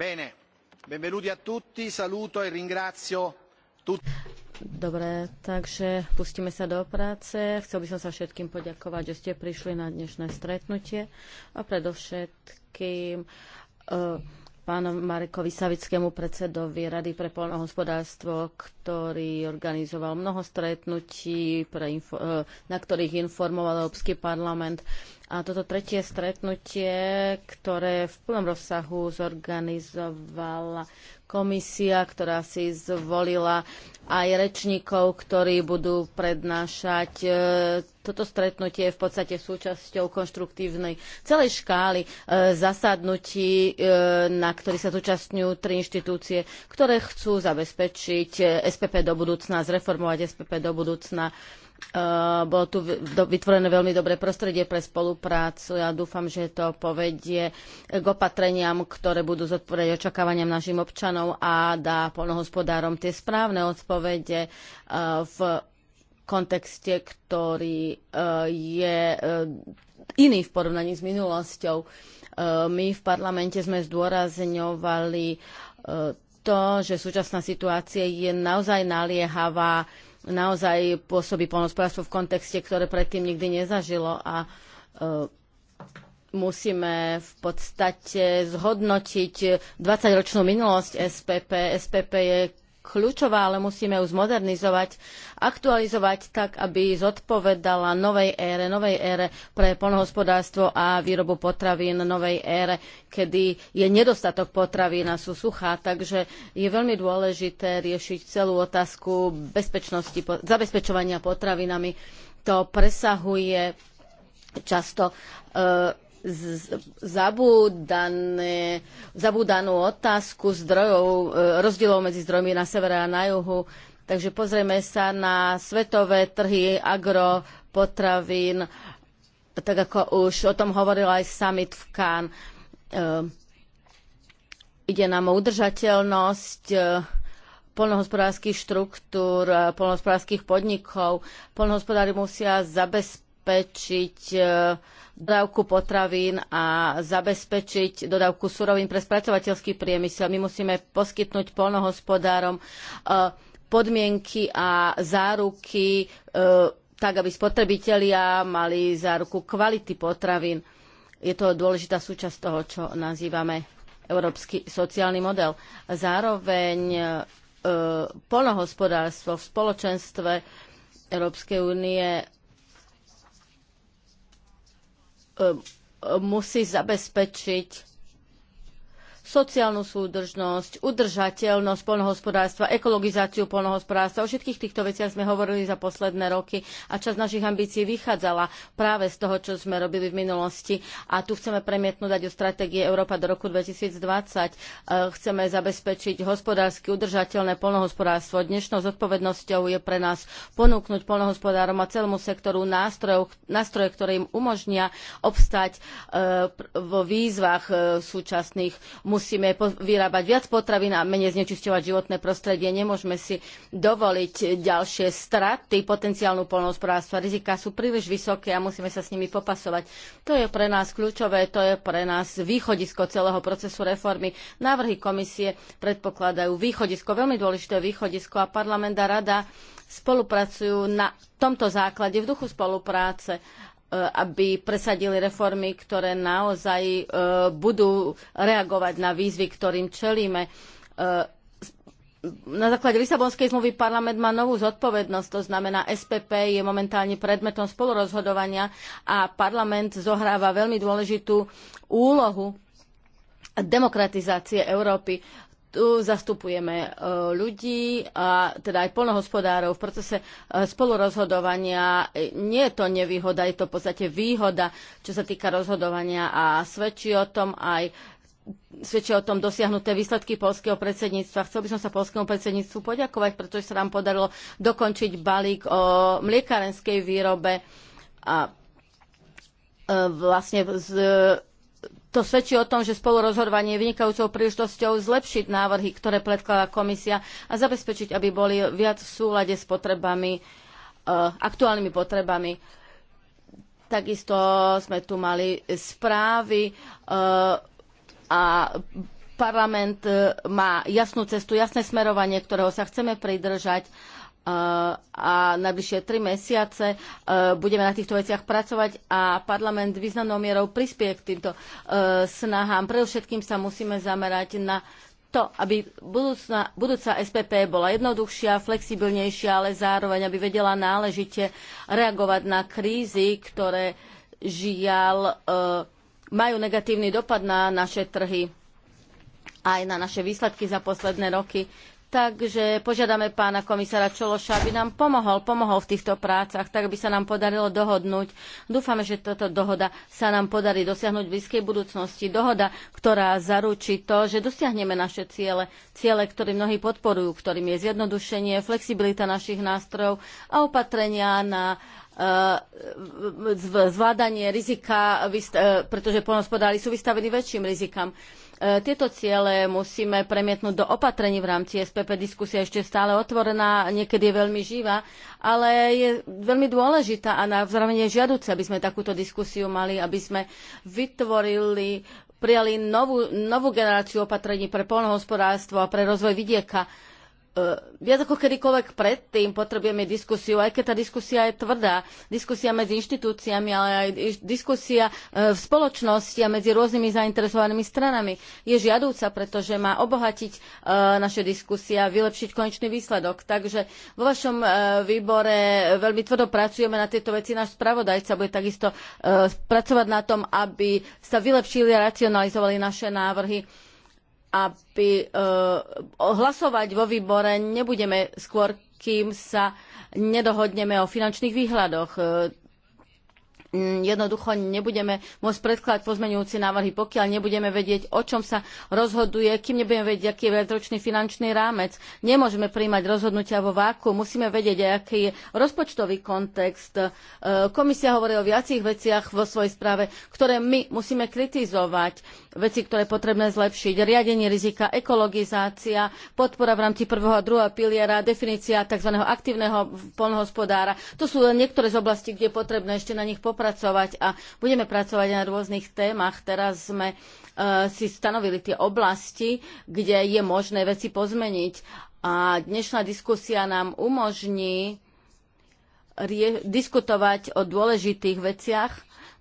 Bene, benvenuti a tutti, saluto e ringrazio tutti. Dobre, takže pustíme sa do práce. Chcel by som sa všetkým poďakovať, že ste prišli na dnešné stretnutie a predovšetkým uh, pánom Marekovi Savickému predsedovi Rady pre poľnohospodárstvo, ktorý organizoval mnoho stretnutí, pre, e, na ktorých informoval Európsky parlament. A toto tretie stretnutie, ktoré v plnom rozsahu zorganizovala komisia, ktorá si zvolila aj rečníkov, ktorí budú prednášať. E, toto stretnutie je v podstate súčasťou konštruktívnej celej škály e, zasadnutí, e, na ktorý sa zúčastňujú tri inštitúcie, ktoré chcú zabezpečiť SPP do budúcna, zreformovať SPP do budúcna Eh, bolo tu vytvorené veľmi dobré prostredie pre spoluprácu. Ja dúfam, že to povedie k opatreniam, ktoré budú zodpovedať očakávaniam našim občanov a dá polnohospodárom tie správne odpovede eh, v kontexte, ktorý eh, je iný v porovnaní s minulosťou. My v parlamente sme zdôrazňovali to, že súčasná situácia je naozaj naliehavá naozaj pôsobí polnospodárstvo v kontexte, ktoré predtým nikdy nezažilo a e, musíme v podstate zhodnotiť 20-ročnú minulosť SPP. SPP je kľúčová, ale musíme ju zmodernizovať, aktualizovať tak, aby zodpovedala novej ére, novej ére pre polnohospodárstvo a výrobu potravín, novej ére, kedy je nedostatok potravín a sú suchá. Takže je veľmi dôležité riešiť celú otázku bezpečnosti, zabezpečovania potravinami. To presahuje často e, zabúdané, zabúdanú otázku zdrojov, e, rozdielov medzi zdrojmi na severe a na juhu. Takže pozrieme sa na svetové trhy agropotravín, tak ako už o tom hovoril aj summit v Cannes. E, ide nám o udržateľnosť e, polnohospodárských štruktúr, polnohospodárských podnikov. Polnohospodári musia zabezpečiť dodávku potravín a zabezpečiť dodávku surovín pre spracovateľský priemysel. My musíme poskytnúť polnohospodárom e, podmienky a záruky e, tak, aby spotrebitelia mali záruku kvality potravín. Je to dôležitá súčasť toho, čo nazývame európsky sociálny model. Zároveň e, polnohospodárstvo v spoločenstve Európskej únie E, musí zabezpečiť sociálnu súdržnosť, udržateľnosť polnohospodárstva, ekologizáciu polnohospodárstva. O všetkých týchto veciach sme hovorili za posledné roky a časť našich ambícií vychádzala práve z toho, čo sme robili v minulosti. A tu chceme premietnúť aj do stratégie Európa do roku 2020. Eh, chceme zabezpečiť hospodársky udržateľné polnohospodárstvo. Dnešnou zodpovednosťou je pre nás ponúknuť polnohospodárom a celému sektoru nástrojov, nástroje, ktoré im umožnia obstať eh, vo výzvach eh, súčasných. Mus- musíme vyrábať viac potravín a menej znečisťovať životné prostredie. Nemôžeme si dovoliť ďalšie straty potenciálnu polnohospodárstva. Rizika sú príliš vysoké a musíme sa s nimi popasovať. To je pre nás kľúčové, to je pre nás východisko celého procesu reformy. Návrhy komisie predpokladajú východisko, veľmi dôležité východisko a parlament a rada spolupracujú na tomto základe v duchu spolupráce Eh, aby presadili reformy, ktoré naozaj eh, budú reagovať na výzvy, ktorým čelíme. Eh, na základe Lisabonskej zmluvy parlament má novú zodpovednosť, to znamená SPP je momentálne predmetom spolurozhodovania a parlament zohráva veľmi dôležitú úlohu demokratizácie Európy tu zastupujeme e, ľudí a teda aj polnohospodárov v procese e, spolurozhodovania. E, nie je to nevýhoda, je to v podstate výhoda, čo sa týka rozhodovania a svedčí o tom aj svedčia o tom dosiahnuté výsledky polského predsedníctva. Chcel by som sa polskému predsedníctvu poďakovať, pretože sa nám podarilo dokončiť balík o mliekarenskej výrobe a vlastne z, to svedčí o tom, že spolurozhodovanie je vynikajúcou príležitosťou zlepšiť návrhy, ktoré predkladá komisia a zabezpečiť, aby boli viac v súlade s potrebami, e, aktuálnymi potrebami. Takisto sme tu mali správy e, a parlament e, má jasnú cestu, jasné smerovanie, ktorého sa chceme pridržať a najbližšie tri mesiace e, budeme na týchto veciach pracovať a parlament významnou mierou prispie k týmto e, snahám. Predovšetkým sa musíme zamerať na to, aby budúcna, budúca SPP bola jednoduchšia, flexibilnejšia, ale zároveň, aby vedela náležite reagovať na krízy, ktoré žiaľ e, majú negatívny dopad na naše trhy aj na naše výsledky za posledné roky. Takže požiadame pána komisára Čološa, aby nám pomohol, pomohol v týchto prácach, tak by sa nám podarilo dohodnúť. Dúfame, že toto dohoda sa nám podarí dosiahnuť v blízkej budúcnosti. Dohoda, ktorá zaručí to, že dosiahneme naše ciele, ciele, ktoré mnohí podporujú, ktorým je zjednodušenie, flexibilita našich nástrojov a opatrenia na E, zvládanie rizika, e, pretože poľnohospodári sú vystavení väčším rizikám. E, tieto ciele musíme premietnúť do opatrení v rámci SPP. Diskusia je ešte stále otvorená, niekedy je veľmi živá, ale je veľmi dôležitá a na je žiaduce, aby sme takúto diskusiu mali, aby sme vytvorili prijali novú, novú generáciu opatrení pre poľnohospodárstvo a pre rozvoj vidieka Eh, viac ako kedykoľvek predtým potrebujeme diskusiu, aj keď tá diskusia je tvrdá, diskusia medzi inštitúciami, ale aj diskusia eh, v spoločnosti a medzi rôznymi zainteresovanými stranami je žiadúca, pretože má obohatiť eh, naše diskusie a vylepšiť konečný výsledok. Takže vo vašom výbore veľmi tvrdo pracujeme na tieto veci. Náš spravodajca bude takisto pracovať na tom, aby sa vylepšili a racionalizovali naše návrhy aby eh, hlasovať vo výbore nebudeme skôr, kým sa nedohodneme o finančných výhľadoch. Eh, Mm, jednoducho nebudeme môcť predkladať pozmeňujúce návrhy, pokiaľ nebudeme vedieť, o čom sa rozhoduje, kým nebudeme vedieť, aký je vedročný finančný rámec. Nemôžeme príjmať rozhodnutia vo váku, musíme vedieť, aký je rozpočtový kontext. E, komisia hovorí o viacich veciach vo svojej správe, ktoré my musíme kritizovať, veci, ktoré je potrebné zlepšiť, riadenie rizika, ekologizácia, podpora v rámci prvého a druhého piliera, definícia tzv. aktívneho polnohospodára. To sú len niektoré z oblastí, kde je potrebné ešte na nich popracovať spolupracovať a budeme pracovať na rôznych témach. Teraz sme e, si stanovili tie oblasti, kde je možné veci pozmeniť. A dnešná diskusia nám umožní diskutovať o dôležitých veciach.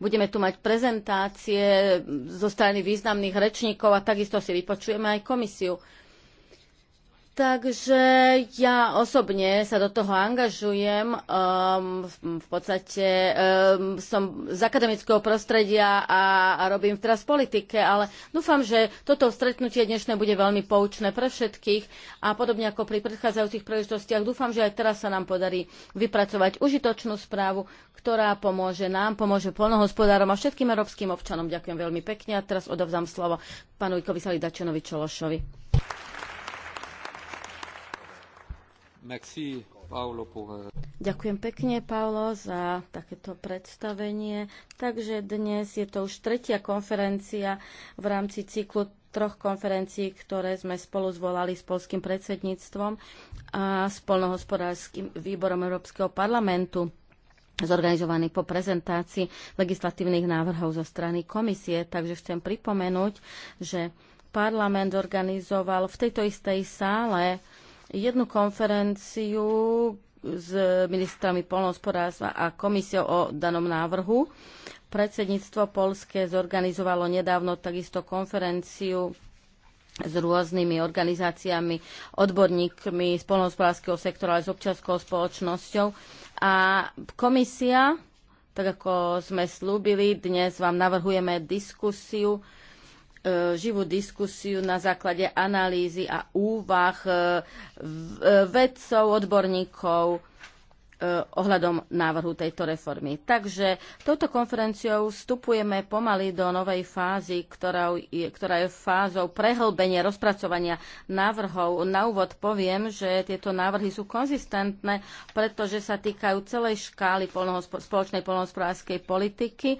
Budeme tu mať prezentácie zo strany významných rečníkov a takisto si vypočujeme aj komisiu. Takže ja osobne sa do toho angažujem. Um, v, v podstate um, som z akademického prostredia a, a robím teraz politike, ale dúfam, že toto stretnutie dnešné bude veľmi poučné pre všetkých a podobne ako pri predchádzajúcich príležitostiach dúfam, že aj teraz sa nám podarí vypracovať užitočnú správu, ktorá pomôže nám, pomôže polnohospodárom a všetkým európskym občanom. Ďakujem veľmi pekne a teraz odovzdám slovo pánu Ikovi Salidačenovi Čološovi. Euh, Ďakujem pekne, Paolo, za takéto predstavenie. Takže dnes je to už tretia konferencia v rámci cyklu troch konferencií, ktoré sme spolu zvolali s polským predsedníctvom a s polnohospodárským výborom Európskeho parlamentu zorganizovaný po prezentácii legislatívnych návrhov zo strany komisie. Takže chcem pripomenúť, že parlament organizoval v tejto istej sále jednu konferenciu s ministrami polnohospodárstva a komisiou o danom návrhu. Predsedníctvo Polské zorganizovalo nedávno takisto konferenciu s rôznymi organizáciami, odborníkmi z polnohospodárskeho sektora, aj s občianskou spoločnosťou. A komisia, tak ako sme slúbili, dnes vám navrhujeme diskusiu E, živú diskusiu na základe analýzy a úvah e, e, vedcov, odborníkov Eh, ohľadom návrhu tejto reformy. Takže touto konferenciou vstupujeme pomaly do novej fázy, ktorá je, ktorá je fázou prehlbenia, rozpracovania návrhov. Na úvod poviem, že tieto návrhy sú konzistentné, pretože sa týkajú celej škály polnohospo- spoločnej polnohospodárskej politiky. E,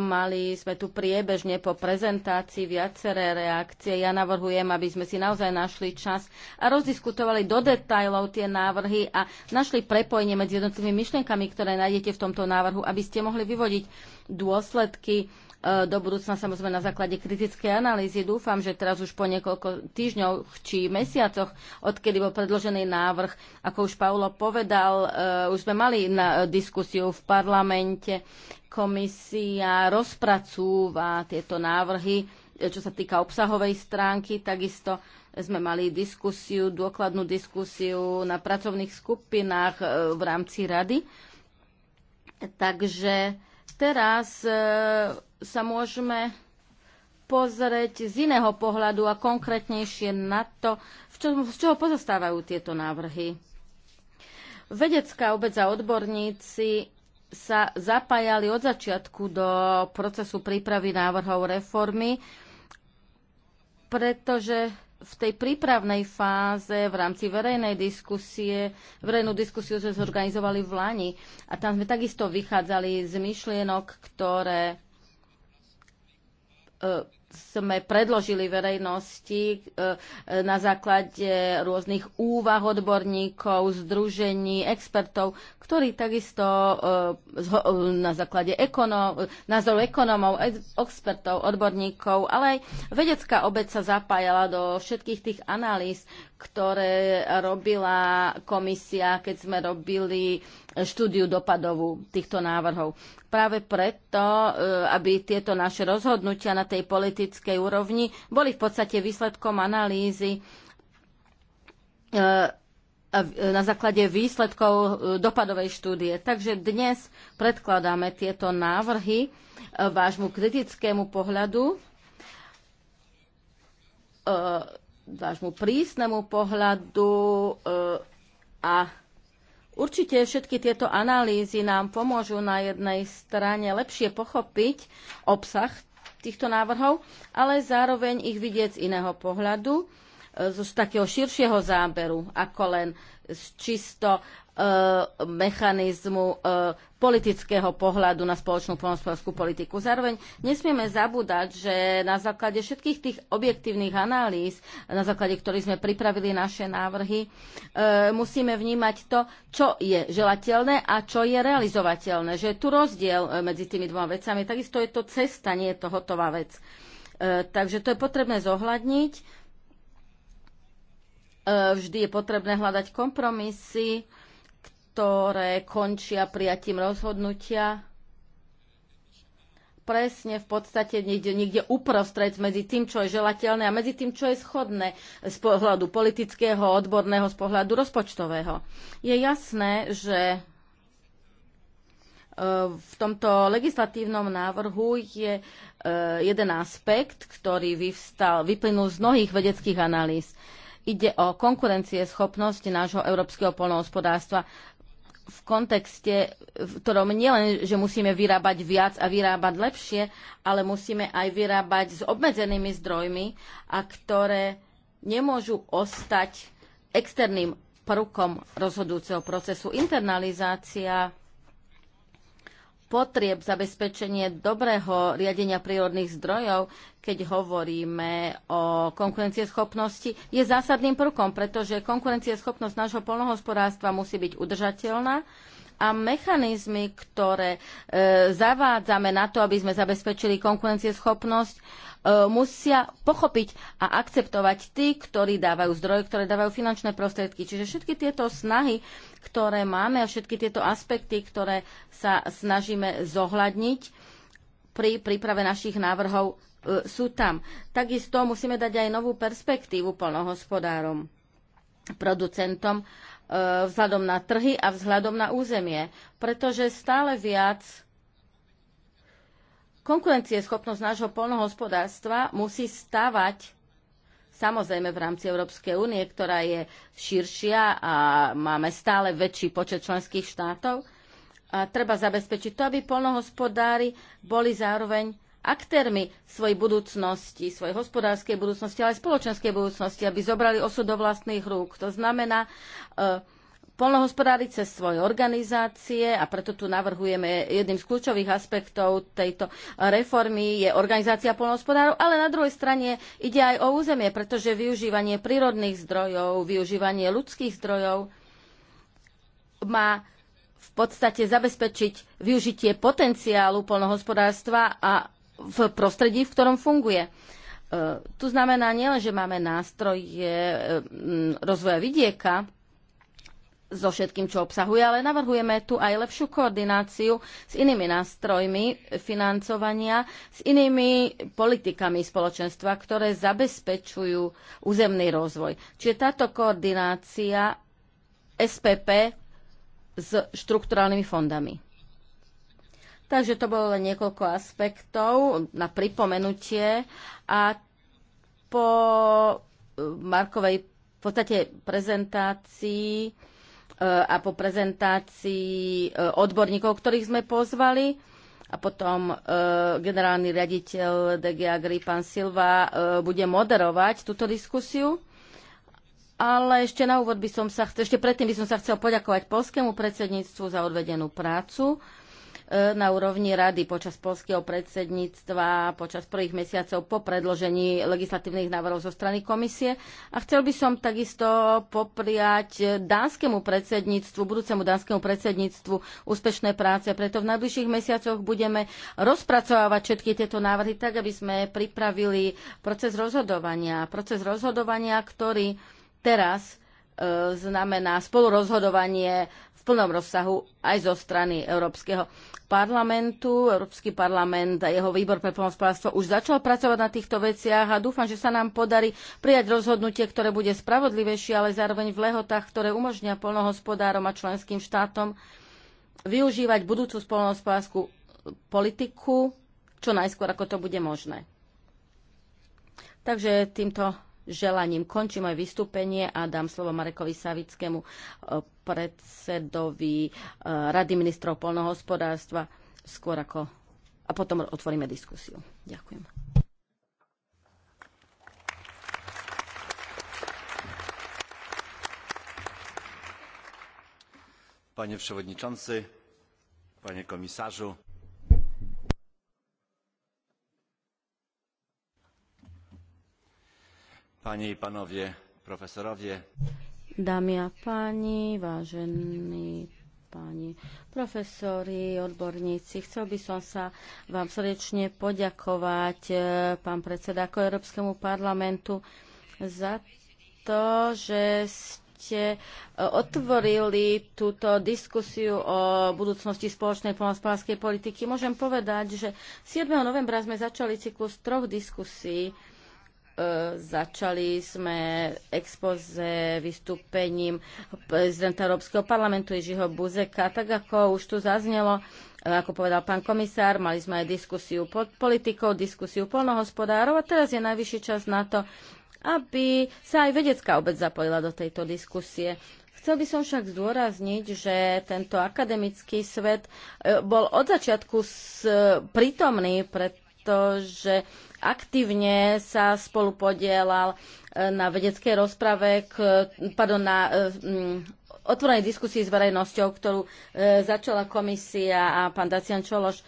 mali sme tu priebežne po prezentácii viaceré reakcie. Ja navrhujem, aby sme si naozaj našli čas a rozdiskutovali do detajlov tie návrhy a našli prepojenie prepojenie medzi jednotlivými myšlienkami, ktoré nájdete v tomto návrhu, aby ste mohli vyvodiť dôsledky e, do budúcna samozrejme na základe kritickej analýzy. Dúfam, že teraz už po niekoľko týždňoch či mesiacoch, odkedy bol predložený návrh, ako už Paulo povedal, e, už sme mali na e, diskusiu v parlamente, komisia rozpracúva tieto návrhy, čo sa týka obsahovej stránky, takisto sme mali diskusiu, dôkladnú diskusiu na pracovných skupinách e, v rámci rady. Takže teraz e, sa môžeme pozrieť z iného pohľadu a konkrétnejšie na to, v čo, z čoho pozostávajú tieto návrhy. Vedecká obec a odborníci sa zapájali od začiatku do procesu prípravy návrhov reformy, pretože v tej prípravnej fáze v rámci verejnej diskusie, verejnú diskusiu sme zorganizovali v Lani a tam sme takisto vychádzali z myšlienok, ktoré e, sme predložili verejnosti e, na základe rôznych úvah odborníkov, združení, expertov, ktorí takisto e, na základe ekonom, názorov ekonomov, expertov, odborníkov, ale aj vedecká obec sa zapájala do všetkých tých analýz, ktoré robila komisia, keď sme robili štúdiu dopadovú týchto návrhov. Práve preto, e, aby tieto naše rozhodnutia na tej politike politickej úrovni boli v podstate výsledkom analýzy e, e, na základe výsledkov e, dopadovej štúdie. Takže dnes predkladáme tieto návrhy vášmu kritickému pohľadu, vášmu prísnemu pohľadu a Určite všetky tieto analýzy nám pomôžu na jednej strane lepšie pochopiť obsah týchto návrhov, ale zároveň ich vidieť z iného pohľadu, e, z takého širšieho záberu, ako len z čisto Eh, mechanizmu eh, politického pohľadu na spoločnú poľnospodárskú politiku. Zároveň nesmieme zabúdať, že na základe všetkých tých objektívnych analýz, na základe ktorých sme pripravili naše návrhy, eh, musíme vnímať to, čo je želateľné a čo je realizovateľné. Že je tu rozdiel medzi tými dvoma vecami. Takisto je to cesta, nie je to hotová vec. takže to je potrebné zohľadniť. vždy je potrebné hľadať kompromisy ktoré končia prijatím rozhodnutia. Presne v podstate niekde, niekde uprostred medzi tým, čo je želateľné a medzi tým, čo je schodné z pohľadu politického, odborného, z pohľadu rozpočtového. Je jasné, že e, v tomto legislatívnom návrhu je e, jeden aspekt, ktorý vyvstal, vyplynul z mnohých vedeckých analýz. Ide o konkurencieschopnosť nášho európskeho polnohospodárstva v kontexte, v ktorom nielen, že musíme vyrábať viac a vyrábať lepšie, ale musíme aj vyrábať s obmedzenými zdrojmi a ktoré nemôžu ostať externým prvkom rozhodujúceho procesu. Internalizácia potrieb zabezpečenie dobrého riadenia prírodných zdrojov, keď hovoríme o konkurencieschopnosti, je zásadným prvkom, pretože konkurencieschopnosť nášho polnohospodárstva musí byť udržateľná a mechanizmy, ktoré e, zavádzame na to, aby sme zabezpečili konkurencieschopnosť, E, musia pochopiť a akceptovať tí, ktorí dávajú zdroje, ktoré dávajú finančné prostriedky. Čiže všetky tieto snahy, ktoré máme a všetky tieto aspekty, ktoré sa snažíme zohľadniť pri príprave našich návrhov, e, sú tam. Takisto musíme dať aj novú perspektívu polnohospodárom, producentom, e, vzhľadom na trhy a vzhľadom na územie, pretože stále viac Konkurencieschopnosť nášho polnohospodárstva musí stavať samozrejme v rámci Európskej únie, ktorá je širšia a máme stále väčší počet členských štátov. A treba zabezpečiť to, aby polnohospodári boli zároveň aktérmi svojej budúcnosti, svojej hospodárskej budúcnosti, ale aj spoločenskej budúcnosti, aby zobrali osud do vlastných rúk. To znamená, e, polnohospodári cez svoje organizácie a preto tu navrhujeme jedným z kľúčových aspektov tejto reformy je organizácia polnohospodárov, ale na druhej strane ide aj o územie, pretože využívanie prírodných zdrojov, využívanie ľudských zdrojov má v podstate zabezpečiť využitie potenciálu polnohospodárstva a v prostredí, v ktorom funguje. E, tu znamená nielen, že máme nástroje e, rozvoja vidieka, so všetkým, čo obsahuje, ale navrhujeme tu aj lepšiu koordináciu s inými nástrojmi financovania, s inými politikami spoločenstva, ktoré zabezpečujú územný rozvoj. Čiže táto koordinácia SPP s štrukturálnymi fondami. Takže to bolo len niekoľko aspektov na pripomenutie a po eh, Markovej v podstate prezentácii a po prezentácii e, odborníkov, ktorých sme pozvali a potom e, generálny riaditeľ DG Agri, pán Silva, e, bude moderovať túto diskusiu. Ale ešte na úvod by som sa, ešte predtým by som sa chcel poďakovať polskému predsedníctvu za odvedenú prácu na úrovni rady počas polského predsedníctva, počas prvých mesiacov po predložení legislatívnych návrhov zo strany komisie. A chcel by som takisto popriať dánskemu predsedníctvu, budúcemu dánskemu predsedníctvu úspešné práce. Preto v najbližších mesiacoch budeme rozpracovávať všetky tieto návrhy tak, aby sme pripravili proces rozhodovania. Proces rozhodovania, ktorý teraz e, znamená spolurozhodovanie plnom rozsahu aj zo strany Európskeho parlamentu. Európsky parlament a jeho výbor pre pomospodárstvo už začal pracovať na týchto veciach a dúfam, že sa nám podarí prijať rozhodnutie, ktoré bude spravodlivejšie, ale zároveň v lehotách, ktoré umožnia plnohospodárom a členským štátom využívať budúcu spolnohospodárskú politiku čo najskôr, ako to bude možné. Takže týmto želaním končím moje vystúpenie a dám slovo Marekovi Savickému, e, predsedovi e, Rady ministrov polnohospodárstva, skôr ako a potom otvoríme diskusiu. Ďakujem. Panie przewodniczący, panie komisarzu. Panie i panowie profesorowie. Dámy a páni, vážení páni profesori, odborníci, chcel by som sa vám srdečne poďakovať, e, pán predseda, ako Európskemu parlamentu za to, že ste e, otvorili túto diskusiu o budúcnosti spoločnej poľnohospodárskej politiky. Môžem povedať, že 7. novembra sme začali cyklus troch diskusí E, začali sme expoze vystúpením prezidenta Európskeho parlamentu Ižiho Buzeka. Tak ako už tu zaznelo, e, ako povedal pán komisár, mali sme aj diskusiu pod politikou, diskusiu polnohospodárov a teraz je najvyšší čas na to, aby sa aj vedecká obec zapojila do tejto diskusie. Chcel by som však zdôrazniť, že tento akademický svet e, bol od začiatku prítomný, pred, to, že aktívne sa spolu podielal e, na vedeckej rozprave, k, pardon, na e, otvorenej diskusii s verejnosťou, ktorú e, začala komisia a pán Dacian Čološ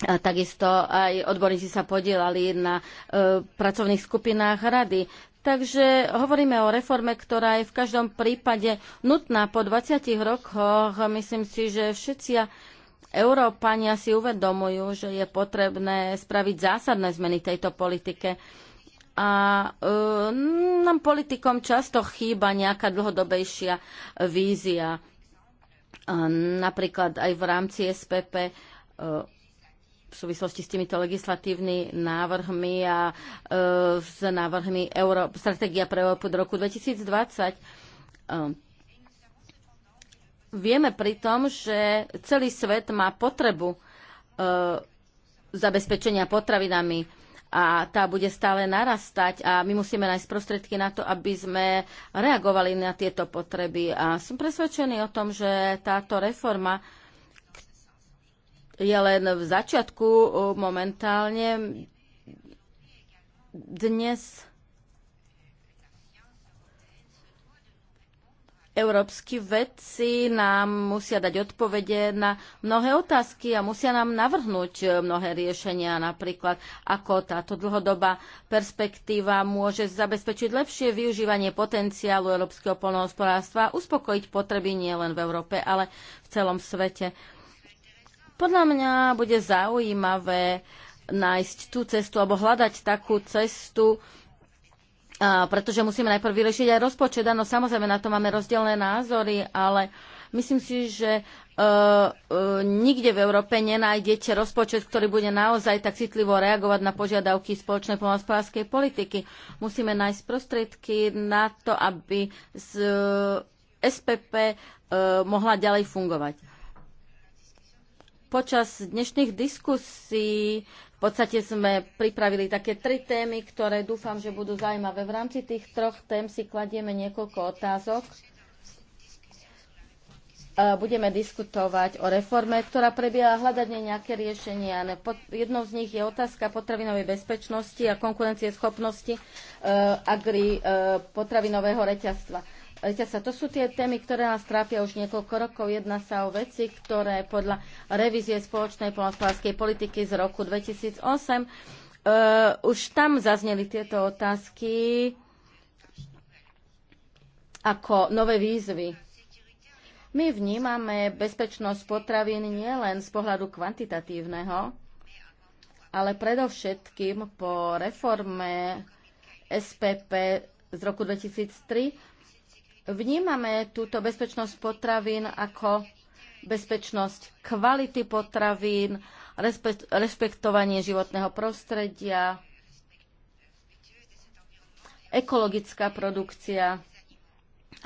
a takisto aj odborníci sa podielali na e, pracovných skupinách rady. Takže hovoríme o reforme, ktorá je v každom prípade nutná po 20 rokoch. Myslím si, že všetci Európania si uvedomujú, že je potrebné spraviť zásadné zmeny tejto politike. A e, nám politikom často chýba nejaká dlhodobejšia vízia. E, napríklad aj v rámci SPP e, v súvislosti s týmito legislatívnymi návrhmi a e, s návrhmi Euró- Stratégia pre Európu do roku 2020. E, vieme pritom, že celý svet má potrebu e, zabezpečenia potravinami a tá bude stále narastať a my musíme nájsť prostriedky na to, aby sme reagovali na tieto potreby. A som presvedčený o tom, že táto reforma je len v začiatku e, momentálne. Dnes Európsky vedci nám musia dať odpovede na mnohé otázky a musia nám navrhnúť e, mnohé riešenia, napríklad ako táto dlhodobá perspektíva môže zabezpečiť lepšie využívanie potenciálu európskeho polnohospodárstva a uspokojiť potreby nielen v Európe, ale v celom svete. Podľa mňa bude zaujímavé nájsť tú cestu alebo hľadať takú cestu, pretože musíme najprv vyriešiť aj rozpočet. Áno, samozrejme, na to máme rozdielne názory, ale myslím si, že uh, uh, nikde v Európe nenájdete rozpočet, ktorý bude naozaj tak citlivo reagovať na požiadavky spoločnej poľnohospodárskej politiky. Musíme nájsť prostriedky na to, aby z, uh, SPP uh, mohla ďalej fungovať. Počas dnešných diskusí v podstate sme pripravili také tri témy, ktoré dúfam, že budú zaujímavé. V rámci tých troch tém si kladieme niekoľko otázok. Budeme diskutovať o reforme, ktorá prebieha hľadanie nejaké riešenia. Jednou z nich je otázka potravinovej bezpečnosti a konkurencieschopnosti e, agri e, potravinového reťazstva sa, to sú tie témy, ktoré nás trápia už niekoľko rokov. Jedná sa o veci, ktoré podľa revízie spoločnej polnospodárskej politiky z roku 2008 uh, eh, už tam zazneli tieto otázky ako nové výzvy. My vnímame bezpečnosť potravín nielen z pohľadu kvantitatívneho, ale predovšetkým po reforme SPP z roku 2003 Vnímame túto bezpečnosť potravín ako bezpečnosť kvality potravín, rešpektovanie životného prostredia, ekologická produkcia,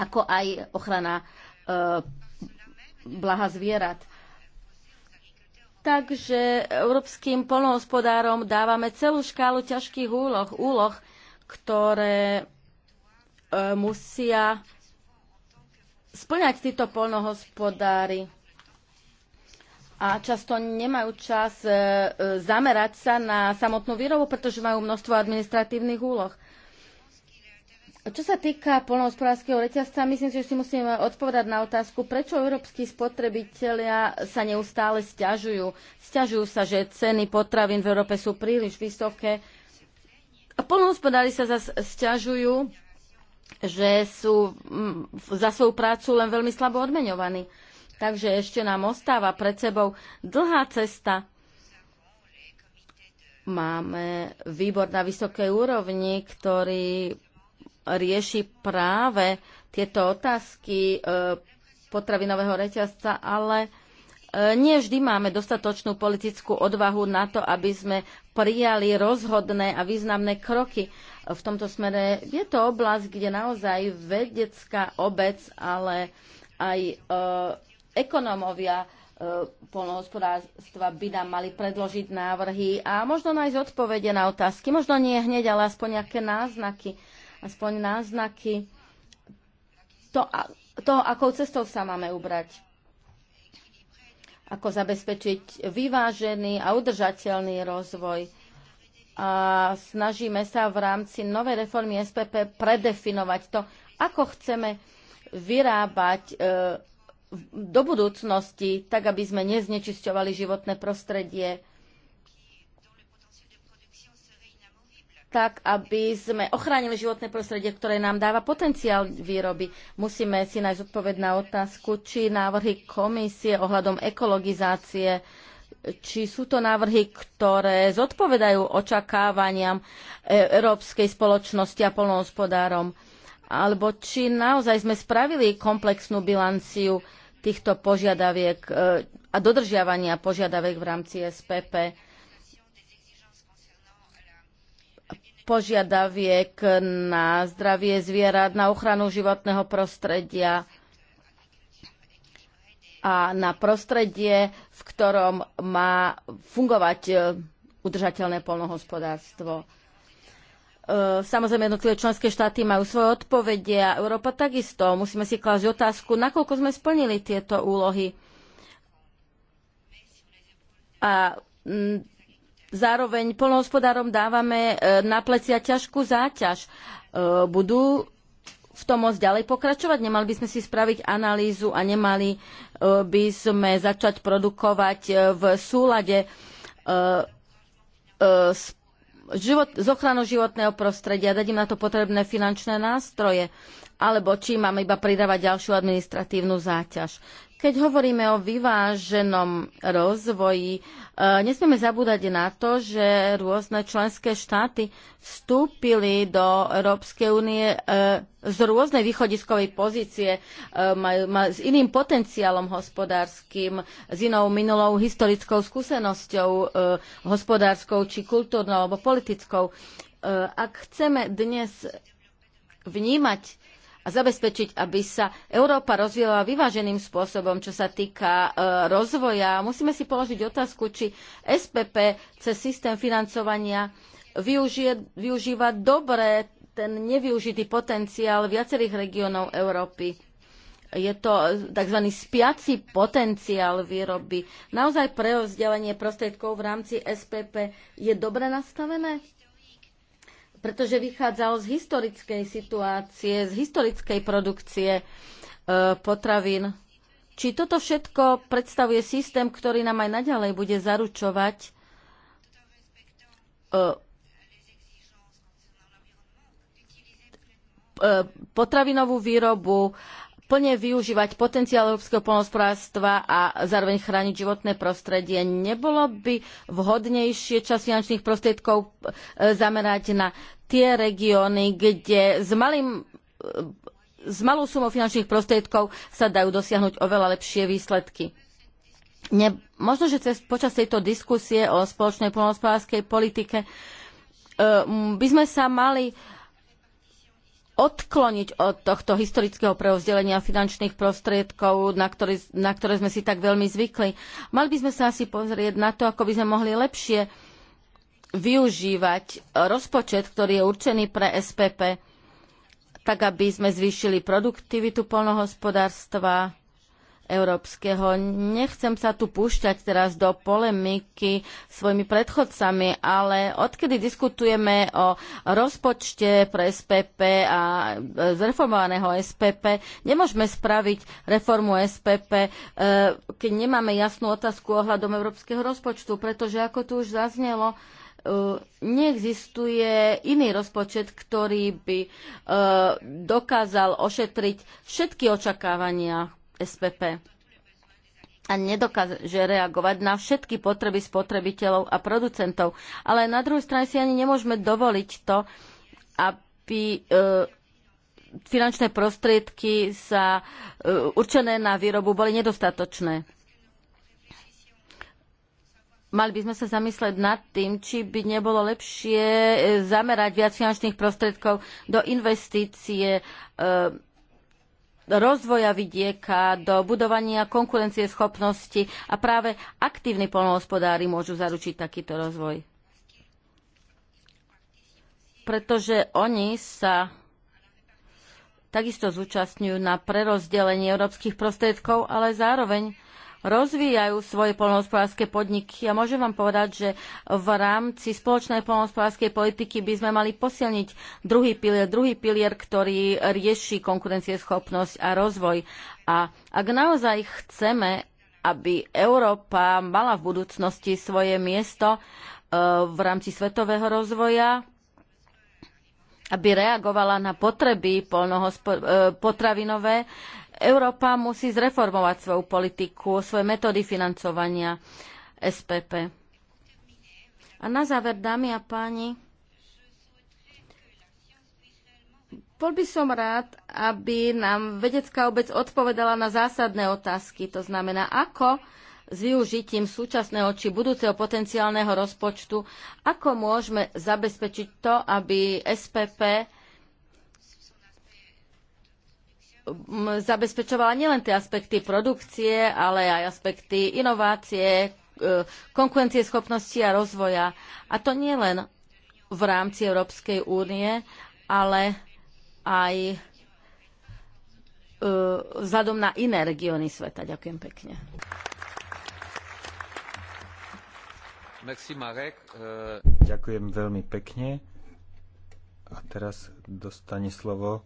ako aj ochrana e, blaha zvierat. Takže európskym polnohospodárom dávame celú škálu ťažkých úloh, úloh ktoré e, musia splňať títo polnohospodári a často nemajú čas e, e, zamerať sa na samotnú výrobu, pretože majú množstvo administratívnych úloh. Čo sa týka polnohospodárskeho reťazca, myslím si, že si musíme odpovedať na otázku, prečo európsky spotrebitelia sa neustále stiažujú. Stiažujú sa, že ceny potravín v Európe sú príliš vysoké. A polnohospodári sa zase stiažujú, že sú mm, za svoju prácu len veľmi slabo odmeňovaní. Takže ešte nám ostáva pred sebou dlhá cesta. Máme výbor na vysokej úrovni, ktorý rieši práve tieto otázky e, potravinového reťazca, ale e, nie vždy máme dostatočnú politickú odvahu na to, aby sme prijali rozhodné a významné kroky v tomto smere. Je to oblasť, kde naozaj vedecká obec, ale aj e, ekonómovia e, polnohospodárstva by nám mali predložiť návrhy a možno nájsť odpovede na otázky. Možno nie hneď, ale aspoň nejaké náznaky. Aspoň náznaky to, to akou cestou sa máme ubrať ako zabezpečiť vyvážený a udržateľný rozvoj a snažíme sa v rámci novej reformy SPP predefinovať to, ako chceme vyrábať e, do budúcnosti, tak aby sme neznečisťovali životné prostredie, tak aby sme ochránili životné prostredie, ktoré nám dáva potenciál výroby. Musíme si nájsť odpoveď na otázku, či návrhy komisie ohľadom ekologizácie či sú to návrhy, ktoré zodpovedajú očakávaniam európskej spoločnosti a polnohospodárom, alebo či naozaj sme spravili komplexnú bilanciu týchto požiadaviek e, a dodržiavania požiadaviek v rámci SPP. požiadaviek na zdravie zvierat, na ochranu životného prostredia, a na prostredie, v ktorom má fungovať e, udržateľné polnohospodárstvo. E, samozrejme, jednotlivé členské štáty majú svoje odpovede a Európa takisto. Musíme si klásť otázku, nakoľko sme splnili tieto úlohy. A zároveň polnohospodárom dávame e, na plecia ťažkú záťaž. Budú v tom moc ďalej pokračovať? Nemali by sme si spraviť analýzu a nemali e, by sme začať produkovať e, v súlade e, s život, z ochranu životného prostredia, dať im na to potrebné finančné nástroje, alebo či máme iba pridávať ďalšiu administratívnu záťaž. Keď hovoríme o vyváženom rozvoji, e, nesmieme zabúdať na to, že rôzne členské štáty vstúpili do Európskej únie e, z rôznej východiskovej pozície, e, s iným potenciálom hospodárskym, s inou minulou historickou skúsenosťou hospodárskou či kultúrnou alebo politickou. Ak chceme dnes vnímať a zabezpečiť, aby sa Európa rozvíjala vyváženým spôsobom, čo sa týka e, rozvoja. Musíme si položiť otázku, či SPP cez systém financovania využije, využíva dobre ten nevyužitý potenciál viacerých regiónov Európy. Je to e, tzv. spiaci potenciál výroby. Naozaj pre rozdelenie prostriedkov v rámci SPP je dobre nastavené? pretože vychádzal z historickej situácie, z historickej produkcie e, potravín. Či toto všetko predstavuje systém, ktorý nám aj naďalej bude zaručovať e, e potravinovú výrobu, plne využívať potenciál európskeho polnospodárstva a zároveň chrániť životné prostredie. Nebolo by vhodnejšie čas finančných prostriedkov e, zamerať na tie regióny, kde s malým s malou sumou finančných prostriedkov sa dajú dosiahnuť oveľa lepšie výsledky. Ne, možno, že cez, počas tejto diskusie o spoločnej poľnohospodárskej politike e, by sme sa mali odkloniť od tohto historického preozdelenia finančných prostriedkov, na, ktorý, na ktoré sme si tak veľmi zvykli. Mali by sme sa asi pozrieť na to, ako by sme mohli lepšie využívať rozpočet, ktorý je určený pre SPP, tak aby sme zvýšili produktivitu polnohospodárstva európskeho. Nechcem sa tu púšťať teraz do polemiky s svojimi predchodcami, ale odkedy diskutujeme o rozpočte pre SPP a zreformovaného SPP, nemôžeme spraviť reformu SPP, eh, keď nemáme jasnú otázku ohľadom európskeho rozpočtu, pretože ako tu už zaznelo, E, neexistuje iný rozpočet, ktorý by e, dokázal ošetriť všetky očakávania SPP a nedokáže reagovať na všetky potreby spotrebiteľov a producentov. Ale na druhej strane si ani nemôžeme dovoliť to, aby e, finančné prostriedky sa určené na výrobu boli nedostatočné. Mali by sme sa zamyslieť nad tým, či by nebolo lepšie e, zamerať viac finančných prostriedkov do investície, e, rozvoja vidieka, do budovania konkurencie schopnosti a práve aktívni polnohospodári môžu zaručiť takýto rozvoj. Pretože oni sa takisto zúčastňujú na prerozdelenie európskych prostriedkov, ale zároveň rozvíjajú svoje polnohospodárske podniky. A môžem vám povedať, že v rámci spoločnej polnohospodárskej politiky by sme mali posilniť druhý pilier, druhý pilier, ktorý rieši konkurencieschopnosť a rozvoj. A ak naozaj chceme, aby Európa mala v budúcnosti svoje miesto eh, v rámci svetového rozvoja, aby reagovala na potreby e, potravinové, Európa musí zreformovať svoju politiku, svoje metódy financovania SPP. A na záver, dámy a páni, bol by som rád, aby nám vedecká obec odpovedala na zásadné otázky. To znamená, ako s využitím súčasného či budúceho potenciálneho rozpočtu, ako môžeme zabezpečiť to, aby SPP zabezpečovala nielen tie aspekty produkcie, ale aj aspekty inovácie, e, konkurencieschopnosti a rozvoja. A to nie len v rámci Európskej únie, ale aj e, vzhľadom na iné regióny sveta. Ďakujem pekne. Eh, Ďakujem veľmi pekne. A teraz dostane slovo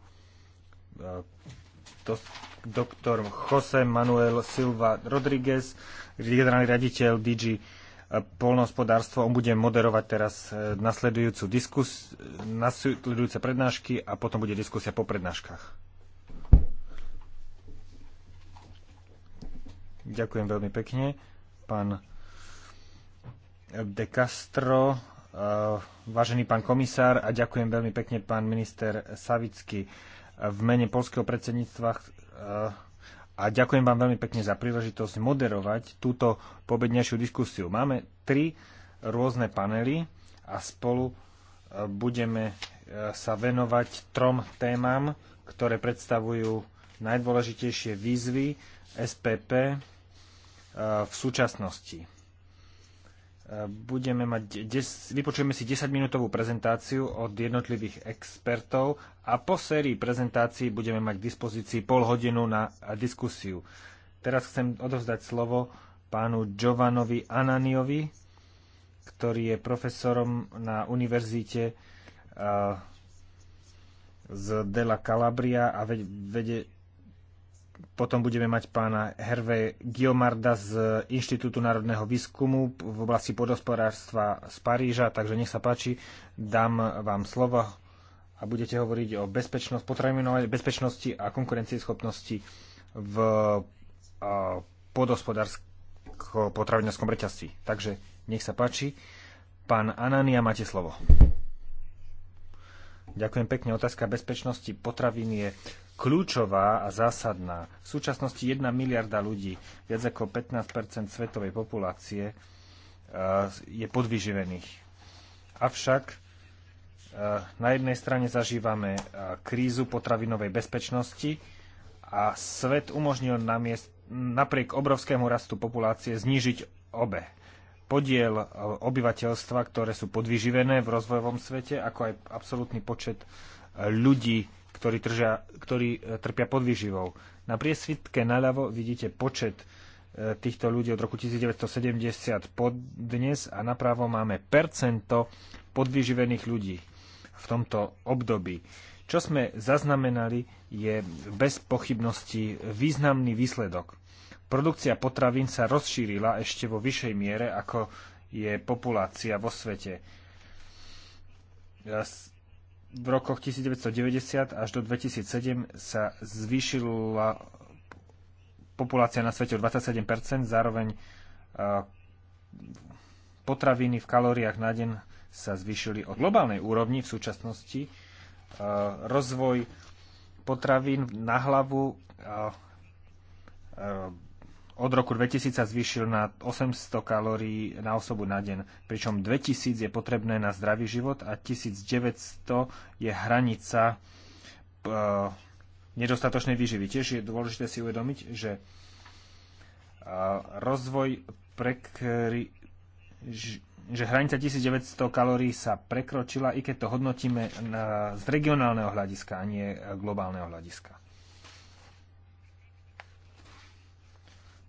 eh, doktor José Manuel Silva Rodriguez, generálny raditeľ DG eh, polnohospodárstvo. On bude moderovať teraz nasledujúcu diskus, nasledujúce prednášky a potom bude diskusia po prednáškach. Ďakujem veľmi pekne, pán de Castro, eh, vážený pán komisár a ďakujem veľmi pekne pán minister Savicky eh, v mene polského predsedníctva eh, a ďakujem vám veľmi pekne za príležitosť moderovať túto pobednejšiu diskusiu. Máme tri rôzne panely a spolu budeme sa venovať trom témam, ktoré predstavujú najdôležitejšie výzvy SPP v súčasnosti budeme mať, des, vypočujeme si 10-minútovú prezentáciu od jednotlivých expertov a po sérii prezentácií budeme mať k dispozícii pol hodinu na diskusiu. Teraz chcem odovzdať slovo pánu Giovanovi Ananiovi, ktorý je profesorom na univerzite z Dela Calabria a vede, potom budeme mať pána Herve Gilmarda z Inštitútu národného výskumu v oblasti podhospodárstva z Paríža, takže nech sa páči, dám vám slovo a budete hovoriť o bezpečnosť, potravinovej bezpečnosti a konkurencieschopnosti v podhospodárskom potravinárskom reťazci. Takže nech sa páči. Pán Anania, máte slovo. Ďakujem pekne. Otázka bezpečnosti potravín je kľúčová a zásadná. V súčasnosti 1 miliarda ľudí, viac ako 15 svetovej populácie, e, je podvyživených. Avšak e, na jednej strane zažívame e, krízu potravinovej bezpečnosti a svet umožnil namiest, napriek obrovskému rastu populácie znížiť obe. Podiel obyvateľstva, ktoré sú podvyživené v rozvojovom svete, ako aj absolútny počet ľudí ktorí, tržia, ktorí e, trpia podvýživou. Na priesvitke naľavo vidíte počet e, týchto ľudí od roku 1970 pod dnes a napravo máme percento podvyživených ľudí v tomto období. Čo sme zaznamenali je bez pochybnosti významný výsledok. Produkcia potravín sa rozšírila ešte vo vyššej miere, ako je populácia vo svete v rokoch 1990 až do 2007 sa zvýšila populácia na svete o 27%, zároveň potraviny v kalóriách na deň sa zvýšili od globálnej úrovni v súčasnosti. Rozvoj potravín na hlavu od roku 2000 sa zvýšil na 800 kalórií na osobu na deň, pričom 2000 je potrebné na zdravý život a 1900 je hranica e, nedostatočnej výživy. Tiež je dôležité si uvedomiť, že e, rozvoj prekry, že hranica 1900 kalórií sa prekročila, i keď to hodnotíme na, z regionálneho hľadiska, a nie globálneho hľadiska.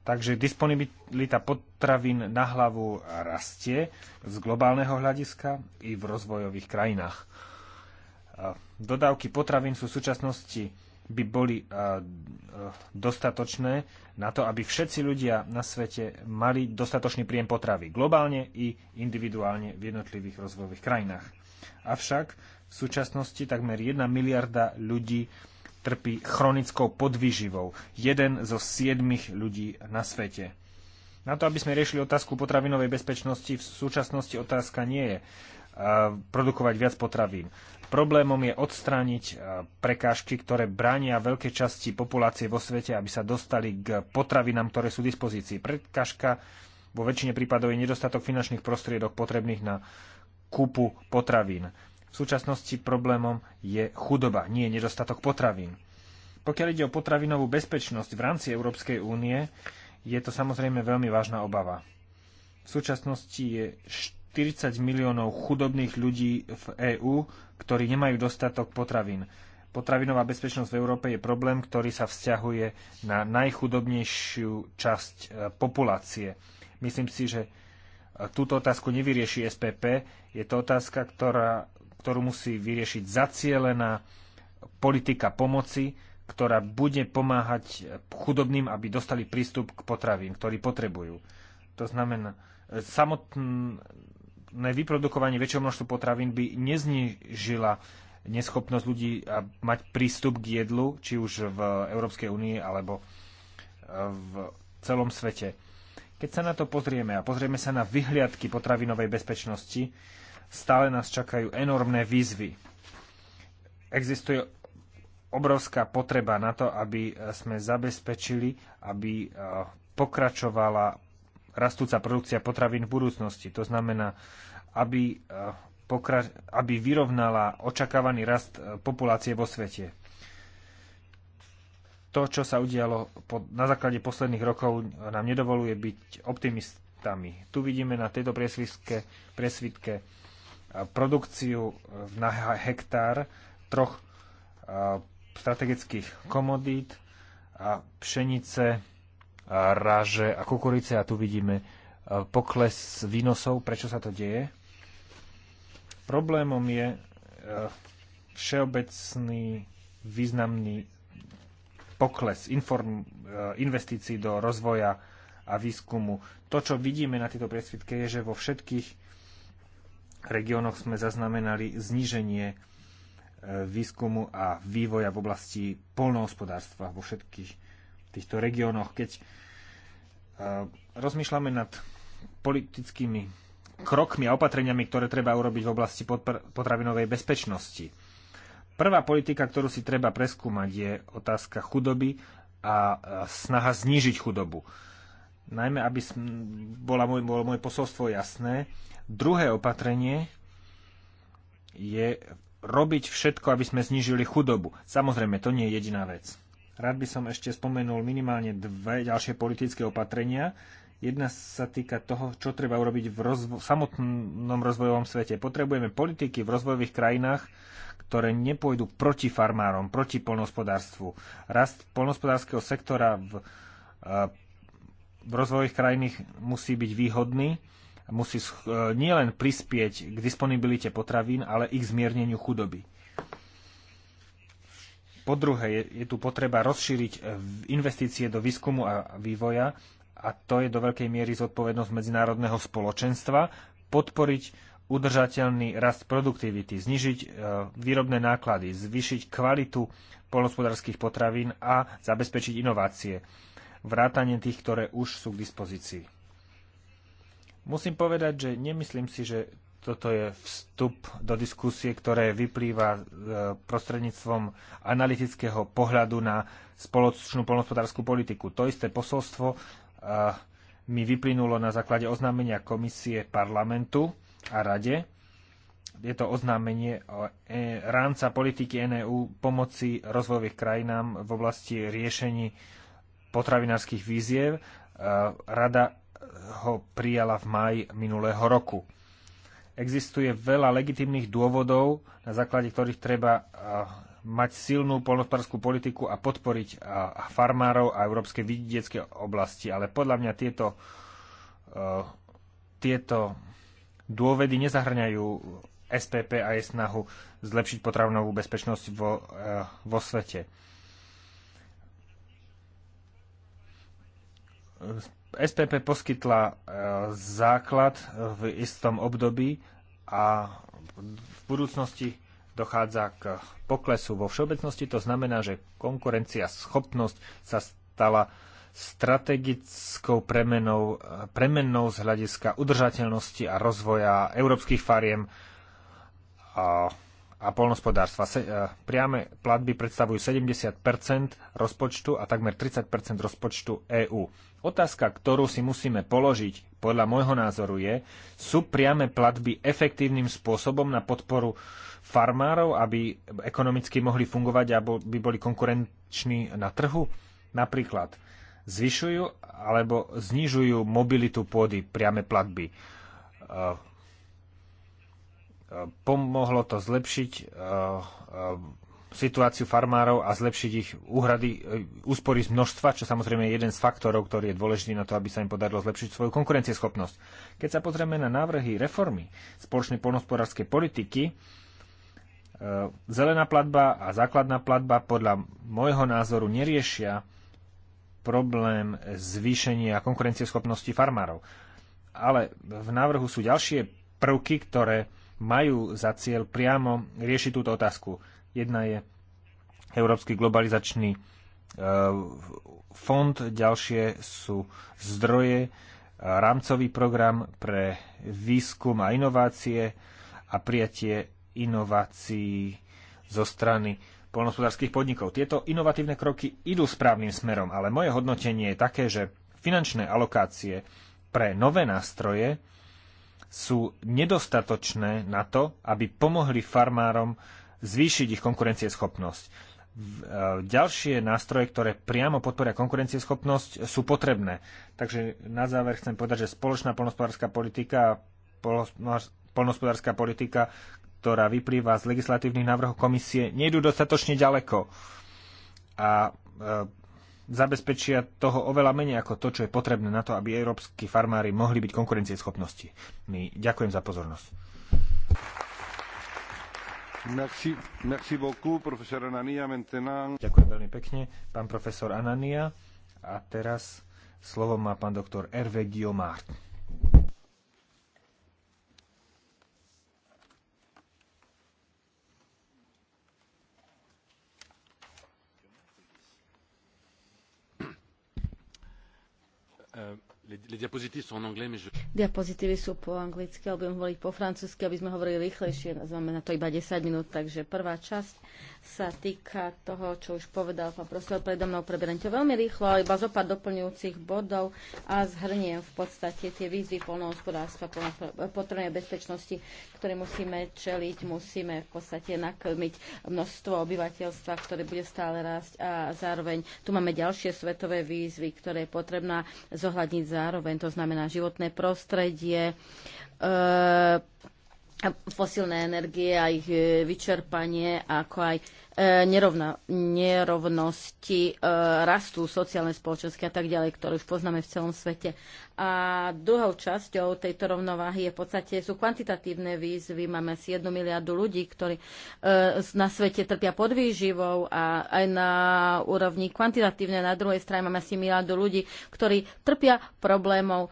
Takže disponibilita potravín na hlavu rastie z globálneho hľadiska i v rozvojových krajinách. Dodávky potravín sú v súčasnosti by boli dostatočné na to, aby všetci ľudia na svete mali dostatočný príjem potravy globálne i individuálne v jednotlivých rozvojových krajinách. Avšak v súčasnosti takmer 1 miliarda ľudí trpí chronickou podvýživou. Jeden zo siedmých ľudí na svete. Na to, aby sme riešili otázku potravinovej bezpečnosti, v súčasnosti otázka nie je produkovať viac potravín. Problémom je odstrániť prekážky, ktoré bránia veľké časti populácie vo svete, aby sa dostali k potravinám, ktoré sú v dispozícii. Prekážka vo väčšine prípadov je nedostatok finančných prostriedok potrebných na kúpu potravín. V súčasnosti problémom je chudoba, nie nedostatok potravín. Pokiaľ ide o potravinovú bezpečnosť v rámci Európskej únie, je to samozrejme veľmi vážna obava. V súčasnosti je 40 miliónov chudobných ľudí v EÚ, ktorí nemajú dostatok potravín. Potravinová bezpečnosť v Európe je problém, ktorý sa vzťahuje na najchudobnejšiu časť e, populácie. Myslím si, že e, túto otázku nevyrieši SPP. Je to otázka, ktorá ktorú musí vyriešiť zacielená politika pomoci, ktorá bude pomáhať chudobným, aby dostali prístup k potravín, ktorí potrebujú. To znamená, samotné vyprodukovanie väčšieho množstva potravín by neznižila neschopnosť ľudí mať prístup k jedlu, či už v Európskej únii alebo e, v celom svete. Keď sa na to pozrieme a pozrieme sa na vyhliadky potravinovej bezpečnosti, stále nás čakajú enormné výzvy. Existuje obrovská potreba na to, aby e, sme zabezpečili, aby e, pokračovala rastúca produkcia potravín v budúcnosti. To znamená, aby, e, aby vyrovnala očakávaný rast populácie vo svete. To, čo sa udialo na základe posledných rokov, nám nedovoluje byť optimistami. Tu vidíme na tejto presvitke, presvitke produkciu e, na hektár troch e, strategických komodít a pšenice, a e, ráže a kukurice a tu vidíme pokles výnosov. Prečo sa to deje? Problémom je všeobecný významný pokles inform, investícií do rozvoja a výskumu. To, čo vidíme na tejto priesvitke, je, že vo všetkých regiónoch sme zaznamenali zníženie e, výskumu a vývoja v oblasti polnohospodárstva vo všetkých týchto regiónoch. Keď e, rozmýšľame nad politickými krokmi a opatreniami, ktoré treba urobiť v oblasti potravinovej bezpečnosti. Prvá politika, ktorú si treba preskúmať, je otázka chudoby a e, snaha znížiť chudobu najmä aby bola môj, bolo moje posolstvo jasné. Druhé opatrenie je robiť všetko, aby sme znížili chudobu. Samozrejme, to nie je jediná vec. Rád by som ešte spomenul minimálne dve ďalšie politické opatrenia. Jedna sa týka toho, čo treba urobiť v rozvo- samotnom rozvojovom svete. Potrebujeme politiky v rozvojových krajinách, ktoré nepôjdu proti farmárom, proti polnospodárstvu. Rast polnospodárskeho sektora v e, v rozvojových krajinách musí byť výhodný, musí e, nielen prispieť k disponibilite potravín, ale ich k zmierneniu chudoby. Po druhé, je, je tu potreba rozšíriť e, investície do výskumu a vývoja a to je do veľkej miery zodpovednosť medzinárodného spoločenstva, podporiť udržateľný rast produktivity, znižiť e, výrobné náklady, zvýšiť kvalitu polnospodárských potravín a zabezpečiť inovácie vrátane tých, ktoré už sú k dispozícii. Musím povedať, že nemyslím si, že toto je vstup do diskusie, ktoré vyplýva e, prostredníctvom analytického pohľadu na spoločnú polnospodárskú politiku. To isté posolstvo e, mi vyplynulo na základe oznámenia komisie parlamentu a rade. Je to oznámenie e, rámca politiky NEU pomoci rozvojových krajinám v oblasti riešení potravinárskych víziev. E, Rada ho prijala v maj minulého roku. Existuje veľa legitimných dôvodov, na základe ktorých treba e, mať silnú polnospodárskú politiku a podporiť e, farmárov a európske vidiecké oblasti. Ale podľa mňa tieto, tieto dôvedy nezahrňajú SPP a jej snahu zlepšiť potravinovú bezpečnosť vo, vo svete SPP poskytla e, základ v istom období a v budúcnosti dochádza k poklesu vo všeobecnosti. To znamená, že konkurencia schopnosť sa stala strategickou premenou, premenou z hľadiska udržateľnosti a rozvoja európskych fariem. A a polnospodárstva. Se, e, priame platby predstavujú 70 rozpočtu a takmer 30 rozpočtu EÚ. Otázka, ktorú si musíme položiť, podľa môjho názoru je, sú priame platby efektívnym spôsobom na podporu farmárov, aby ekonomicky mohli fungovať a by boli konkurenční na trhu? Napríklad zvyšujú alebo znižujú mobilitu pôdy priame platby e, Pomohlo to zlepšiť eh, eh, situáciu farmárov a zlepšiť ich úhrady, eh, úspory z množstva, čo samozrejme je jeden z faktorov, ktorý je dôležitý na to, aby sa im podarilo zlepšiť svoju konkurencieschopnosť. Keď sa pozrieme na návrhy reformy spoločnej polnospodárskej politiky, zelená platba a základná platba podľa môjho názoru neriešia problém zvýšenia konkurencieschopnosti farmárov. Ale v návrhu sú ďalšie prvky, ktoré majú za cieľ priamo riešiť túto otázku. Jedna je Európsky globalizačný e, fond, ďalšie sú zdroje, e, rámcový program pre výskum a inovácie a prijatie inovácií zo strany polnospodárských podnikov. Tieto inovatívne kroky idú správnym smerom, ale moje hodnotenie je také, že finančné alokácie pre nové nástroje sú nedostatočné na to, aby pomohli farmárom zvýšiť ich konkurencieschopnosť. E, ďalšie nástroje, ktoré priamo podporia konkurencieschopnosť, sú potrebné. Takže na záver chcem povedať, že spoločná polnospodárska politika a polnospodárska politika, ktorá vyplýva z legislatívnych návrhov komisie, nejdú dostatočne ďaleko. A e, zabezpečia toho oveľa menej ako to, čo je potrebné na to, aby európsky farmári mohli byť konkurencieschopnosti. My ďakujem za pozornosť. Merci, merci beaucoup, profesor Anania Ďakujem veľmi pekne, pán profesor Anania. A teraz slovo má pán doktor Hervé Guillaumard. um, Diapozitívy sú po anglicky, ale budem hovoriť po francúzsky, aby sme hovorili rýchlejšie. Máme na to iba 10 minút, takže prvá časť sa týka toho, čo už povedal pán profesor predo mnou. Preberiem to veľmi rýchlo, ale iba zopár doplňujúcich bodov a zhrniem v podstate tie výzvy polnohospodárstva, potrebnej bezpečnosti, ktoré musíme čeliť. Musíme v podstate nakrmiť množstvo obyvateľstva, ktoré bude stále rásť a zároveň tu máme ďalšie svetové výzvy, ktoré je potrebná zohľadniť za zároveň, to znamená životné prostredie, e, fosilné energie a ich e, vyčerpanie, ako aj e, nerovna, nerovnosti e, rastú sociálne, spoločenské a tak ďalej, ktoré už poznáme v celom svete. A druhou časťou tejto rovnováhy je v podstate sú kvantitatívne výzvy. Máme asi jednu miliardu ľudí, ktorí na svete trpia pod výživou a aj na úrovni kvantitatívnej na druhej strane máme asi miliardu ľudí, ktorí trpia problémov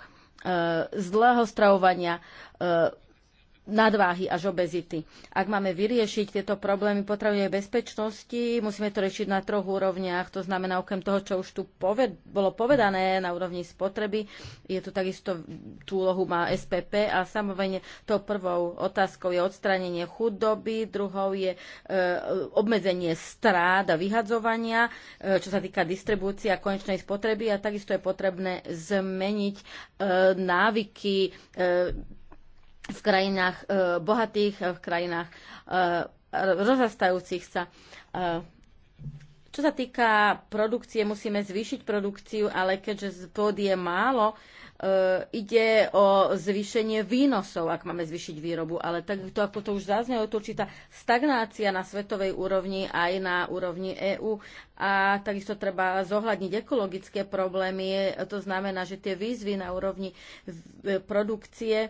zlého stravovania, nadváhy až obezity. Ak máme vyriešiť tieto problémy potravinovej bezpečnosti, musíme to riešiť na troch úrovniach. To znamená, okrem toho, čo už tu poved- bolo povedané na úrovni spotreby, je tu takisto tú úlohu má SPP a samozrejme tou prvou otázkou je odstránenie chudoby, druhou je e, obmedzenie strád a vyhadzovania, e, čo sa týka distribúcie a konečnej spotreby a takisto je potrebné zmeniť e, návyky e, v krajinách e, bohatých, e, v krajinách e, rozrastajúcich sa. Čo sa týka produkcie, musíme zvýšiť produkciu, ale keďže pôdy je málo, ide o zvýšenie výnosov, ak máme zvýšiť výrobu. Ale tak to, ako to už zaznelo, to určitá stagnácia na svetovej úrovni aj na úrovni EÚ a takisto treba zohľadniť ekologické problémy. To znamená, že tie výzvy na úrovni produkcie e,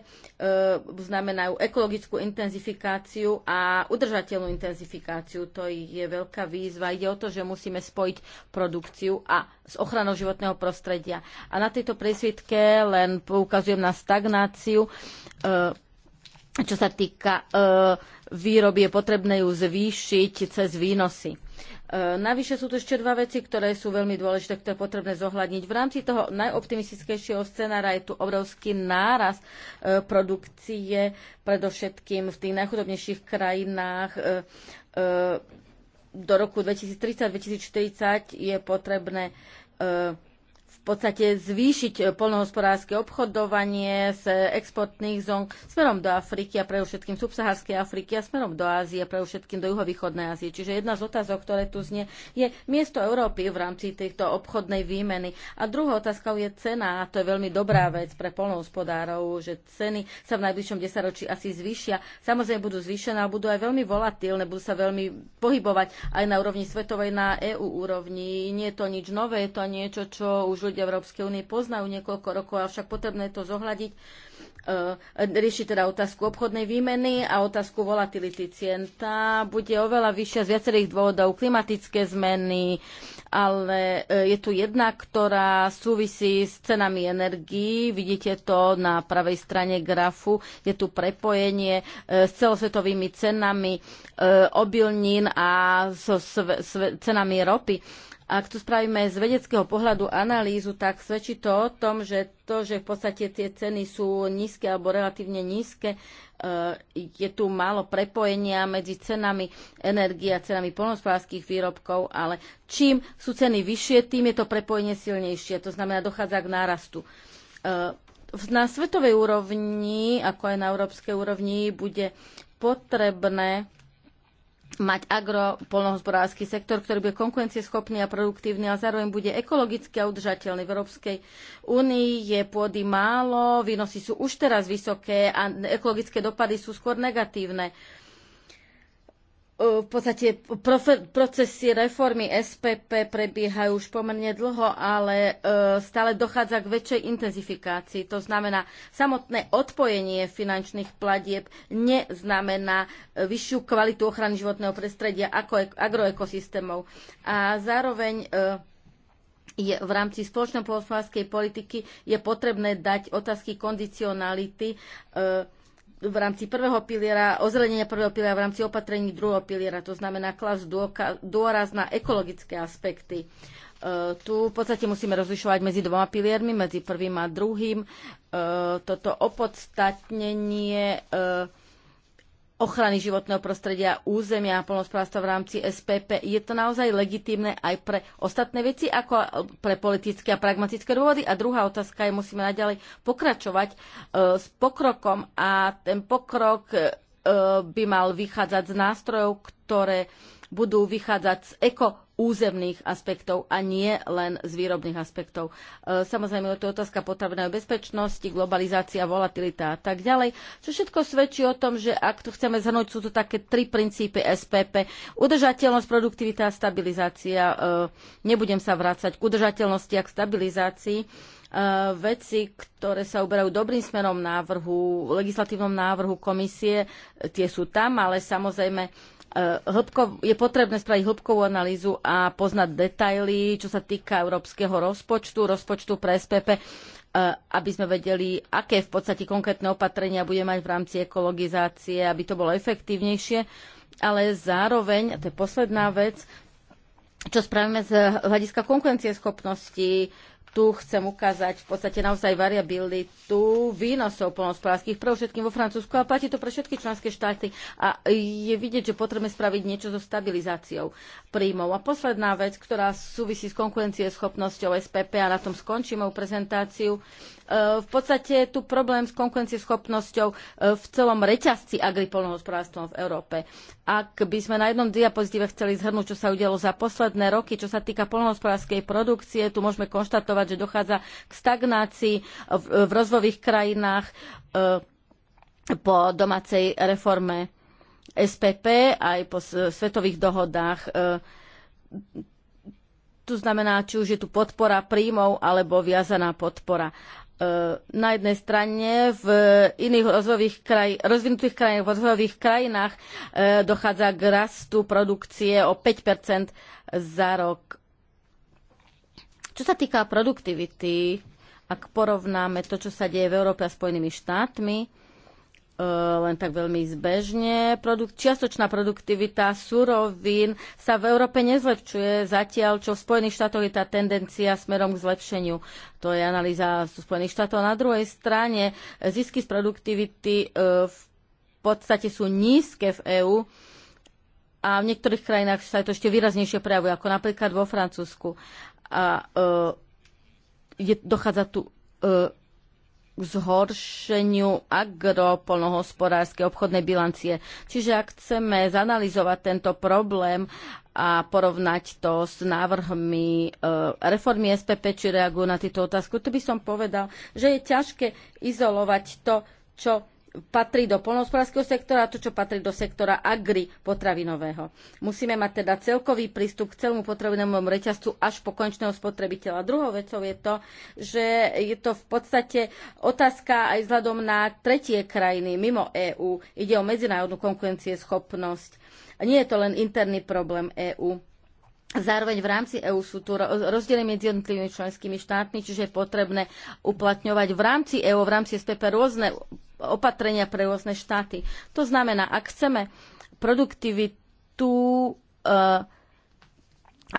znamenajú ekologickú intenzifikáciu a udržateľnú intenzifikáciu. To je veľká výzva. Ide o to, že musíme spojiť produkciu a s ochranou životného prostredia. A na tejto presvitke len poukazujem na stagnáciu. E, čo sa týka e, výroby, je potrebné ju zvýšiť cez výnosy E, navyše sú tu ešte dva veci, ktoré sú veľmi dôležité, ktoré je potrebné zohľadniť. V rámci toho najoptimistickejšieho scenára je tu obrovský náraz e, produkcie, predovšetkým v tých najchudobnejších krajinách. E, do roku 2030-2040 je potrebné podstate zvýšiť e, polnohospodárske obchodovanie z exportných zón smerom do Afriky a pre všetkým subsaharskej Afriky a smerom do Ázie, pre všetkým do juhovýchodnej Ázie. Čiže jedna z otázok, ktoré tu znie, je miesto Európy v rámci tejto obchodnej výmeny. A druhou otázkou je cena, a to je veľmi dobrá vec pre polnohospodárov, že ceny sa v najbližšom desaťročí asi zvýšia. Samozrejme budú zvýšené, a budú aj veľmi volatilné, budú sa veľmi pohybovať aj na úrovni svetovej, na EU úrovni. Nie je to nič nové, je to niečo, čo už ľudia ľudia v Európskej únie poznajú niekoľko rokov, avšak potrebné to zohľadiť, eh, rieši teda otázku obchodnej výmeny a otázku volatility cien. Tá bude oveľa vyššia z viacerých dôvodov, klimatické zmeny, ale eh, je tu jedna, ktorá súvisí s cenami energií. Vidíte to na pravej strane grafu. Je tu prepojenie eh, s celosvetovými cenami obilnín a so sve, sve, cenami ropy ak tu spravíme z vedeckého pohľadu analýzu, tak svedčí to o tom, že to, že v podstate tie ceny sú nízke alebo relatívne nízke, e, je tu málo prepojenia medzi cenami energie a cenami polnospodárských výrobkov, ale čím sú ceny vyššie, tým je to prepojenie silnejšie. To znamená, dochádza k nárastu e, na svetovej úrovni, ako aj na európskej úrovni, bude potrebné mať agropolnohospodársky sektor, ktorý bude konkurencieschopný a produktívny a zároveň bude ekologicky a udržateľný. V Európskej únii je pôdy málo, výnosy sú už teraz vysoké a ekologické dopady sú skôr negatívne. Uh, E, v podstate procesy reformy SPP prebiehajú už pomerne dlho, ale e, stále dochádza k väčšej intenzifikácii. To znamená, samotné odpojenie finančných platieb neznamená e, vyššiu kvalitu ochrany životného prostredia ako agroekosystémov. A zároveň je v rámci spoločnej politiky je potrebné dať otázky kondicionality v rámci prvého piliera, ozelenenia prvého piliera v rámci opatrení druhého piliera, to znamená klas dôraz na ekologické aspekty. E, tu v podstate musíme rozlišovať medzi dvoma piliermi, medzi prvým a druhým. E, toto opodstatnenie e, ochrany životného prostredia, územia a polnospodárstva v rámci SPP. Je to naozaj legitímne aj pre ostatné veci, ako pre politické a pragmatické dôvody? A druhá otázka je, musíme naďalej pokračovať e, s pokrokom a ten pokrok e, e by mal vychádzať z nástrojov, ktoré budú vychádzať z eko územných aspektov a nie len z výrobných aspektov. E, samozrejme, to je otázka potravinovej bezpečnosti, globalizácia, volatilita a tak ďalej, čo všetko svedčí o tom, že ak to chceme zhrnúť, sú to také tri princípy SPP. Udržateľnosť, produktivita a stabilizácia. E, nebudem sa vrácať k udržateľnosti a k stabilizácii. E, veci, ktoré sa uberajú dobrým smerom návrhu, legislatívnom návrhu komisie, e, tie sú tam, ale samozrejme E, hĺbko, je potrebné spraviť hĺbkovú analýzu a poznať detaily, čo sa týka európskeho rozpočtu, rozpočtu pre SPP, e, aby sme vedeli, aké v podstate konkrétne opatrenia bude mať v rámci ekologizácie, aby to bolo efektívnejšie. Ale zároveň, a to je posledná vec, čo spravíme z hľadiska konkurencieschopnosti, tu chcem ukázať v podstate naozaj variabilitu výnosov polnospodárských, pre všetkým vo Francúzsku a platí to pre všetky členské štáty a je vidieť, že potrebujeme spraviť niečo so stabilizáciou príjmov. A posledná vec, ktorá súvisí s konkurencieschopnosťou SPP a na tom skončím moju prezentáciu, v podstate je tu problém s konkurencieschopnosťou eh, v celom reťazci agripolnohospodárstvom v Európe. Ak by sme na jednom diapozitíve chceli zhrnúť, čo sa udialo za posledné roky, čo sa týka polnohospodárskej produkcie, tu môžeme konštatovať, že dochádza k stagnácii v, v rozvojových krajinách eh, po domácej reforme SPP aj po svetových dohodách. Eh. Tu znamená, či už je tu podpora príjmov alebo viazaná podpora. E, na jednej strane v iných rozvojových kraj, rozvinutých krajinách, v rozvojových krajinách e, dochádza k rastu produkcie o 5 za rok. Čo sa týka produktivity, ak porovnáme to, čo sa deje v Európe a Spojenými štátmi, Eh, len tak veľmi zbežne. Produk- čiastočná produktivita surovín sa v Európe nezlepšuje zatiaľ, čo v Spojených štátoch je tá tendencia smerom k zlepšeniu. To je analýza Spojených štátov. Na druhej strane zisky z produktivity eh, v podstate sú nízke v EÚ a v niektorých krajinách sa to ešte výraznejšie prejavuje, ako napríklad vo Francúzsku. A eh, je, dochádza tu k zhoršeniu agropolnohospodárskej obchodnej bilancie. Čiže ak chceme zanalizovať tento problém a porovnať to s návrhmi e, reformy SPP, či reagujú na túto otázku, to by som povedal, že je ťažké izolovať to, čo patrí do polnohospodárskeho sektora a to, čo patrí do sektora agri potravinového. Musíme mať teda celkový prístup k celému potravinovému reťazcu až po končného spotrebiteľa. Druhou vecou je to, že je to v podstate otázka aj vzhľadom na tretie krajiny mimo EÚ. Ide o medzinárodnú konkurencieschopnosť. Nie je to len interný problém EÚ Zároveň v rámci EÚ sú tu rozdiely medzi jednotlivými členskými štátmi, čiže je potrebné uplatňovať v rámci EÚ, v rámci SPP rôzne opatrenia pre rôzne štáty. To znamená, ak chceme produktivitu e,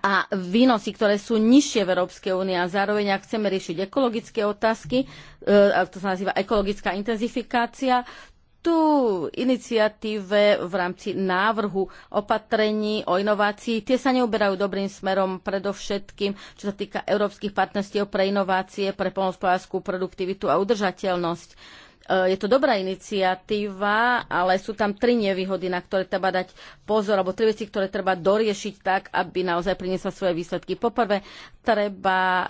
a výnosy, ktoré sú nižšie v Európskej únie a zároveň, ak chceme riešiť ekologické otázky, e, to sa nazýva ekologická intenzifikácia, tu iniciatíve v rámci návrhu opatrení o inovácii. Tie sa neuberajú dobrým smerom predovšetkým, čo sa týka európskych partnerstiev pre inovácie, pre polnospodárskú produktivitu a udržateľnosť Eh, je to dobrá iniciatíva, ale sú tam tri nevýhody, na ktoré treba dať pozor, alebo tri veci, ktoré treba doriešiť tak, aby naozaj priniesla svoje výsledky. Poprvé, treba eh,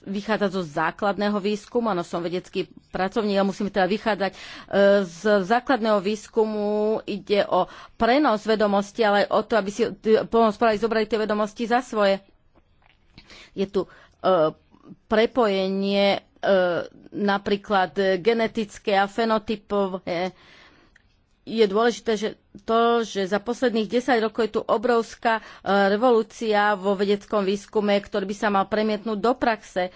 vychádzať zo základného výskumu, áno, som vedecký pracovník, a musíme teda vychádzať eh, z základného výskumu, ide o prenos vedomosti, ale aj o to, aby si spravili, zobrali tie vedomosti za svoje. Je tu prepojenie E, napríklad genetické a fenotypové. Je dôležité, že to, že za posledných 10 rokov je tu obrovská e, revolúcia vo vedeckom výskume, ktorý by sa mal premietnúť do praxe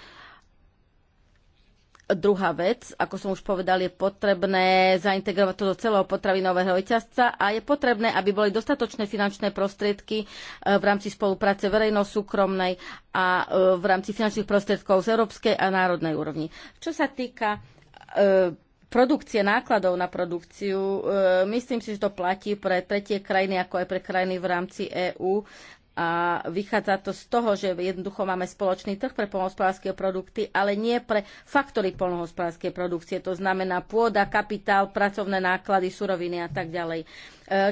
Druhá vec, ako som už povedal, je potrebné zaintegrovať to do celého potravinového reťazca a je potrebné, aby boli dostatočné finančné prostriedky e, v rámci spolupráce verejno-súkromnej a e, v rámci finančných prostriedkov z európskej a národnej úrovni. Čo sa týka e, produkcie, nákladov na produkciu. Myslím si, že to platí pre tretie krajiny, ako aj pre krajiny v rámci EÚ. A vychádza to z toho, že jednoducho máme spoločný trh pre polnohospodárske produkty, ale nie pre faktory polnohospodárske produkcie. To znamená pôda, kapitál, pracovné náklady, suroviny a tak ďalej. E,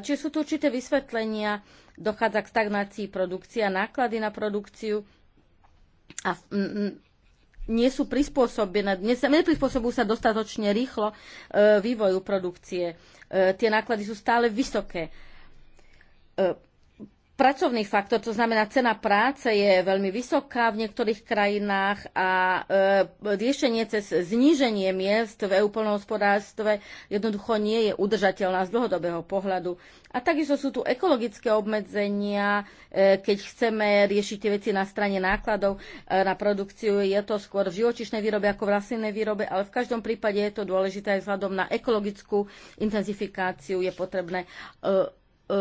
či sú tu určité vysvetlenia, dochádza k stagnácii produkcie a náklady na produkciu a mm, mm, nie sú prispôsobené, neprispôsobujú sa dostatočne rýchlo e, vývoju produkcie. E, tie náklady sú stále vysoké pracovný faktor, to znamená cena práce je veľmi vysoká v niektorých krajinách a e, riešenie cez zníženie miest v EU polnohospodárstve jednoducho nie je udržateľná z dlhodobého pohľadu. A takisto sú tu ekologické obmedzenia, e, keď chceme riešiť tie veci na strane nákladov e, na produkciu, je to skôr v živočišnej výrobe ako v rastlinnej výrobe, ale v každom prípade je to dôležité aj vzhľadom na ekologickú intenzifikáciu je potrebné e, E,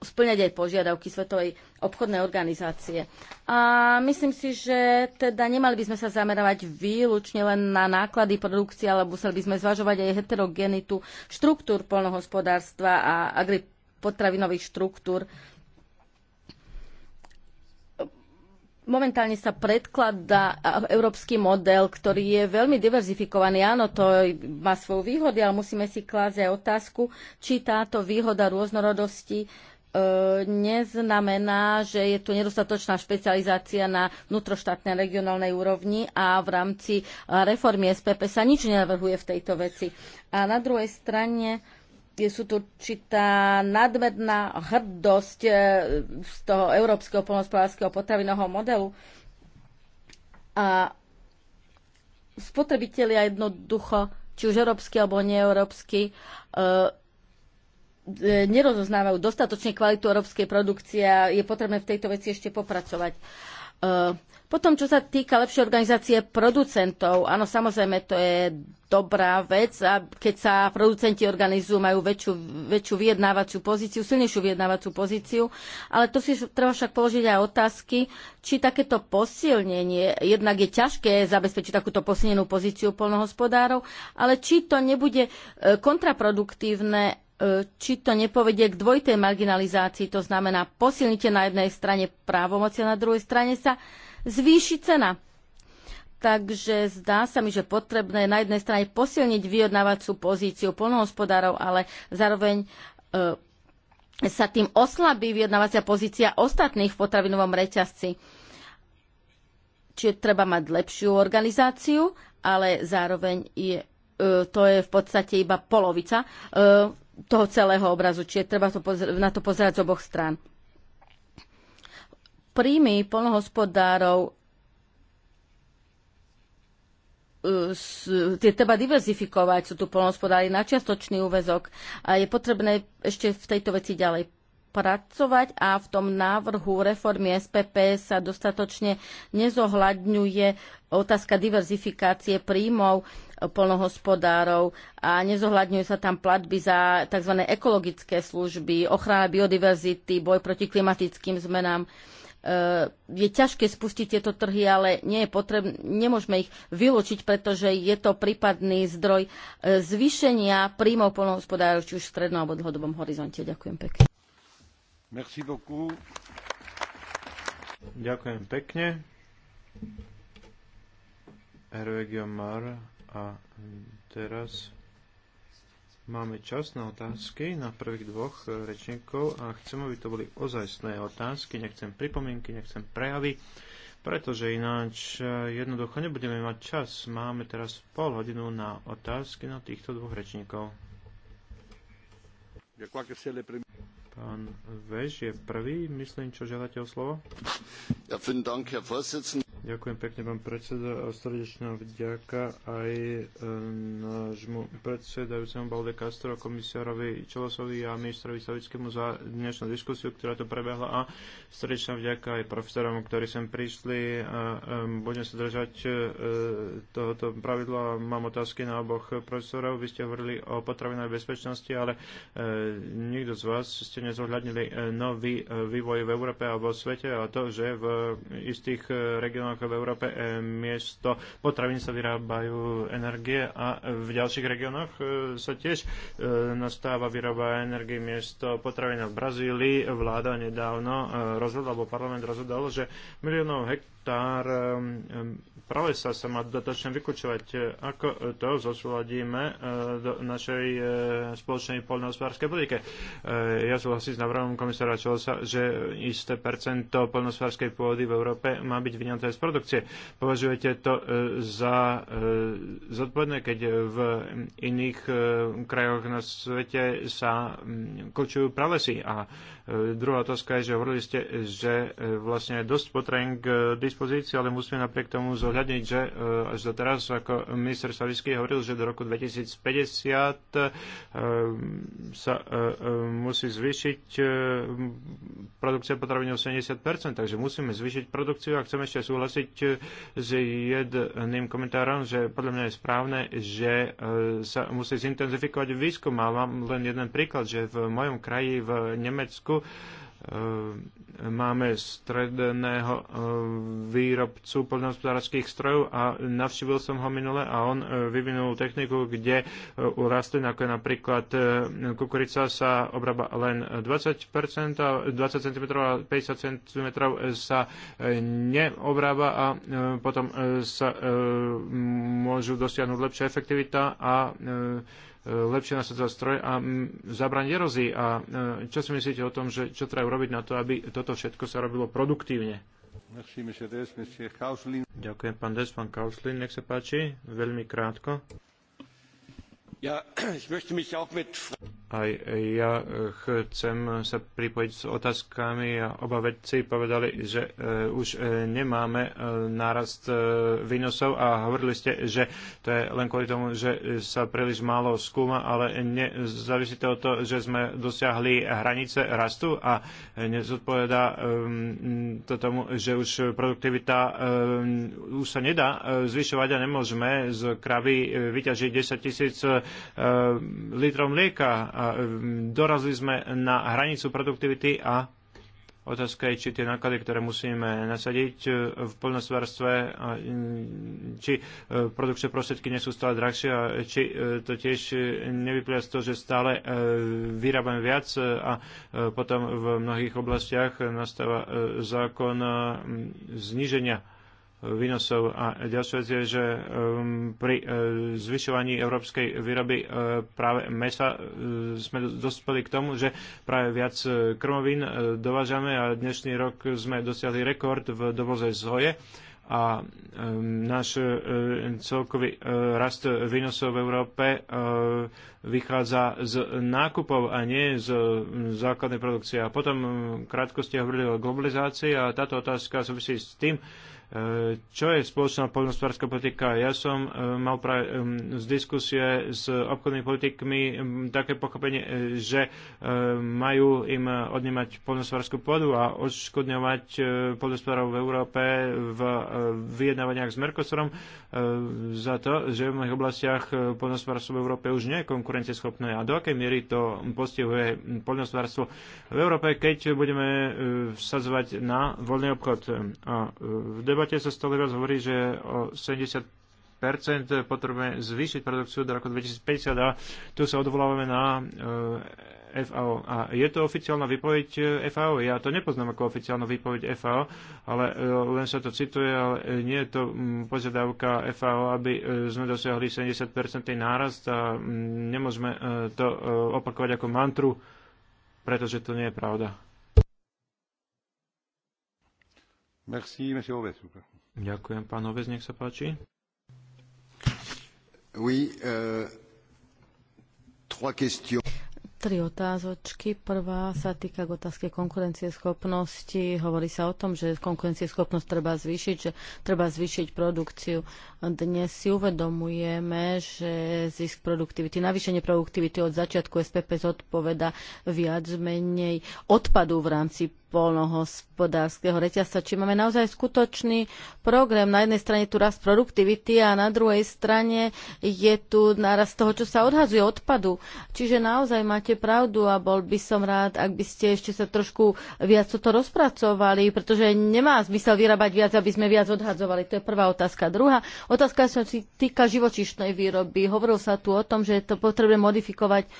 splňať aj požiadavky Svetovej obchodnej organizácie. A myslím si, že teda nemali by sme sa zamerovať výlučne len na náklady produkcie, ale museli by sme zvažovať aj heterogenitu štruktúr polnohospodárstva a agripotravinových štruktúr, Momentálne sa predkladá európsky model, ktorý je veľmi diverzifikovaný. Áno, to má svoju výhody, ale musíme si klásť aj otázku, či táto výhoda rôznorodosti e, neznamená, že je tu nedostatočná špecializácia na vnútroštátnej regionálnej úrovni a v rámci reformy SPP sa nič nenavrhuje v tejto veci. A na druhej strane je sú tu určitá nadmedná hrdosť e, z toho európskeho polnospodárskeho potravinového modelu. A spotrebitelia jednoducho, či už európsky alebo neeurópsky, e, e, nerozoznávajú dostatočne kvalitu európskej produkcie a je potrebné v tejto veci ešte popracovať. E, potom, čo sa týka lepšej organizácie producentov, áno, samozrejme, to je dobrá vec, a keď sa producenti organizujú, majú väčšiu, väčšiu vyjednávaciu pozíciu, silnejšiu vyjednávaciu pozíciu, ale to si treba však položiť aj otázky, či takéto posilnenie, jednak je ťažké zabezpečiť takúto posilnenú pozíciu polnohospodárov, ale či to nebude e, kontraproduktívne E, či to nepovedie k dvojitej marginalizácii, to znamená posilnite na jednej strane právomoci a na druhej strane sa zvýši cena. Takže zdá sa mi, že potrebné na jednej strane posilniť vyjednávacú pozíciu polnohospodárov, ale zároveň e, sa tým oslabí vyjednávacia pozícia ostatných v potravinovom reťazci. Čiže treba mať lepšiu organizáciu, ale zároveň je, e, to je v podstate iba polovica e, toho celého obrazu, čiže treba to na to pozerať z oboch strán. Príjmy polnohospodárov e, tie treba diverzifikovať, sú tu polnohospodári na čiastočný úvezok a je potrebné ešte v tejto veci ďalej pracovať a v tom návrhu reformy SPP sa dostatočne nezohľadňuje otázka diverzifikácie príjmov polnohospodárov a nezohľadňujú sa tam platby za tzv. ekologické služby, ochrana biodiverzity, boj proti klimatickým zmenám. E, je ťažké spustiť tieto trhy, ale nie je potrebné, nemôžeme ich vylúčiť, pretože je to prípadný zdroj e, zvýšenia príjmov polnohospodárov, či už v strednom alebo dlhodobom horizonte. Ďakujem pekne. Merci beaucoup. Ďakujem pekne. Hervé Guillaume a teraz máme čas na otázky na prvých dvoch eh, rečníkov a chcem, aby to boli ozajstné otázky, nechcem pripomienky, nechcem prejavy, pretože ináč eh, jednoducho nebudeme mať čas. Máme teraz pol hodinu na otázky na týchto dvoch rečníkov. Pán vež je prvý, myslím, čo žiadate o slovo. Ja, dank, Herr Ďakujem pekne, pán predseda, a srdečná vďaka aj e, nášmu predsedajúcemu Balde Castro, komisárovi Čelosovi a ministrovi Savickému za dnešnú diskusiu, ktorá tu prebehla a srdečná vďaka aj profesorom, ktorí sem prišli. A, e, budem sa držať e, tohoto pravidla. Mám otázky na oboch profesorov. Vy ste hovorili o potravinovej bezpečnosti, ale nikto z vás ste nezohľadnili nový vývoj v Európe a vo svete a to, že v istých regionách ako v Európe e, miesto potravín sa vyrábajú energie a v ďalších regiónoch e, sa tiež e, nastáva vyrába energie miesto potravín v Brazílii. Vláda nedávno rozhodla, alebo parlament rozhodol, že miliónov hektár pralesa sa má dodatočne vykučovať. Ako to zosúladíme do našej spoločnej poľnohospodárskej politike? Ja súhlasím s návrhom komisára Čelosa, že isté percento poľnohospodárskej pôdy v Európe má byť vyňaté z produkcie. Považujete to e, za e, zodpovedné, keď v iných e, krajoch na svete sa mm, kočujú pralesy? A druhá otázka je, že hovorili ste, že vlastne je dosť potravín k dispozícii, ale musíme napriek tomu zohľadniť, že až do teraz, ako minister Savisky hovoril, že do roku 2050 sa musí zvýšiť produkcia potravín o 70%, takže musíme zvýšiť produkciu a chceme ešte súhlasiť súhlasiť s jedným komentárom, že podľa mňa je správne, že e, sa musí zintenzifikovať výskum. A mám len jeden príklad, že v mojom kraji v Nemecku e, máme stredného e, výrobcu poľnohospodárských strojov a navštívil som ho minule a on e, vyvinul techniku, kde e, u rastlín, ako je napríklad kukurica, sa obrába len 20%, 20 cm a 50 cm sa neobrába a potom sa môžu dosiahnuť lepšia efektivita a lepšie nasadzovať stroje a zabrať erozii. A e, čo si myslíte o tom, že čo treba urobiť na to, aby toto všetko sa robilo produktívne? Ďakujem, pán Des, pán Kauslin, nech sa páči, veľmi krátko. Ja, ich möchte mich auch mit... Aj ja eh, chcem sa pripojiť s otázkami a oba vedci povedali, že eh, už eh, nemáme nárast výnosov a hovorili ste, že to je len kvôli tomu, že sa príliš málo skúma, ale nezávisí to od toho, že sme dosiahli hranice rastu a nezodpovedá ehm, to tomu, že už produktivita ehm, už sa nedá zvyšovať a nemôžeme z kravy vyťažiť 10 tisíc litrov mlieka a Ehm, dorazili sme na hranicu produktivity a Otázka je, či tie náklady, ktoré musíme nasadiť e, v poľnospodárstve, či e, produkčné prostriedky nie sú stále drahšie a či e, to tiež nevyplia z toho, že stále vyrábame viac a potom v mnohých oblastiach nastáva zákon zníženia výnosov. A ďalšia vec je, že um, pri e, zvyšovaní európskej výroby e, práve mesa e, sme dospeli k tomu, že práve viac krmovín dovážame a dnešný rok sme dosiahli rekord v dovoze zoje a um, náš celkový rast výnosov v Európe vychádza z nákupov a nie z základnej produkcie. A potom krátko ste hovorili o globalizácii a táto otázka súvisí s tým, čo je spoločná poľnohospodárska politika. Ja som e, mal práve z diskusie s obchodnými politikmi e, také pochopenie, e, že majú im odnímať poľnohospodárskú pôdu a odškodňovať poľnohospodárov v Európe v vyjednávaniach s Mercosurom za to, že v mnohých oblastiach poľnohospodárstvo v Európe už nie je konkurencieschopné. A do akej miery to postihuje poľnohospodárstvo v Európe, keď budeme vsadzovať na voľný obchod a v debate debate sa stále viac hovorí, že o 70 potrebujeme zvýšiť produkciu do roku 2050 a tu sa odvolávame na e, FAO. A je to oficiálna výpoveď e, FAO? Ja to nepoznám ako oficiálnu výpoveď FAO, ale e, len sa to cituje, ale nie je to požiadavka FAO, aby sme dosiahli 70 nárast a nemôžeme to opakovať ako mantru, pretože to nie je pravda. Merci, monsieur Oves. Ďakujem, pán Oves, nech sa páči. Oui, euh, trois questions tri otázočky. Prvá sa týka k otázke konkurencieschopnosti. Hovorí sa o tom, že konkurencieschopnosť treba zvýšiť, že treba zvýšiť produkciu. Dnes si uvedomujeme, že zisk produktivity, navýšenie produktivity od začiatku SPP zodpoveda viac menej odpadu v rámci polnohospodárskeho reťazca. Či máme naozaj skutočný program. Na jednej strane tu rast produktivity a na druhej strane je tu naraz toho, čo sa odhazuje odpadu. Čiže naozaj máte pravdu a bol by som rád, ak by ste ešte sa trošku viac toto rozpracovali, pretože nemá zmysel vyrábať viac, aby sme viac odhadzovali. To je prvá otázka. Druhá otázka sa týka živočišnej výroby. Hovoril sa tu o tom, že to potrebuje modifikovať e,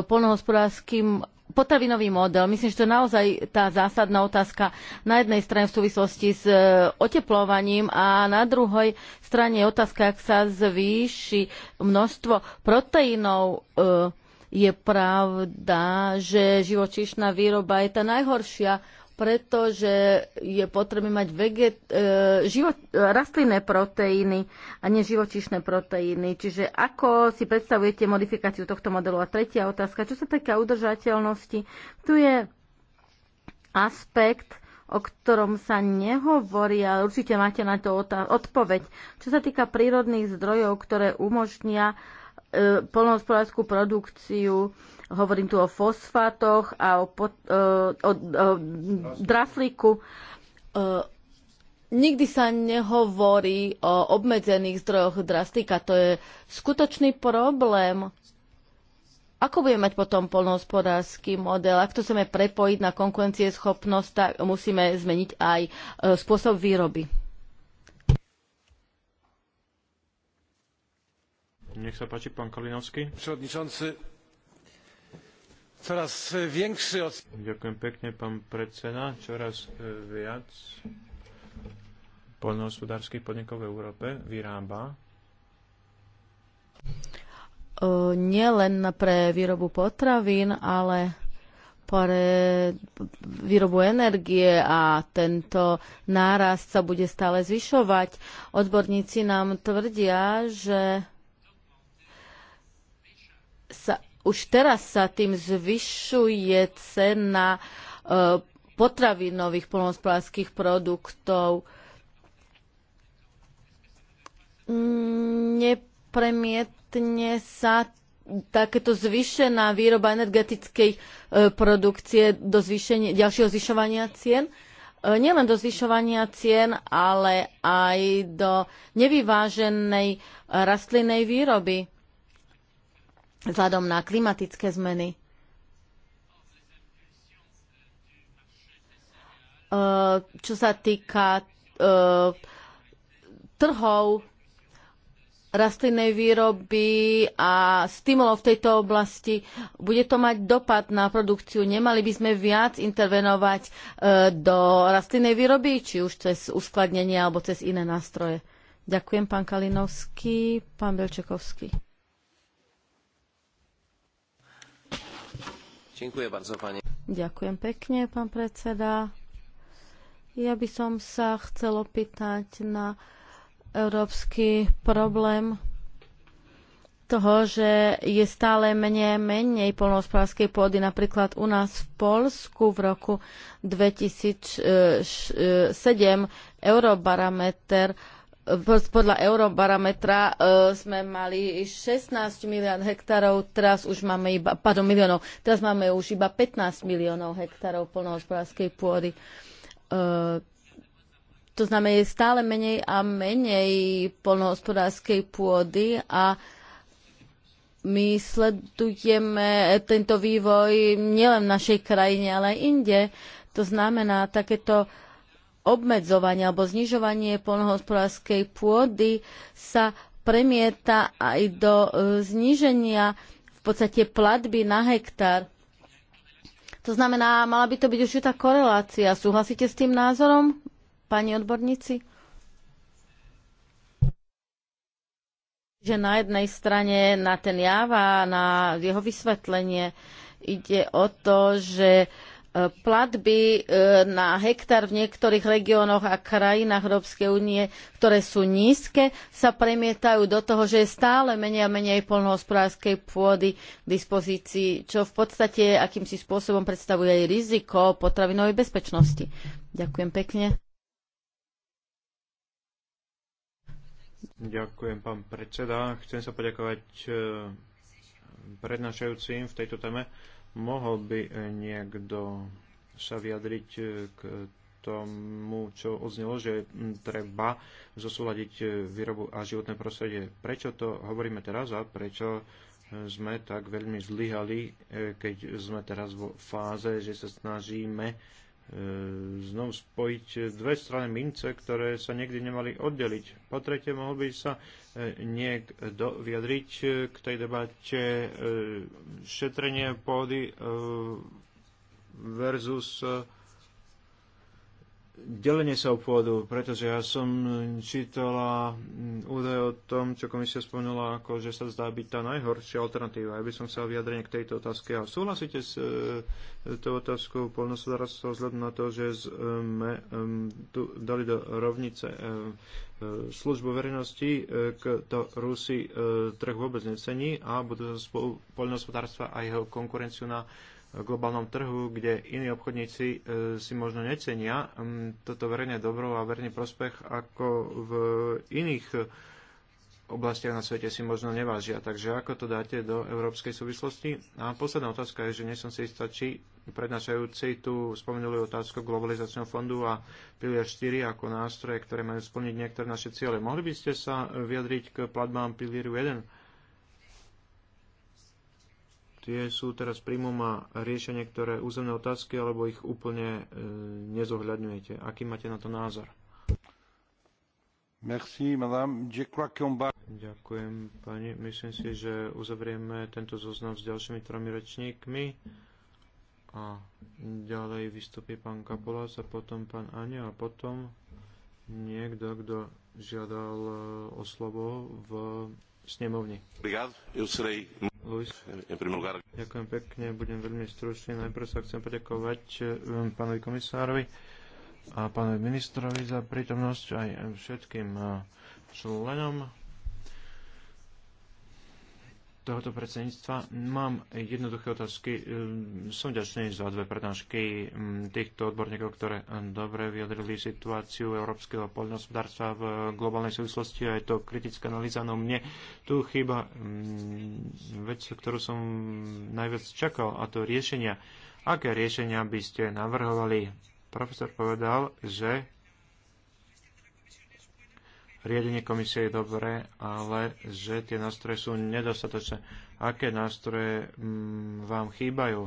polnohospodárským potravinový model. Myslím, že to je naozaj tá zásadná otázka na jednej strane v súvislosti s e, oteplovaním a na druhej strane je otázka, ak sa zvýši množstvo proteínov. E, je pravda, že živočíšna výroba je tá najhoršia pretože je potrebné mať veget, e, život, e, rastlinné proteíny a neživočišné živočíšne proteíny. Čiže ako si predstavujete modifikáciu tohto modelu? A tretia otázka, čo sa týka udržateľnosti, tu je aspekt, o ktorom sa nehovorí a určite máte na to odpoveď. Čo sa týka prírodných zdrojov, ktoré umožnia e, polnohospodárskú produkciu, e, Hovorím tu o fosfátoch a o, pot, e, o, o, o draflíku. E, nikdy sa nehovorí o obmedzených zdrojoch draslíka. To je skutočný problém. Ako budeme mať potom polnohospodársky model? Ak to chceme prepojiť na konkurencieschopnosť, tak musíme zmeniť aj e, spôsob výroby. Nech sa páči, pán Kalinovský. Przewodniczący, coraz większy... Ďakujem pekne, pán predseda. Čoraz e, viac poľnohospodárskych podnikov v Európe vyrába e, nielen pre výrobu potravín, ale pre výrobu energie a tento nárast sa bude stále zvyšovať. Odborníci nám tvrdia, že sa už teraz sa tým zvyšuje cena e, potravinových polnospodárských produktov. Nepremietne sa takéto zvýšená výroba energetickej e, produkcie do zvýšenia, ďalšieho zvyšovania cien e, nielen do zvyšovania cien, ale aj do nevyváženej rastlinnej výroby vzhľadom na klimatické zmeny. E, čo sa týka e, trhov rastlinnej výroby a stimulov v tejto oblasti. Bude to mať dopad na produkciu. Nemali by sme viac intervenovať e, do rastlinnej výroby, či už cez uskladnenie alebo cez iné nástroje. Ďakujem, pán Kalinovský, pán Belčekovský. Ďakujem bardzo, pani. Ďakujem pekne, pán predseda. Ja by som sa chcel opýtať na európsky problém toho, že je stále menej menej polnohospodárskej pôdy. Napríklad u nás v Polsku v roku 2007 eh, eh, Eurobarometer podľa eurobarometra e, sme mali 16 miliard hektárov, teraz už máme iba, pardon, miliónov, teraz máme už iba 15 miliónov hektárov polnohospodárskej pôdy. E, to znamená, je stále menej a menej polnohospodárskej pôdy a my sledujeme tento vývoj nielen v našej krajine, ale aj inde. To znamená, takéto uh, obmedzovanie alebo znižovanie polnohospodárskej pôdy sa premieta aj do e, zníženia v podstate platby na hektár. To znamená, mala by to byť určitá korelácia. Súhlasíte s tým názorom, pani odborníci? Že na jednej strane na ten Java, a na jeho vysvetlenie ide o to, že platby e, na hektár v niektorých regiónoch a krajinách Európskej únie, ktoré sú nízke, sa premietajú do toho, že je stále menej a menej polnohospodárskej pôdy k dispozícii, čo v podstate akýmsi spôsobom predstavuje aj riziko potravinovej bezpečnosti. Ďakujem pekne. Ďakujem, pán predseda. Chcem sa poďakovať e, prednášajúcim v tejto téme Mohol by eh, niekto sa vyjadriť eh, k tomu, čo oznelo, že hm, treba zosúľadiť eh, výrobu a životné prostredie. Prečo to hovoríme teraz a prečo sme tak veľmi zlyhali, keď sme teraz vo fáze, že sa snažíme E, znovu spojiť dve strany mince, ktoré sa niekdy nemali oddeliť. Po tretie, mohol by sa e, niekto vyjadriť e, k tej debate šetrenie pôdy versus delenie sa obchodu, pretože ja som čítala mm, údaje o tom, čo komisia spomenula, ako že sa zdá byť tá najhoršia alternatíva. Ja by som chcel vyjadrenie k tejto otázke. A súhlasíte s e, tou otázkou polnosodárstva vzhľadom na to, že sme e, e tu dali do rovnice e, e službu verejnosti, e, to si e, trh vôbec necení a budú spolu a jeho konkurenciu na e, globálnom trhu, kde iní obchodníci e, si možno necenia toto verejné dobro a verejný prospech ako v iných oblastiach na svete si možno nevážia. Takže ako to dáte do európskej súvislosti? A posledná otázka je, že nie som si istá, či prednášajúci tu spomenuli otázku globalizačného fondu a pilier 4 ako nástroje, ktoré majú splniť niektoré naše ciele. Mohli by ste sa vyjadriť k platbám pilieru 1? tie sú teraz príjmom a riešia niektoré územné otázky, alebo ich úplne e, nezohľadňujete. Aký máte na to názor? Merci, madame. Ďakujem, pani. Myslím si, že uzavrieme tento zoznam s ďalšími tromi rečníkmi. A ďalej vystupí pán Kapolás a potom pán Ania a potom niekto, kto žiadal e, o slovo v snemovni. Obrigado. Eu serei Luis. Ďakujem pekne, budem veľmi stručný. Najprv sa chcem poďakovať um, pánovi komisárovi a pánovi ministrovi za prítomnosť aj všetkým uh, členom tohoto predsedníctva. Mám jednoduché otázky. Ehm, som ďačný za dve prednášky ehm, týchto odborníkov, ktoré ehm, dobre vyjadrili situáciu európskeho poľnohospodárstva v globálnej súvislosti a je to kritická analýza. No mne tu chýba vec, ktorú som najviac čakal, a to riešenia. Aké riešenia by ste navrhovali? Profesor povedal, že riadenie komisie je dobré, ale že tie nástroje sú nedostatočné. Aké nástroje mm, vám chýbajú,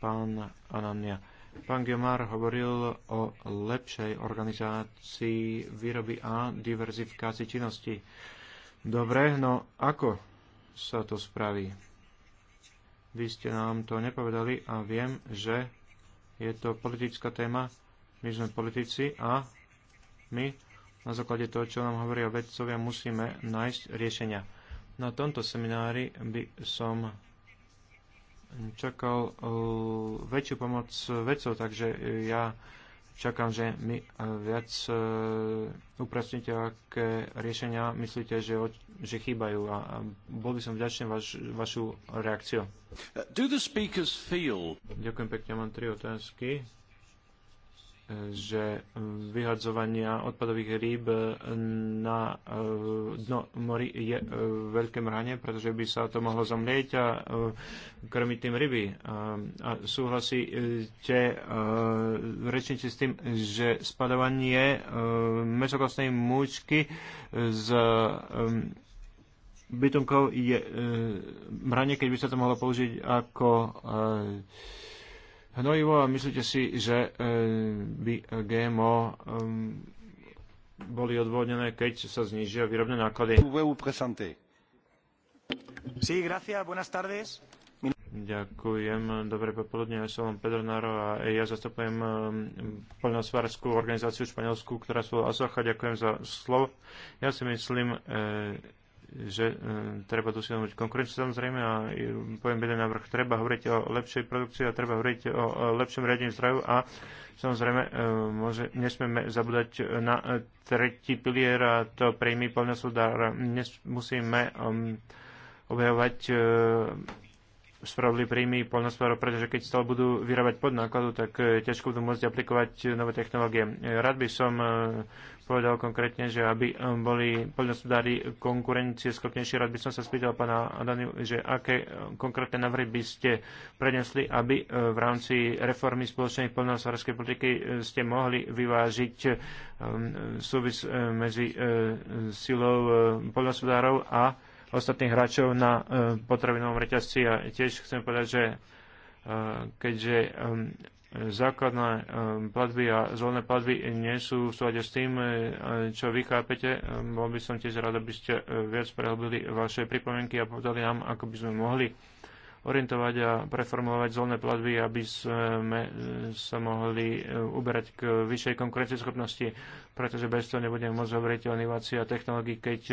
pán Anania? Pán Gemar hovoril o lepšej organizácii výroby a diverzifikácii činnosti. Dobre, no ako sa to spraví? Vy ste nám to nepovedali a viem, že je to politická téma. My sme politici a my na základe toho, čo nám hovoria vedcovia, musíme nájsť riešenia. Na tomto seminári by som čakal eh, väčšiu pomoc vedcov, takže ja čakám, že mi eh, viac eh, uprasnite, aké riešenia myslíte, že, že chýbajú a bol by som vďačný vaš, vašu reakciu. Ďakujem pekne, mám tri otázky že vyhadzovania odpadových rýb na eh, dno mori je eh, veľké mranie, pretože by sa to mohlo zomlieť a eh, krmiť tým ryby. A súhlasíte rečníci s tým, že spadovanie mesokostnej múčky z bytunkov je mranie, keď by sa to mohlo použiť ako hnojivo a myslíte si, že e, by GMO e, boli odvodnené, keď sa znižia výrobné náklady? Sí, Buenas tardes. Ďakujem. Dobré popoludne, ja som Pedro Naro a ja zastupujem e, poľnosvárskú organizáciu španielskú ktorá sa volá Asocha. Ďakujem za slovo. Ja si myslím, že e, treba dosiahnuť konkurenciu samozrejme a poviem jeden návrh, treba hovoriť o lepšej produkcii a treba hovoriť o lepšom riadení zdraju a samozrejme e, môže, nesmieme zabúdať na tretí pilier a to príjmy poľnohospodára. Musíme e, objavovať spravili príjmy poľnohospodárov, pretože keď stále budú vyrábať pod nákladu, tak ťažko budú môcť aplikovať nové technológie. Rád by som povedal konkrétne, že aby um, boli poľnospodári konkurencie schopnejšie, rád by som sa spýtal pána Adaniu, že aké um, konkrétne návrhy by ste prenesli, aby uh, v rámci reformy spoločnej poľnohospodárskej politiky uh, ste mohli vyvážiť um, súvis uh, medzi silou poľnospodárov a ostatných hráčov na potravinovom reťazci. A tiež chcem povedať, že keďže základné ehm, platby a zvolené platby nie sú v súlade s tým, ehm, čo vy chápete. Ehm, bol by som tiež rád, aby ste viac prehlbili vaše pripomienky a povedali nám, ako by sme mohli orientovať a preformulovať zvolené platby, aby sme sa mohli uberať k vyššej konkurencieschopnosti, pretože bez toho nebudeme môcť hovoriť o inovácii a technológií, keď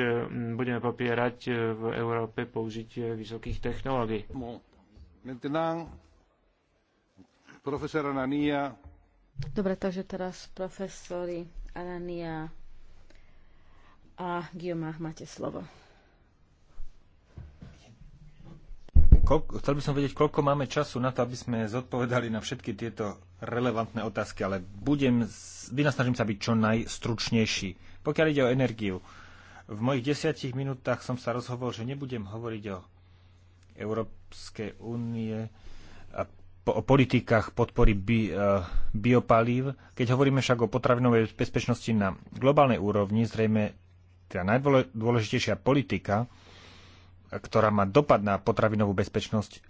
budeme popierať v Európe použitie vysokých technológií. Profesor Anania. Dobre, takže teraz profesori Anania a Guillaume, máte slovo. Koľko, chcel by som vedieť, koľko máme času na to, aby sme zodpovedali na všetky tieto relevantné otázky, ale budem, vynasnažím sa byť čo najstručnejší. Pokiaľ ide o energiu, v mojich desiatich minútach som sa rozhovoril, že nebudem hovoriť o Európskej únie, po, o politikách podpory bi, e, biopalív. Keď hovoríme však o potravinovej bezpečnosti na globálnej úrovni, zrejme tá najdôležitejšia politika, ktorá má dopad na potravinovú bezpečnosť, e,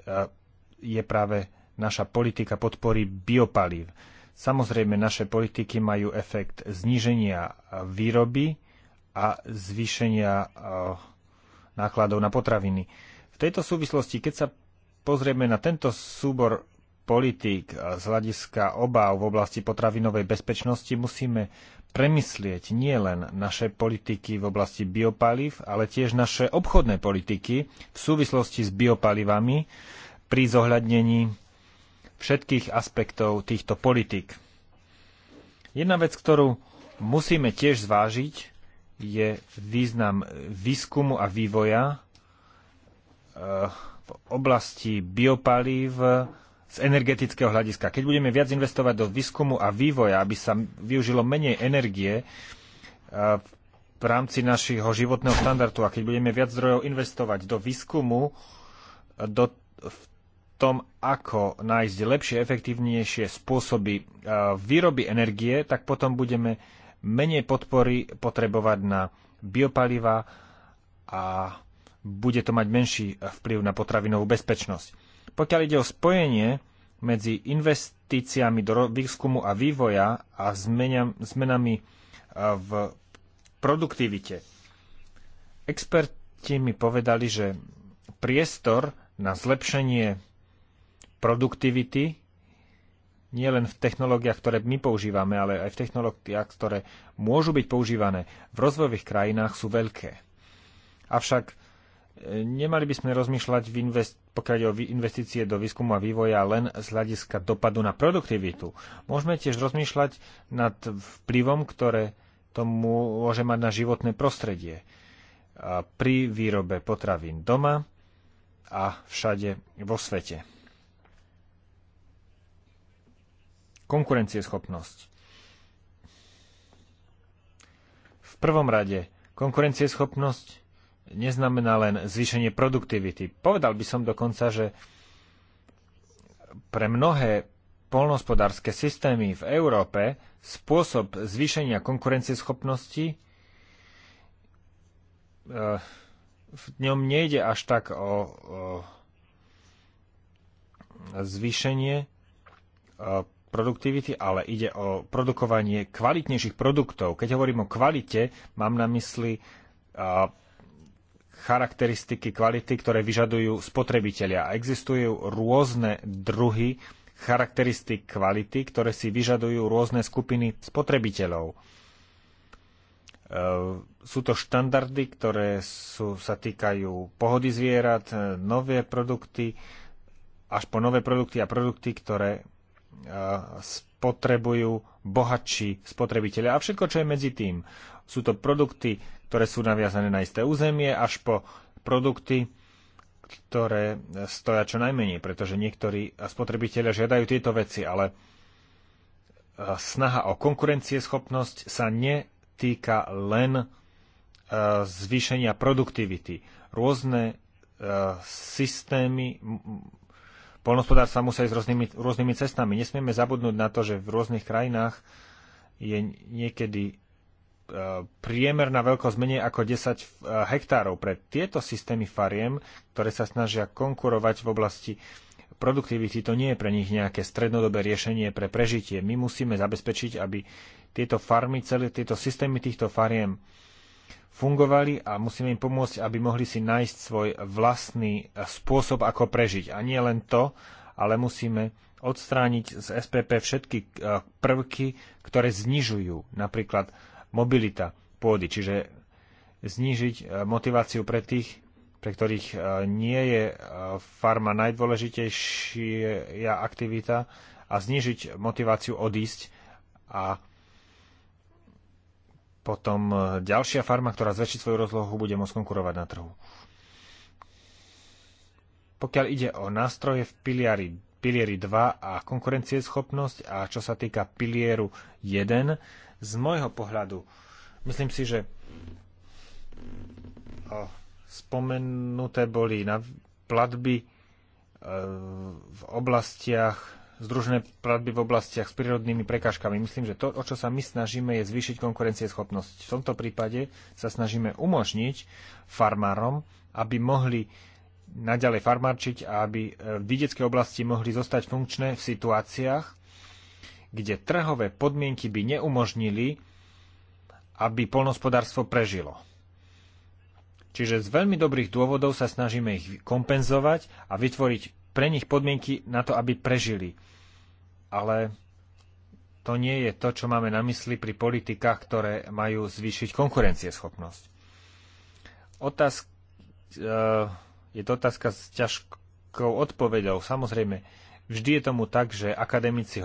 je práve naša politika podpory biopalív. Samozrejme, naše politiky majú efekt zníženia výroby a zvýšenia e, nákladov na potraviny. V tejto súvislosti, keď sa pozrieme na tento súbor politík z hľadiska obáv v oblasti potravinovej bezpečnosti musíme premyslieť nielen naše politiky v oblasti biopalív, ale tiež naše obchodné politiky v súvislosti s biopalivami pri zohľadnení všetkých aspektov týchto politik. Jedna vec, ktorú musíme tiež zvážiť, je význam výskumu a vývoja eh, v oblasti biopalív z energetického hľadiska. Keď budeme viac investovať do výskumu a vývoja, aby sa využilo menej energie e, v rámci našeho životného štandardu a keď budeme viac zdrojov investovať do výskumu, do, v tom, ako nájsť lepšie, efektívnejšie spôsoby e, výroby energie, tak potom budeme menej podpory potrebovať na biopaliva a bude to mať menší vplyv na potravinovú bezpečnosť. Pokiaľ ide o spojenie medzi investíciami do výskumu a vývoja a zmenami e, v produktivite, experti mi povedali, že priestor na zlepšenie produktivity nie len v technológiách, ktoré my používame, ale aj v technológiách, ktoré môžu byť používané v rozvojových krajinách, sú veľké. Avšak nemali by sme rozmýšľať, v invest, pokiaľ o investície do výskumu a vývoja, len z hľadiska dopadu na produktivitu. Môžeme tiež rozmýšľať nad vplyvom, ktoré to môže mať na životné prostredie pri výrobe potravín doma a všade vo svete. Konkurencieschopnosť. V prvom rade konkurencieschopnosť neznamená len zvýšenie produktivity. Povedal by som dokonca, že pre mnohé polnospodárske systémy v Európe spôsob zvýšenia konkurencieschopnosti eh, v ňom nejde až tak o, o zvýšenie eh, produktivity, ale ide o produkovanie kvalitnejších produktov. Keď hovorím o kvalite, mám na mysli eh, charakteristiky kvality, ktoré vyžadujú spotrebitelia. Existujú rôzne druhy charakteristik kvality, ktoré si vyžadujú rôzne skupiny spotrebiteľov. E, sú to štandardy, ktoré sú, sa týkajú pohody zvierat, e, nové produkty, až po nové produkty a produkty, ktoré e, spotrebujú bohatší spotrebiteľe. A všetko, čo je medzi tým. Sú to produkty, ktoré sú naviazané na isté územie, až po produkty, ktoré stoja čo najmenej, pretože niektorí spotrebitelia žiadajú tieto veci, ale e, snaha o konkurencieschopnosť sa netýka len e, zvýšenia produktivity. Rôzne e, systémy polnospodárstva musia ísť rôznymi, rôznymi cestami. Nesmieme zabudnúť na to, že v rôznych krajinách je niekedy priemerná veľkosť menej ako 10 eh, hektárov. Pre tieto systémy fariem, ktoré sa snažia konkurovať v oblasti produktivity, to nie je pre nich nejaké strednodobé riešenie pre prežitie. My musíme zabezpečiť, aby tieto farmy, celé tieto systémy týchto fariem fungovali a musíme im pomôcť, aby mohli si nájsť svoj vlastný eh, spôsob, ako prežiť. A nie len to, ale musíme odstrániť z SPP všetky eh, prvky, ktoré znižujú napríklad mobilita pôdy, čiže znížiť e, motiváciu pre tých, pre ktorých e, nie je e, farma najdôležitejšia aktivita a znížiť motiváciu odísť a potom ďalšia farma, ktorá zväčší svoju rozlohu, bude môcť konkurovať na trhu. Pokiaľ ide o nástroje v piliari, pilieri 2 a konkurencieschopnosť a čo sa týka pilieru 1, z môjho pohľadu. Myslím si, že spomenuté boli na platby e, v oblastiach, združené platby v oblastiach s prírodnými prekážkami. Myslím, že to, o čo sa my snažíme, je zvýšiť konkurencieschopnosť. V tomto prípade sa snažíme umožniť farmárom, aby mohli naďalej farmárčiť a aby e, vidiecké oblasti mohli zostať funkčné v situáciách, kde trhové podmienky by neumožnili, aby polnospodárstvo prežilo. Čiže z veľmi dobrých dôvodov sa snažíme ich kompenzovať a vytvoriť pre nich podmienky na to, aby prežili. Ale to nie je to, čo máme na mysli pri politikách, ktoré majú zvýšiť konkurencieschopnosť. Otázka, e, je to otázka s ťažkou odpovedou. Samozrejme, vždy je tomu tak, že akademici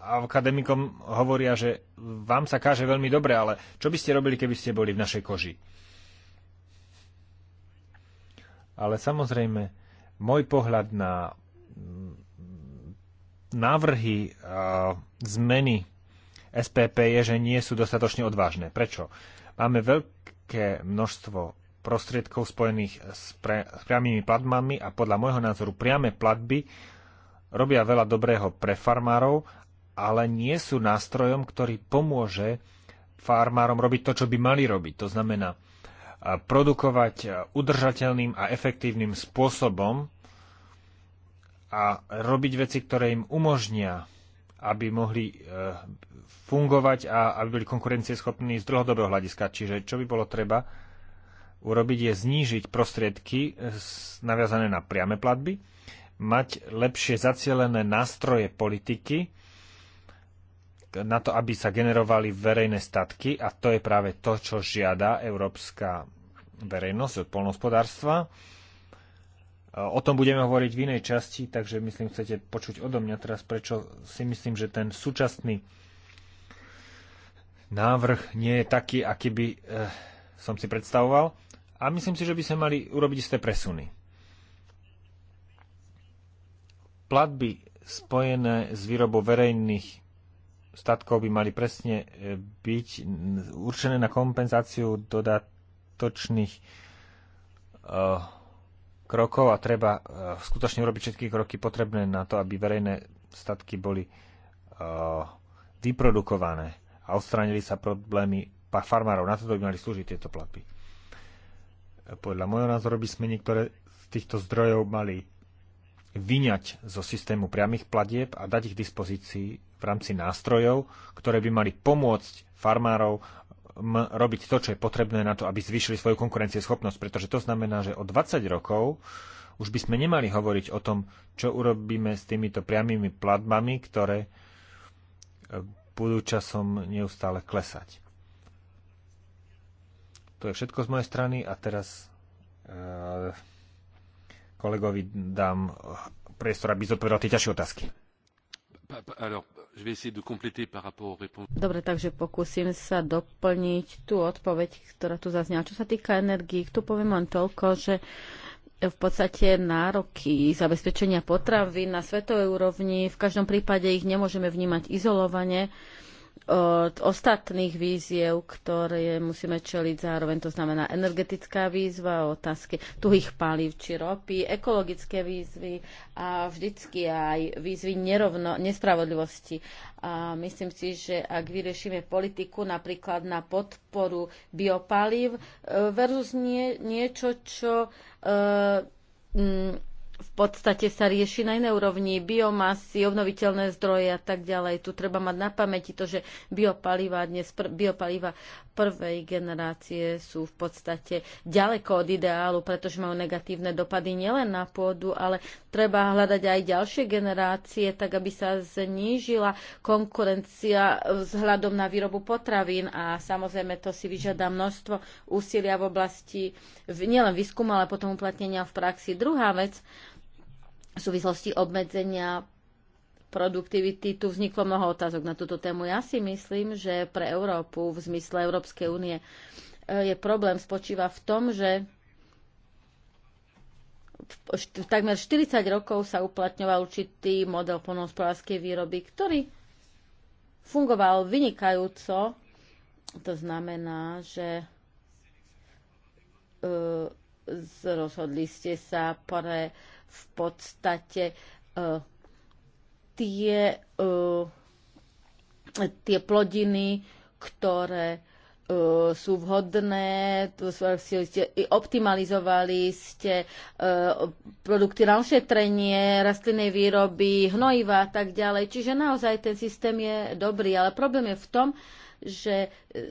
akademikom hovoria, že vám sa káže veľmi dobre, ale čo by ste robili, keby ste boli v našej koži? Ale samozrejme, môj pohľad na mm, návrhy a zmeny SPP je, že nie sú dostatočne odvážne. Prečo? Máme veľké množstvo prostriedkov spojených s, pre, s priamými platbami a podľa môjho názoru priame platby robia veľa dobrého pre farmárov ale nie sú nástrojom, ktorý pomôže farmárom robiť to, čo by mali robiť. To znamená produkovať udržateľným a efektívnym spôsobom a robiť veci, ktoré im umožnia, aby mohli e, fungovať a aby boli konkurencieschopní z dlhodobého hľadiska. Čiže čo by bolo treba urobiť je znížiť prostriedky e, naviazané na priame platby, mať lepšie zacielené nástroje politiky, na to, aby sa generovali verejné statky a to je práve to, čo žiada európska verejnosť od polnospodárstva. O tom budeme hovoriť v inej časti, takže myslím, chcete počuť odo mňa teraz, prečo si myslím, že ten súčasný návrh nie je taký, aký by eh, som si predstavoval. A myslím si, že by sme mali urobiť isté presuny. Platby spojené s výrobou verejných statkov by mali presne e, byť mm, určené na kompenzáciu dodatočných e, krokov a treba e, skutočne urobiť všetky kroky potrebné na to, aby verejné statky boli vyprodukované a odstránili sa problémy farmárov. Na to by mali slúžiť tieto platby. Podľa môjho názoru by sme niektoré z týchto zdrojov mali vyňať zo systému priamých platieb a dať ich dispozícii v rámci nástrojov, ktoré by mali pomôcť farmárov robiť to, čo je potrebné na to, aby zvýšili svoju konkurencieschopnosť, pretože to znamená, že o 20 rokov už by sme nemali hovoriť o tom, čo urobíme s týmito priamými platbami, ktoré e, budú časom neustále klesať. To je všetko z mojej strany a teraz Uh, Kolegovi dám priestor, aby zodpovedal tie ťažšie otázky. Dobre, takže pokúsim sa doplniť tú odpoveď, ktorá tu zaznela. Čo sa týka energií, tu poviem len toľko, že v podstate nároky zabezpečenia potravy na svetovej úrovni, v každom prípade ich nemôžeme vnímať izolovane od ostatných víziev, ktoré musíme čeliť zároveň, to znamená energetická výzva, otázky tuhých palív či ropy, ekologické výzvy a vždycky aj výzvy nerovno, nespravodlivosti. A myslím si, že ak vyriešime politiku napríklad na podporu biopalív e, versus nie, niečo, čo e, m, v podstate sa rieši na inej úrovni, biomasy, obnoviteľné zdroje a tak ďalej. Tu treba mať na pamäti to, že biopaliva, dnes pr- biopaliva prvej generácie sú v podstate ďaleko od ideálu, pretože majú negatívne dopady nielen na pôdu, ale treba hľadať aj ďalšie generácie, tak aby sa znížila konkurencia vzhľadom na výrobu potravín a samozrejme to si vyžiada množstvo úsilia v oblasti nielen výskumu, ale potom uplatnenia v praxi. Druhá vec, v súvislosti obmedzenia produktivity, tu vzniklo mnoho otázok na túto tému. Ja si myslím, že pre Európu v zmysle Európskej únie eh, je problém spočíva v tom, že v takmer 40 rokov sa uplatňoval určitý model polnohospodárskej výroby, ktorý fungoval vynikajúco. To znamená, že eh, rozhodli ste sa pre v podstate e, tie, e, tie plodiny, ktoré e, sú vhodné, ste, optimalizovali ste produkty na ošetrenie, rastlinnej výroby, hnojiva a tak ďalej. Čiže naozaj ten systém je dobrý, ale problém je v tom, že e, e,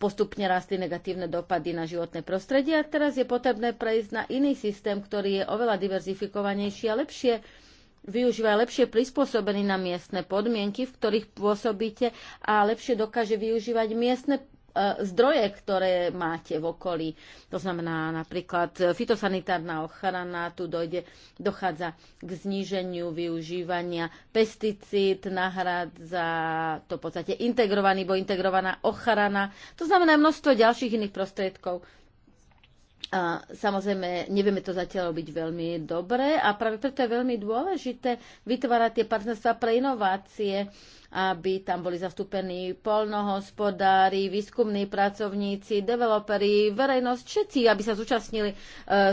postupne rastli negatívne dopady na životné prostredie a teraz je potrebné prejsť na iný systém, ktorý je oveľa diverzifikovanejší a lepšie využíva lepšie prispôsobený na miestne podmienky, v ktorých pôsobíte a lepšie dokáže využívať miestne E, zdroje, ktoré máte v okolí. To znamená napríklad fitosanitárna ochrana, tu dojde, dochádza k zníženiu využívania pesticíd, nahrad za to v podstate integrovaný, bo integrovaná ochrana. To znamená množstvo ďalších iných prostriedkov, a samozrejme, nevieme to zatiaľ robiť veľmi dobre a práve preto je veľmi dôležité vytvárať tie partnerstva pre inovácie, aby tam boli zastúpení polnohospodári, výskumní pracovníci, developeri, verejnosť, všetci, aby sa zúčastnili uh,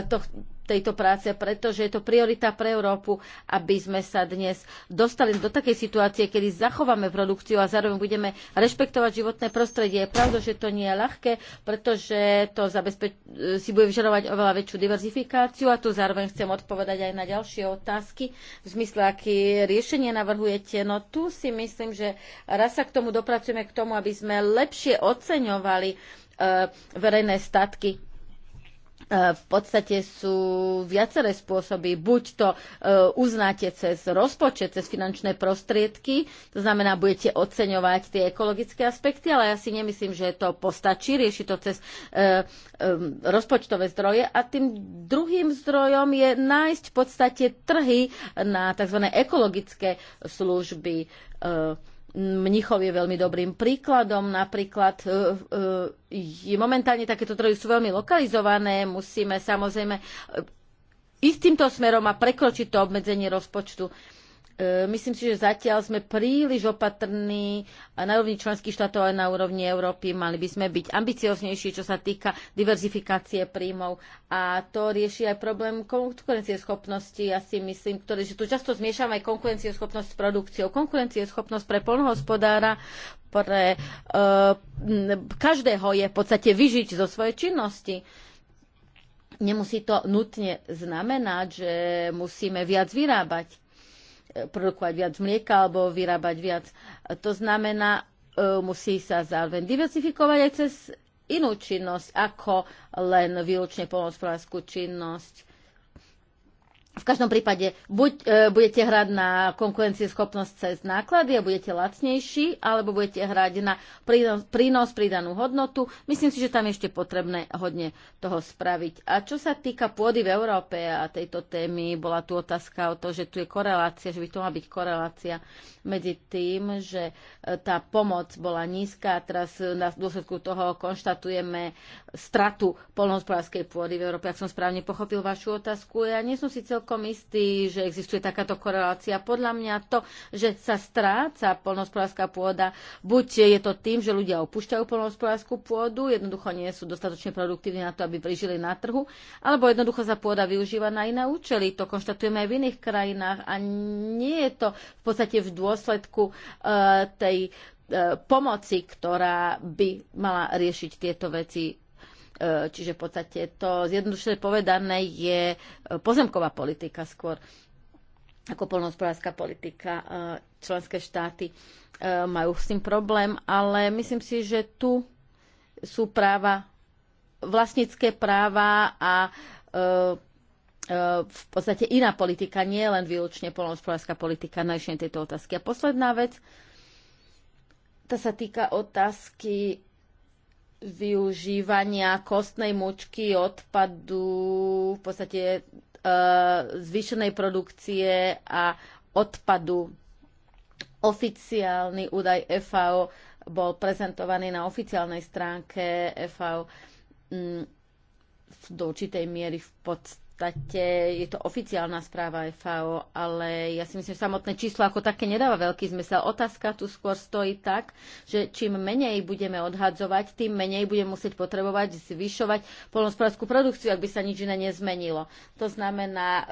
eh, tohto tejto práce, pretože je to priorita pre Európu, aby sme sa dnes dostali do takej situácie, kedy zachováme produkciu a zároveň budeme rešpektovať životné prostredie. Je pravda, že to nie je ľahké, pretože to si bude vyžadovať oveľa väčšiu diverzifikáciu a tu zároveň chcem odpovedať aj na ďalšie otázky v zmysle, aké riešenie navrhujete. No tu si myslím, že raz sa k tomu dopracujeme k tomu, aby sme lepšie oceňovali eh, verejné statky E, v podstate sú viaceré spôsoby. Buď to e, uznáte cez rozpočet, cez finančné prostriedky, to znamená, budete oceňovať tie ekologické aspekty, ale ja si nemyslím, že to postačí, rieši to cez e, rozpočtové zdroje. A tým druhým zdrojom je nájsť v podstate trhy na tzv. ekologické služby Mnichov je veľmi dobrým príkladom. Napríklad e, e, je momentálne takéto troje sú veľmi lokalizované. Musíme samozrejme ísť e, týmto smerom a prekročiť to obmedzenie rozpočtu. E, myslím si, že zatiaľ sme príliš opatrní na úrovni členských štátov aj na úrovni Európy. Mali by sme byť ambicioznejší, čo sa týka diverzifikácie príjmov. A to rieši aj problém konkurencieschopnosti. Ja si myslím, ktoré, že tu často zmiešame aj konkurencieschopnosť s produkciou. Konkurencieschopnosť pre polnohospodára pre uh, každého je v podstate vyžiť zo svojej činnosti. Nemusí to nutne znamenať, že musíme viac vyrábať produkovať viac mlieka alebo vyrábať viac. To znamená, e, musí sa zároveň diversifikovať aj cez inú činnosť, ako len výlučne polnospodárskú činnosť v každom prípade buď e, budete hrať na konkurencieschopnosť cez náklady a budete lacnejší, alebo budete hrať na prínos, prínos, pridanú hodnotu. Myslím si, že tam je ešte potrebné hodne toho spraviť. A čo sa týka pôdy v Európe a tejto témy, bola tu otázka o to, že tu je korelácia, že by to mala byť korelácia medzi tým, že e, tá pomoc bola nízka a teraz e, na dôsledku toho konštatujeme stratu polnohospodárskej pôdy v Európe. Ak som správne pochopil vašu otázku, ja nie som si celkom celkom istý, že existuje takáto korelácia. Podľa mňa to, že sa stráca polnospodárska pôda, buď je to tým, že ľudia opúšťajú polnospodárskú pôdu, jednoducho nie sú dostatočne produktívni na to, aby prižili na trhu, alebo jednoducho sa pôda využíva na iné účely. To konštatujeme aj v iných krajinách a nie je to v podstate v dôsledku uh, tej e, pomoci, ktorá by mala riešiť tieto veci E, čiže v podstate to zjednodušené povedané je e, pozemková politika skôr ako polnohospodárska politika. E, členské štáty majú s tým problém, ale myslím si, že tu sú práva, vlastnícke práva a v podstate iná politika, nie len výlučne polnohospodárska politika na tejto otázky. A posledná vec, tá sa týka otázky využívania kostnej močky, odpadu, v podstate e, zvýšenej produkcie a odpadu. Oficiálny údaj FAO bol prezentovaný na oficiálnej stránke FAO mm, do určitej miery v podstate podstate je to oficiálna správa FAO, ale ja si myslím, že samotné číslo ako také nedáva veľký zmysel. Otázka tu skôr stojí tak, že čím menej budeme odhadzovať, tým menej budeme musieť potrebovať zvyšovať polnospodárskú produkciu, ak by sa nič iné nezmenilo. To znamená, e,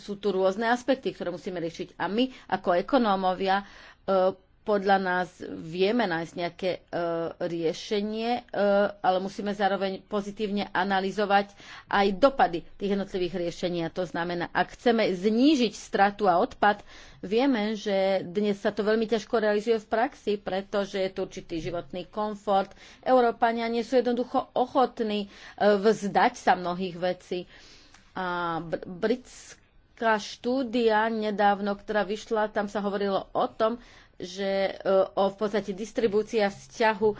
sú tu rôzne aspekty, ktoré musíme riešiť. A my ako ekonómovia e, podľa nás vieme nájsť nejaké e, riešenie, e, ale musíme zároveň pozitívne analyzovať aj dopady tých jednotlivých riešení. A to znamená, ak chceme znížiť stratu a odpad, vieme, že dnes sa to veľmi ťažko realizuje v praxi, pretože je tu určitý životný komfort. Európania nie sú jednoducho ochotní e, vzdať sa mnohých vecí. A br- britská štúdia nedávno, ktorá vyšla, tam sa hovorilo o tom, že e, o v podstate distribúcia vzťahu e,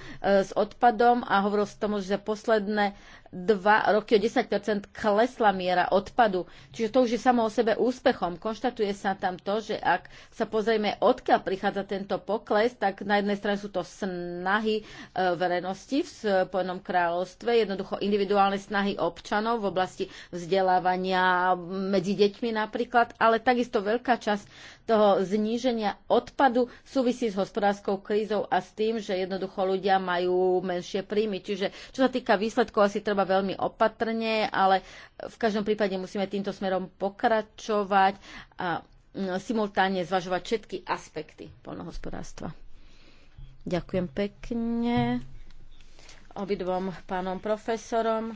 s odpadom a hovoril som tomu, že za posledné dva roky o 10 klesla miera odpadu. Čiže to už je samo o sebe úspechom. Konštatuje sa tam to, že ak sa pozrieme, odkiaľ prichádza tento pokles, tak na jednej strane sú to snahy e, verejnosti v Spojenom kráľovstve, jednoducho individuálne snahy občanov v oblasti vzdelávania medzi deťmi napríklad, ale takisto veľká časť toho zníženia odpadu súvisí s hospodárskou krízou a s tým, že jednoducho ľudia majú menšie príjmy. Čiže čo sa týka výsledkov, asi treba treba veľmi opatrne, ale v každom prípade musíme týmto smerom pokračovať a simultánne zvažovať všetky aspekty polnohospodárstva. Ďakujem pekne obidvom pánom profesorom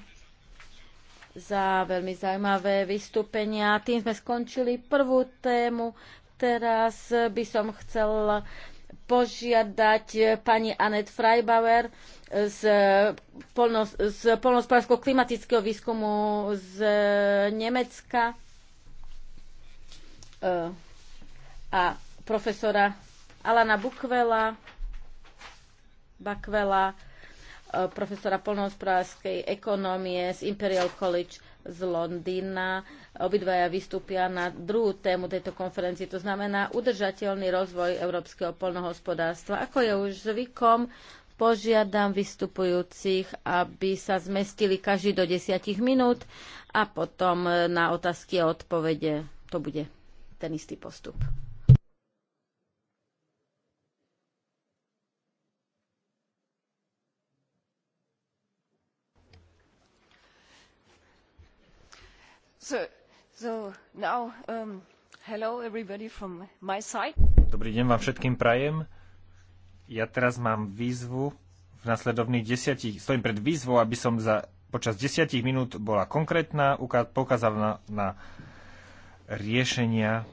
za veľmi zaujímavé vystúpenia. Tým sme skončili prvú tému. Teraz by som chcel požiadať eh, pani Anet Freibauer eh, z, polno, z polnospodárskeho klimatického výskumu z eh, Nemecka a profesora Alana Bukvela, Bakvela profesora polnohospodárskej ekonómie z Imperial College z Londýna. Obidvaja vystúpia na druhú tému tejto konferencie, to znamená udržateľný rozvoj európskeho polnohospodárstva. Ako je už zvykom, požiadam vystupujúcich, aby sa zmestili každý do desiatich minút a potom na otázky a odpovede to bude ten istý postup. Um, Dobrý deň vám všetkým prajem. Ja teraz mám výzvu v nasledovných desiatich, stojím pred výzvou, aby som za, počas desiatich minút bola konkrétna, poukázala na, na riešenia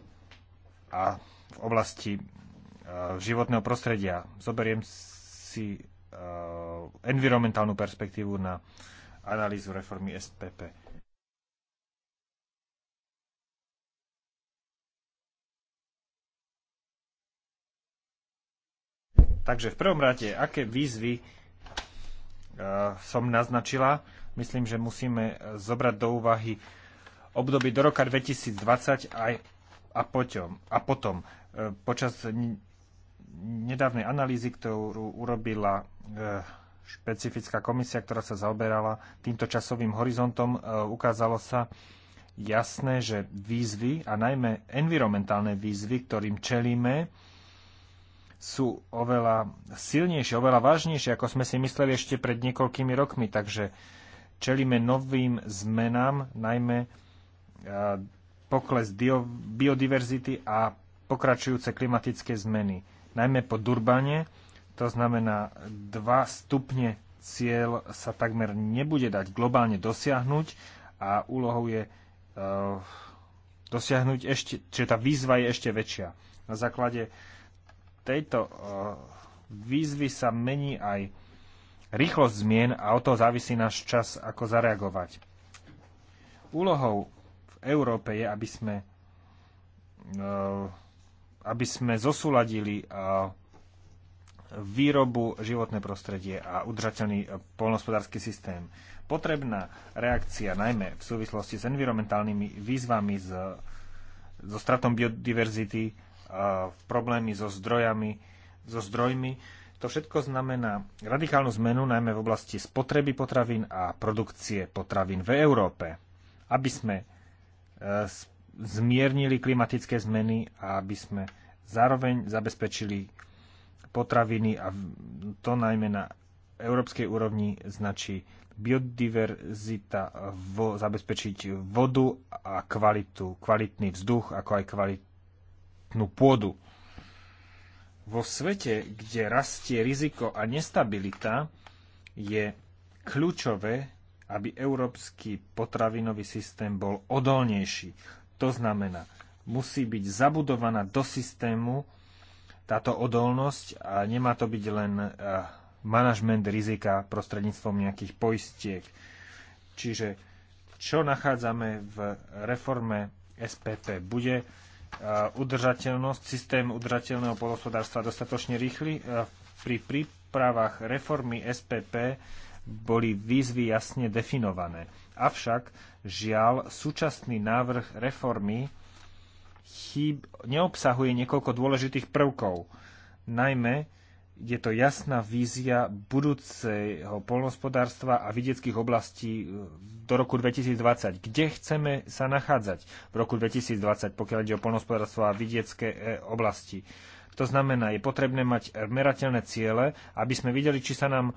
a v oblasti uh, životného prostredia. Zoberiem si uh, environmentálnu perspektívu na analýzu reformy SPP Takže v prvom rade, aké výzvy e, som naznačila, myslím, že musíme zobrať do úvahy obdobie do roka 2020 aj a, potom. a potom e, počas nedávnej analýzy, ktorú urobila e, špecifická komisia, ktorá sa zaoberala týmto časovým horizontom, ukázalo sa jasné, že výzvy a najmä environmentálne výzvy, ktorým čelíme, sú oveľa silnejšie, oveľa vážnejšie, ako sme si mysleli ešte pred niekoľkými rokmi. Takže čelíme novým zmenám, najmä e, pokles biodiverzity a pokračujúce klimatické zmeny. Najmä po Durbane, to znamená 2 stupne cieľ sa takmer nebude dať globálne dosiahnuť a úlohou je e, dosiahnuť ešte, čiže tá výzva je ešte väčšia. Na základe tejto eh, výzvy sa mení aj rýchlosť zmien a o to závisí náš čas, ako zareagovať. Úlohou v Európe je, aby sme, eh, aby sme zosúladili eh, výrobu, životné prostredie a udržateľný polnospodársky systém. Potrebná reakcia najmä v súvislosti s environmentálnymi výzvami z, so stratom biodiverzity problémy so zdrojami, so zdrojmi. To všetko znamená radikálnu zmenu najmä v oblasti spotreby potravín a produkcie potravín v Európe, aby sme e, zmiernili klimatické zmeny a aby sme zároveň zabezpečili potraviny a to najmä na európskej úrovni značí biodiverzita, vo, zabezpečiť vodu a kvalitu, kvalitný vzduch, ako aj kvalitu kvalitnú pôdu. Vo svete, kde rastie riziko a nestabilita, je kľúčové, aby európsky potravinový systém bol odolnejší. To znamená, musí byť zabudovaná do systému táto odolnosť a nemá to byť len eh, manažment rizika prostredníctvom nejakých poistiek. Čiže čo nachádzame v reforme SPP bude udržateľnosť, systém udržateľného polospodárstva dostatočne rýchly. Pri prípravách reformy SPP boli výzvy jasne definované. Avšak, žiaľ, súčasný návrh reformy chýb neobsahuje niekoľko dôležitých prvkov. Najmä je to jasná vízia budúceho polnospodárstva a vidieckých oblastí e, do roku 2020. Kde chceme sa nachádzať v roku 2020, pokiaľ ide o polnospodárstvo a vidiecké e, oblasti? To znamená, je potrebné mať merateľné ciele, aby sme videli, či sa nám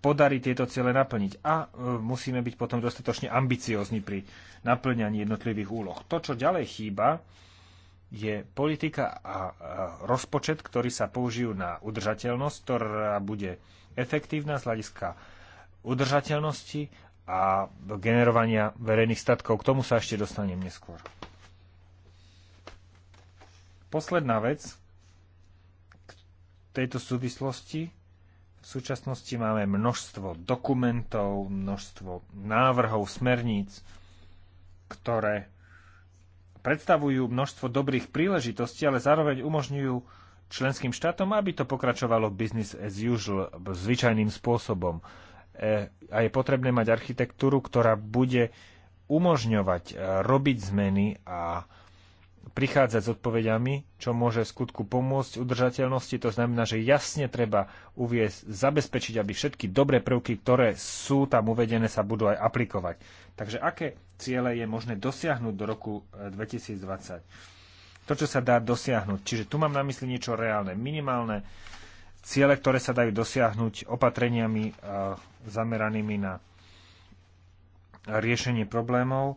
podarí tieto ciele naplniť. A e, musíme byť potom dostatočne ambiciozni pri naplňaní jednotlivých úloh. To, čo ďalej chýba, je politika a rozpočet, ktorý sa použijú na udržateľnosť, ktorá bude efektívna z hľadiska udržateľnosti a generovania verejných statkov. K tomu sa ešte dostanem neskôr. Posledná vec k tejto súvislosti. V súčasnosti máme množstvo dokumentov, množstvo návrhov, smerníc, ktoré predstavujú množstvo dobrých príležitostí, ale zároveň umožňujú členským štátom, aby to pokračovalo business as usual, zvyčajným spôsobom. E, a je potrebné mať architektúru, ktorá bude umožňovať e, robiť zmeny a prichádzať s odpovediami, čo môže v skutku pomôcť udržateľnosti. To znamená, že jasne treba uviesť, zabezpečiť, aby všetky dobré prvky, ktoré sú tam uvedené, sa budú aj aplikovať. Takže aké ciele je možné dosiahnuť do roku 2020. E, to, čo sa dá dosiahnuť. Čiže tu mám na mysli niečo reálne, minimálne ciele, ktoré sa dajú dosiahnuť opatreniami e, zameranými na riešenie problémov, e,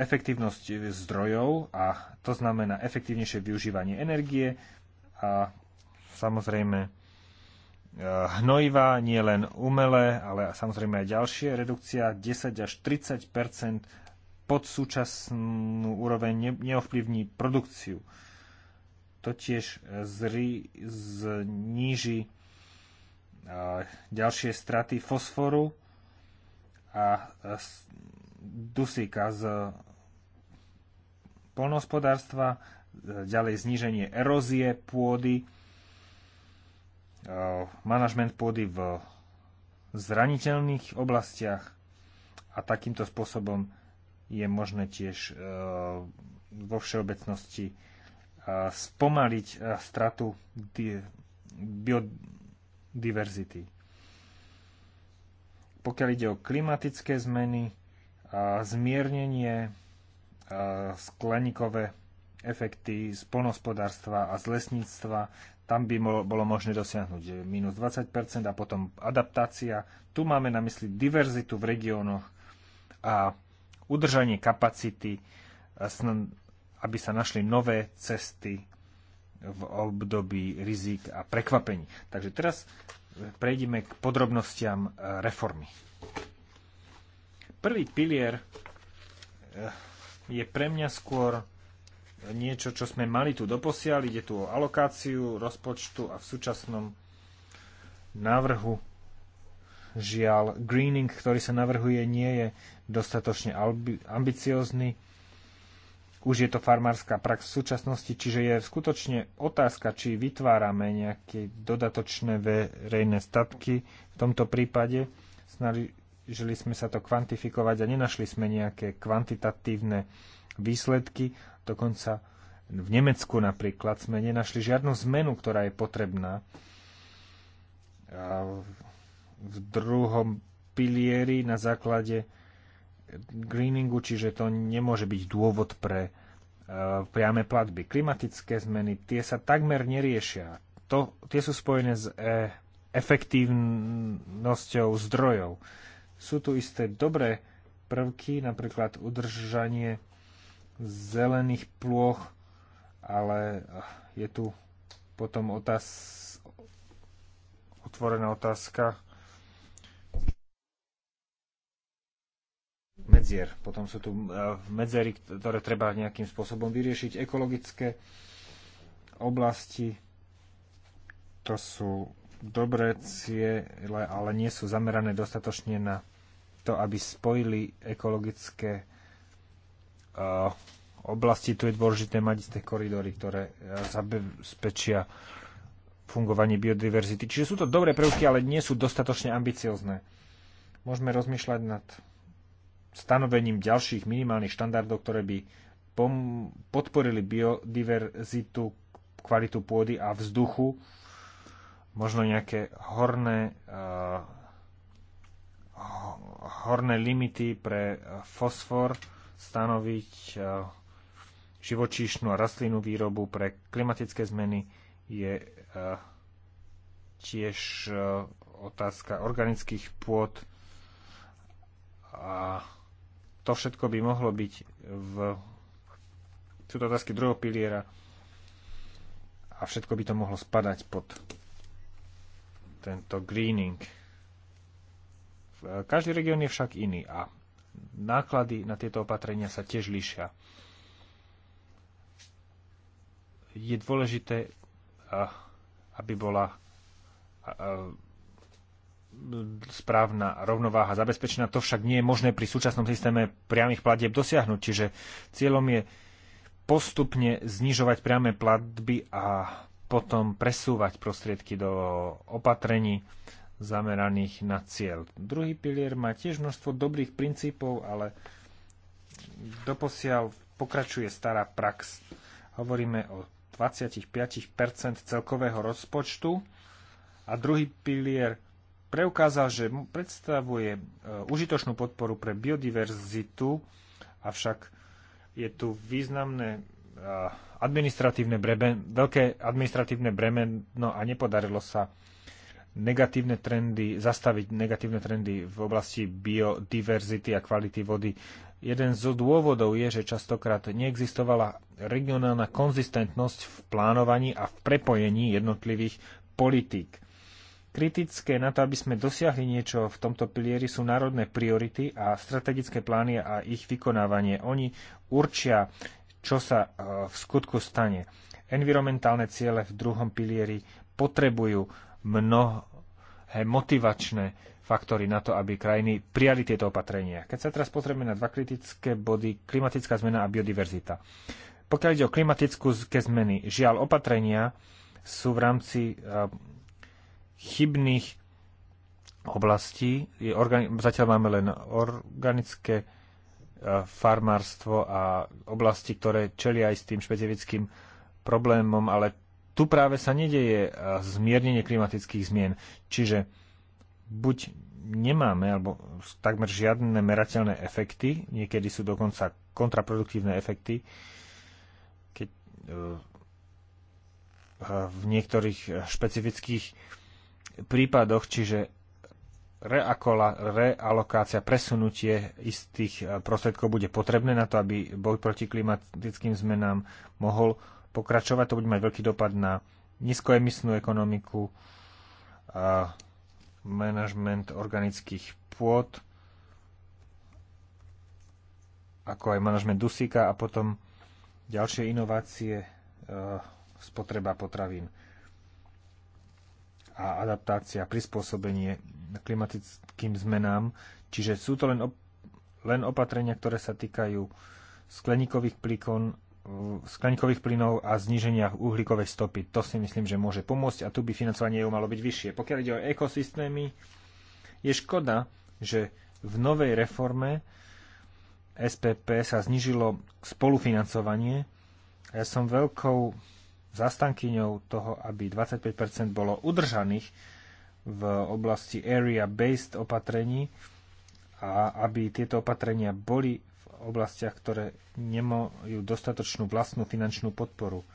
efektívnosť zdrojov a to znamená efektívnejšie využívanie energie a samozrejme Eh, hnojiva, nie len umelé, ale samozrejme aj ďalšie. Redukcia 10 až 30 pod súčasnú úroveň neovplyvní produkciu. To tiež eh, zníži eh, ďalšie straty fosforu a dusíka z polnohospodárstva, ďalej zníženie erózie pôdy, Eh, manažment pôdy v zraniteľných oblastiach a takýmto spôsobom je možné tiež eh, vo všeobecnosti eh, spomaliť stratu biodiverzity. Pokiaľ ide o klimatické zmeny, zmiernenie, skleníkové efekty z polnospodárstva a z lesníctva, tam by bolo možné dosiahnuť minus 20 a potom adaptácia. Tu máme na mysli diverzitu v regiónoch a udržanie kapacity, aby sa našli nové cesty v období rizik a prekvapení. Takže teraz prejdeme k podrobnostiam e, reformy. Prvý pilier e, je pre mňa skôr niečo, čo sme mali tu doposiaľ. Ide tu o alokáciu rozpočtu a v súčasnom návrhu žiaľ greening, ktorý sa navrhuje, nie je dostatočne ambiciózny. Už je to farmárska prax v súčasnosti, čiže je skutočne otázka, či vytvárame nejaké dodatočné verejné statky v tomto prípade. Snaží snažili sme sa to kvantifikovať a nenašli sme nejaké kvantitatívne výsledky. Dokonca v Nemecku napríklad sme nenašli žiadnu zmenu, ktorá je potrebná. A v druhom pilieri na základe greeningu, čiže to nemôže byť dôvod pre e, priame platby. Klimatické zmeny, tie sa takmer neriešia. To, tie sú spojené s e, efektívnosťou zdrojov. Sú tu isté dobré prvky, napríklad udržanie zelených plôch, ale ah, je tu potom otáz... otvorená otázka medzier. Potom sú tu eh, medzery, ktoré treba nejakým spôsobom vyriešiť. Ekologické oblasti, to sú dobré ciele, ale nie sú zamerané dostatočne na to, aby spojili ekologické uh, oblasti. Tu je dôležité mať isté koridory, ktoré eh, zabezpečia fungovanie biodiverzity. Čiže sú to dobré prvky, ale nie sú dostatočne ambiciozne. Môžeme rozmýšľať nad stanovením ďalších minimálnych štandardov, ktoré by podporili biodiverzitu, kvalitu pôdy a vzduchu, možno nejaké horné, uh, horné limity pre eh, fosfor stanoviť uh, živočíšnu a rastlinnú výrobu pre klimatické zmeny je uh, tiež uh, otázka organických pôd a to všetko by mohlo byť v sú to otázky druhého piliera a všetko by to mohlo spadať pod tento greening. Každý región je však iný a náklady na tieto opatrenia sa tiež líšia. Je dôležité, aby bola správna rovnováha zabezpečená. To však nie je možné pri súčasnom systéme priamých platieb dosiahnuť. Čiže cieľom je postupne znižovať priame platby a potom presúvať prostriedky do opatrení zameraných na cieľ. Druhý pilier má tiež množstvo dobrých princípov, ale doposiaľ pokračuje stará prax. Hovoríme o 25% celkového rozpočtu a druhý pilier preukázal, že predstavuje e, užitočnú podporu pre biodiverzitu, avšak je tu významné administratívne bremen, veľké administratívne bremeno a nepodarilo sa negatívne trendy, zastaviť negatívne trendy v oblasti biodiverzity a kvality vody. Jeden z dôvodov je, že častokrát neexistovala regionálna konzistentnosť v plánovaní a v prepojení jednotlivých politík. Kritické na to, aby sme dosiahli niečo v tomto pilieri, sú národné priority a strategické plány a ich vykonávanie. Oni určia čo sa e, v skutku stane. Environmentálne ciele v druhom pilieri potrebujú mnohé motivačné faktory na to, aby krajiny prijali tieto opatrenia. Keď sa teraz pozrieme na dva kritické body, klimatická zmena a biodiverzita. Pokiaľ ide o klimatickú zmeny, žiaľ opatrenia sú v rámci e, chybných oblastí. Zatiaľ máme len organické farmárstvo a oblasti, ktoré čelia aj s tým špecifickým problémom, ale tu práve sa nedeje zmiernenie klimatických zmien. Čiže buď nemáme, alebo takmer žiadne merateľné efekty, niekedy sú dokonca kontraproduktívne efekty, keď e, v niektorých špecifických prípadoch, čiže reakola, realokácia, presunutie istých e, prostriedkov bude potrebné na to, aby boj proti klimatickým zmenám mohol pokračovať. To bude mať veľký dopad na nízkoemisnú ekonomiku, a manažment organických pôd, ako aj manažment dusíka a potom ďalšie inovácie, e, spotreba potravín a adaptácia, prispôsobenie klimatickým zmenám. Čiže sú to len, op- len opatrenia, ktoré sa týkajú skleníkových plikon, skleníkových plynov a zniženia uhlíkovej stopy. To si myslím, že môže pomôcť a tu by financovanie EU malo byť vyššie. Pokiaľ ide o ekosystémy, je škoda, že v novej reforme SPP sa znížilo spolufinancovanie. Ja som veľkou zastankyňou toho, aby 25% bolo udržaných v oblasti area-based opatrení a aby tieto opatrenia boli v oblastiach, ktoré nemajú dostatočnú vlastnú finančnú podporu.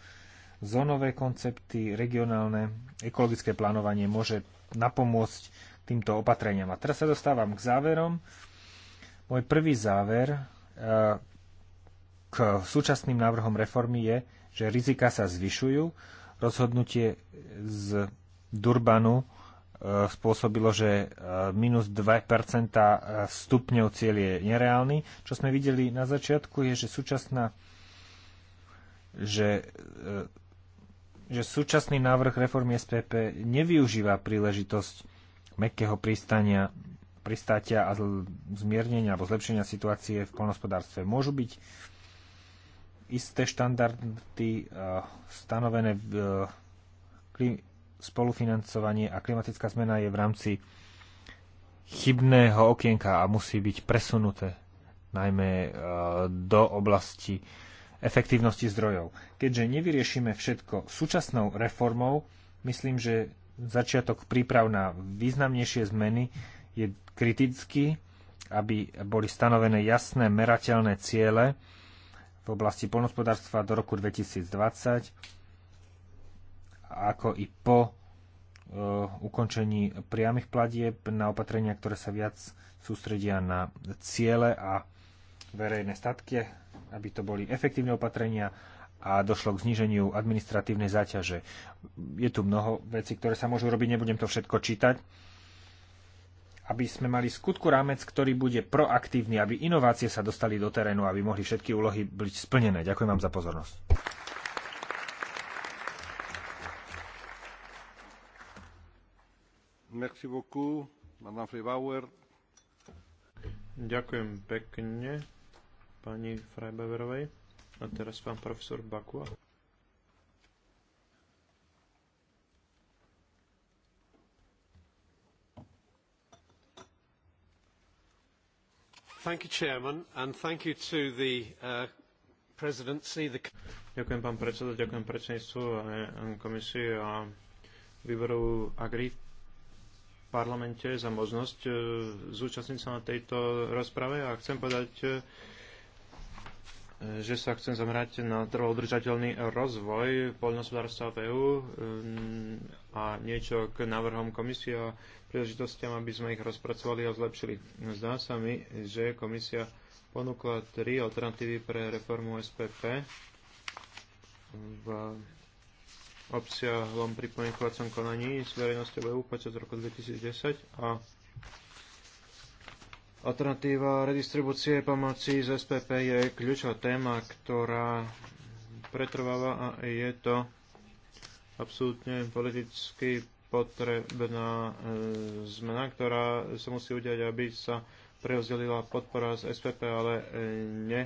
Zónové koncepty, regionálne, ekologické plánovanie môže napomôcť týmto opatreniam. A teraz sa dostávam k záverom. Môj prvý záver e, k súčasným návrhom reformy je, že rizika sa zvyšujú. Rozhodnutie z Durbanu E, spôsobilo, že e, minus 2% e, stupňov cieľ je nereálny. Čo sme videli na začiatku je, že súčasná že, že súčasný návrh reformy SPP nevyužíva príležitosť mekého pristania, pristátia a zmiernenia alebo zlepšenia situácie v polnospodárstve. Môžu byť isté štandardy stanovené v spolufinancovanie a klimatická zmena je v rámci chybného okienka a musí byť presunuté najmä e, do oblasti efektívnosti zdrojov. Keďže nevyriešime všetko súčasnou reformou, myslím, že začiatok príprav na významnejšie zmeny je kritický, aby boli stanovené jasné merateľné ciele v oblasti polnospodárstva do roku 2020 ako i po e, ukončení priamých platieb na opatrenia, ktoré sa viac sústredia na ciele a verejné statky, aby to boli efektívne opatrenia a došlo k zníženiu administratívnej záťaže. Je tu mnoho vecí, ktoré sa môžu robiť, nebudem to všetko čítať. Aby sme mali skutku rámec, ktorý bude proaktívny, aby inovácie sa dostali do terénu, aby mohli všetky úlohy byť splnené. Ďakujem vám za pozornosť. Ďakujem pekne pani Freibauerovej. A teraz pán profesor Bakua. You, chairman, the, uh, the... Ďakujem pán predseda, ďakujem predsedníctvu a komisiu a výboru Agri parlamente za možnosť e, zúčastniť sa na tejto rozprave a chcem povedať, e, že sa chcem zamerať na trvalodržateľný rozvoj poľnohospodárstva v EÚ e, a niečo k návrhom komisie a príležitostiam, aby sme ich rozpracovali a zlepšili. Zdá sa mi, že komisia ponúkla tri alternatívy pre reformu SPP v obsiahlom pripomienkovacom konaní s verejnosťou EU počas roku 2010 a alternatíva redistribúcie pomoci z SPP je kľúčová téma, ktorá pretrváva a je to absolútne politicky potrebná e, zmena, ktorá sa musí udiať, aby sa preozdelila podpora z SPP, ale e, ne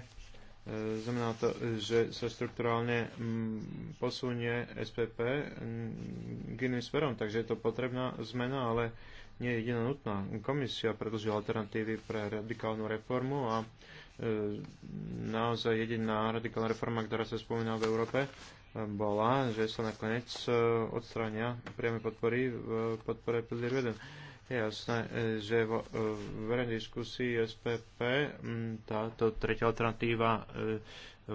E, znamená to, že sa štruktúrálne mm, posunie SPP mm, k iným smerom, takže je to potrebná zmena, ale nie je jediná nutná. Komisia predlžila alternatívy pre radikálnu reformu a e, naozaj jediná radikálna reforma, ktorá sa spomína v Európe, e, bola, že sa nakoniec odstrania priame podpory v podpore pilier 1 je jasné, e, že vo e, verejnej diskusii SPP táto tretia alternatíva e,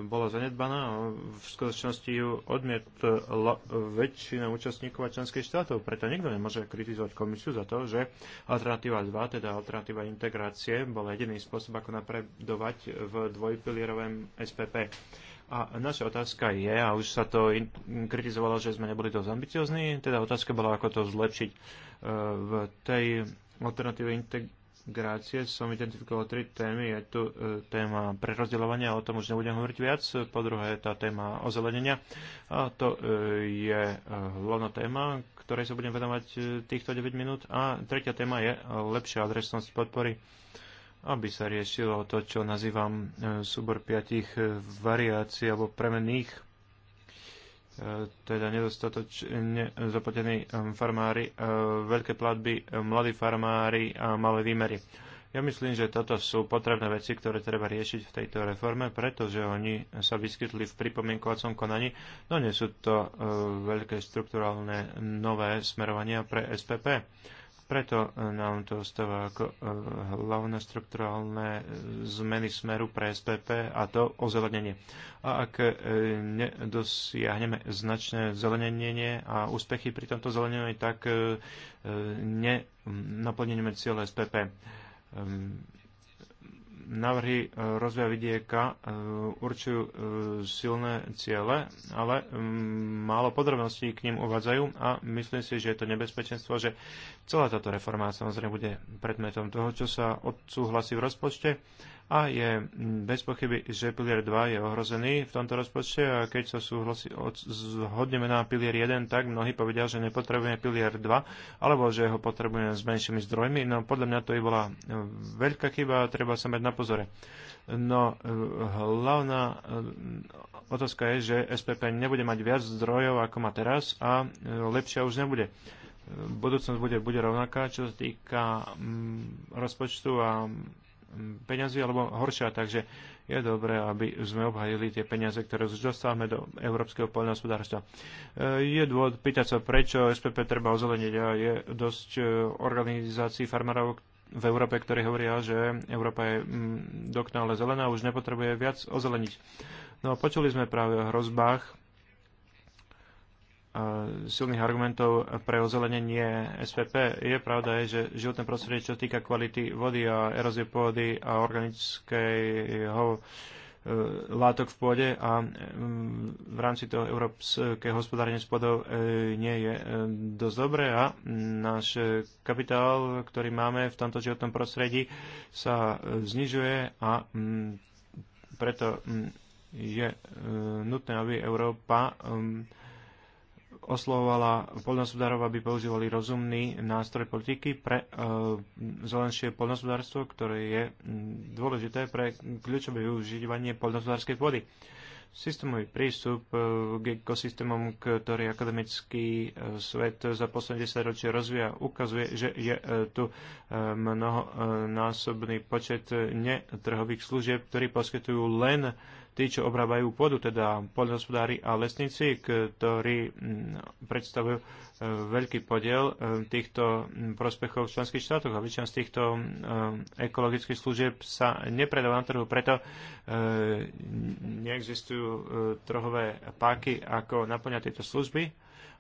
bola zanedbaná a v skutočnosti ju odmietla väčšina účastníkov a členských štátov. Preto nikto nemôže kritizovať komisiu za to, že alternatíva 2, teda alternatíva integrácie, bola jediný spôsob, ako napredovať v dvojpilierovom SPP. A naša otázka je, a už sa to kritizovalo, že sme neboli dosť ambiciozní, teda otázka bola, ako to zlepšiť. E, v tej alternatíve integrácie som identifikoval tri témy. Je tu e, téma prerozdeľovania, o tom už nebudem hovoriť viac. Po druhé je tá téma ozelenenia. A to e, je hlavná téma, ktorej sa budem venovať týchto 9 minút. A tretia téma je lepšia adresnosť podpory aby sa riešilo to, čo nazývam e, súbor piatich e, variácií alebo premených, e, teda nedostatočne zaplatení farmári, veľké platby, mladí farmári a malé výmery. Ja myslím, že toto sú potrebné veci, ktoré treba riešiť v tejto reforme, pretože oni sa vyskytli v pripomienkovacom konaní, no nie sú to veľké strukturálne nové smerovania pre SPP. Preto e, nám to ostáva ako e, hlavné strukturálne e, zmeny smeru pre SPP a to ozelenenie. A ak nedosiahneme značné zelenenie a úspechy pri tomto zelenení, tak nenaplníme cieľ SPP návrhy e, rozvoja vidieka e, určujú e, silné ciele, ale mm, málo podrobností k ním uvádzajú a myslím si, že je to nebezpečenstvo, že celá táto reforma samozrejme bude predmetom toho, čo sa odsúhlasí v rozpočte a je mm, bez pochyby, že pilier 2 je ohrozený v tomto rozpočte a keď sa súhlasí, zhodneme na pilier 1, tak mnohí povedia, že nepotrebujeme pilier 2, alebo že ho potrebujeme s menšími zdrojmi. No podľa mňa to i bola e, veľká chyba a treba sa mať na pozore. No e, hlavná e, otázka je, že SPP nebude mať viac zdrojov, ako má teraz a lepšia už nebude budúcnosť bude, bude rovnaká, čo sa týka mm, rozpočtu a peňazí alebo horšia. Takže je dobré, aby sme obhajili tie peniaze, ktoré už dostávame do európskeho poľnohospodárstva. E, je dôvod pýtať sa, prečo SPP treba ozeleniť a je dosť e, organizácií farmárov, v Európe, ktorí hovoria, že Európa je mm, dokonale zelená, už nepotrebuje viac ozeleniť. No počuli sme práve o hrozbách silných argumentov pre ozelenenie SPP. Je pravda, je, že životné prostredie, čo týka kvality vody a erózie pôdy a organického e, látok v pôde a v rámci toho európske hospodárenie s pôdou e, nie je e, dosť dobré a náš kapitál, ktorý máme v tomto životnom prostredí, sa znižuje a preto je nutné, aby Európa oslovovala poľnohospodárov, aby používali rozumný nástroj politiky pre e, zelenšie poľnohospodárstvo, ktoré je dôležité pre kľúčové využívanie poľnohospodárskej vody. systémový prístup e, k ekosystémom, ktorý akademický e, svet za posledné 10 ročie rozvíja, ukazuje, že je tu mnohonásobný počet netrhových služieb, ktorí poskytujú len tí, čo obrábajú pôdu, teda poľnohospodári a lesníci, ktorí mm, predstavujú e, veľký podiel e, týchto mm, prospechov v členských štátoch a väčšina z týchto e, ekologických služieb sa nepredáva na trhu, preto neexistujú trhové páky, ako naplňať tieto služby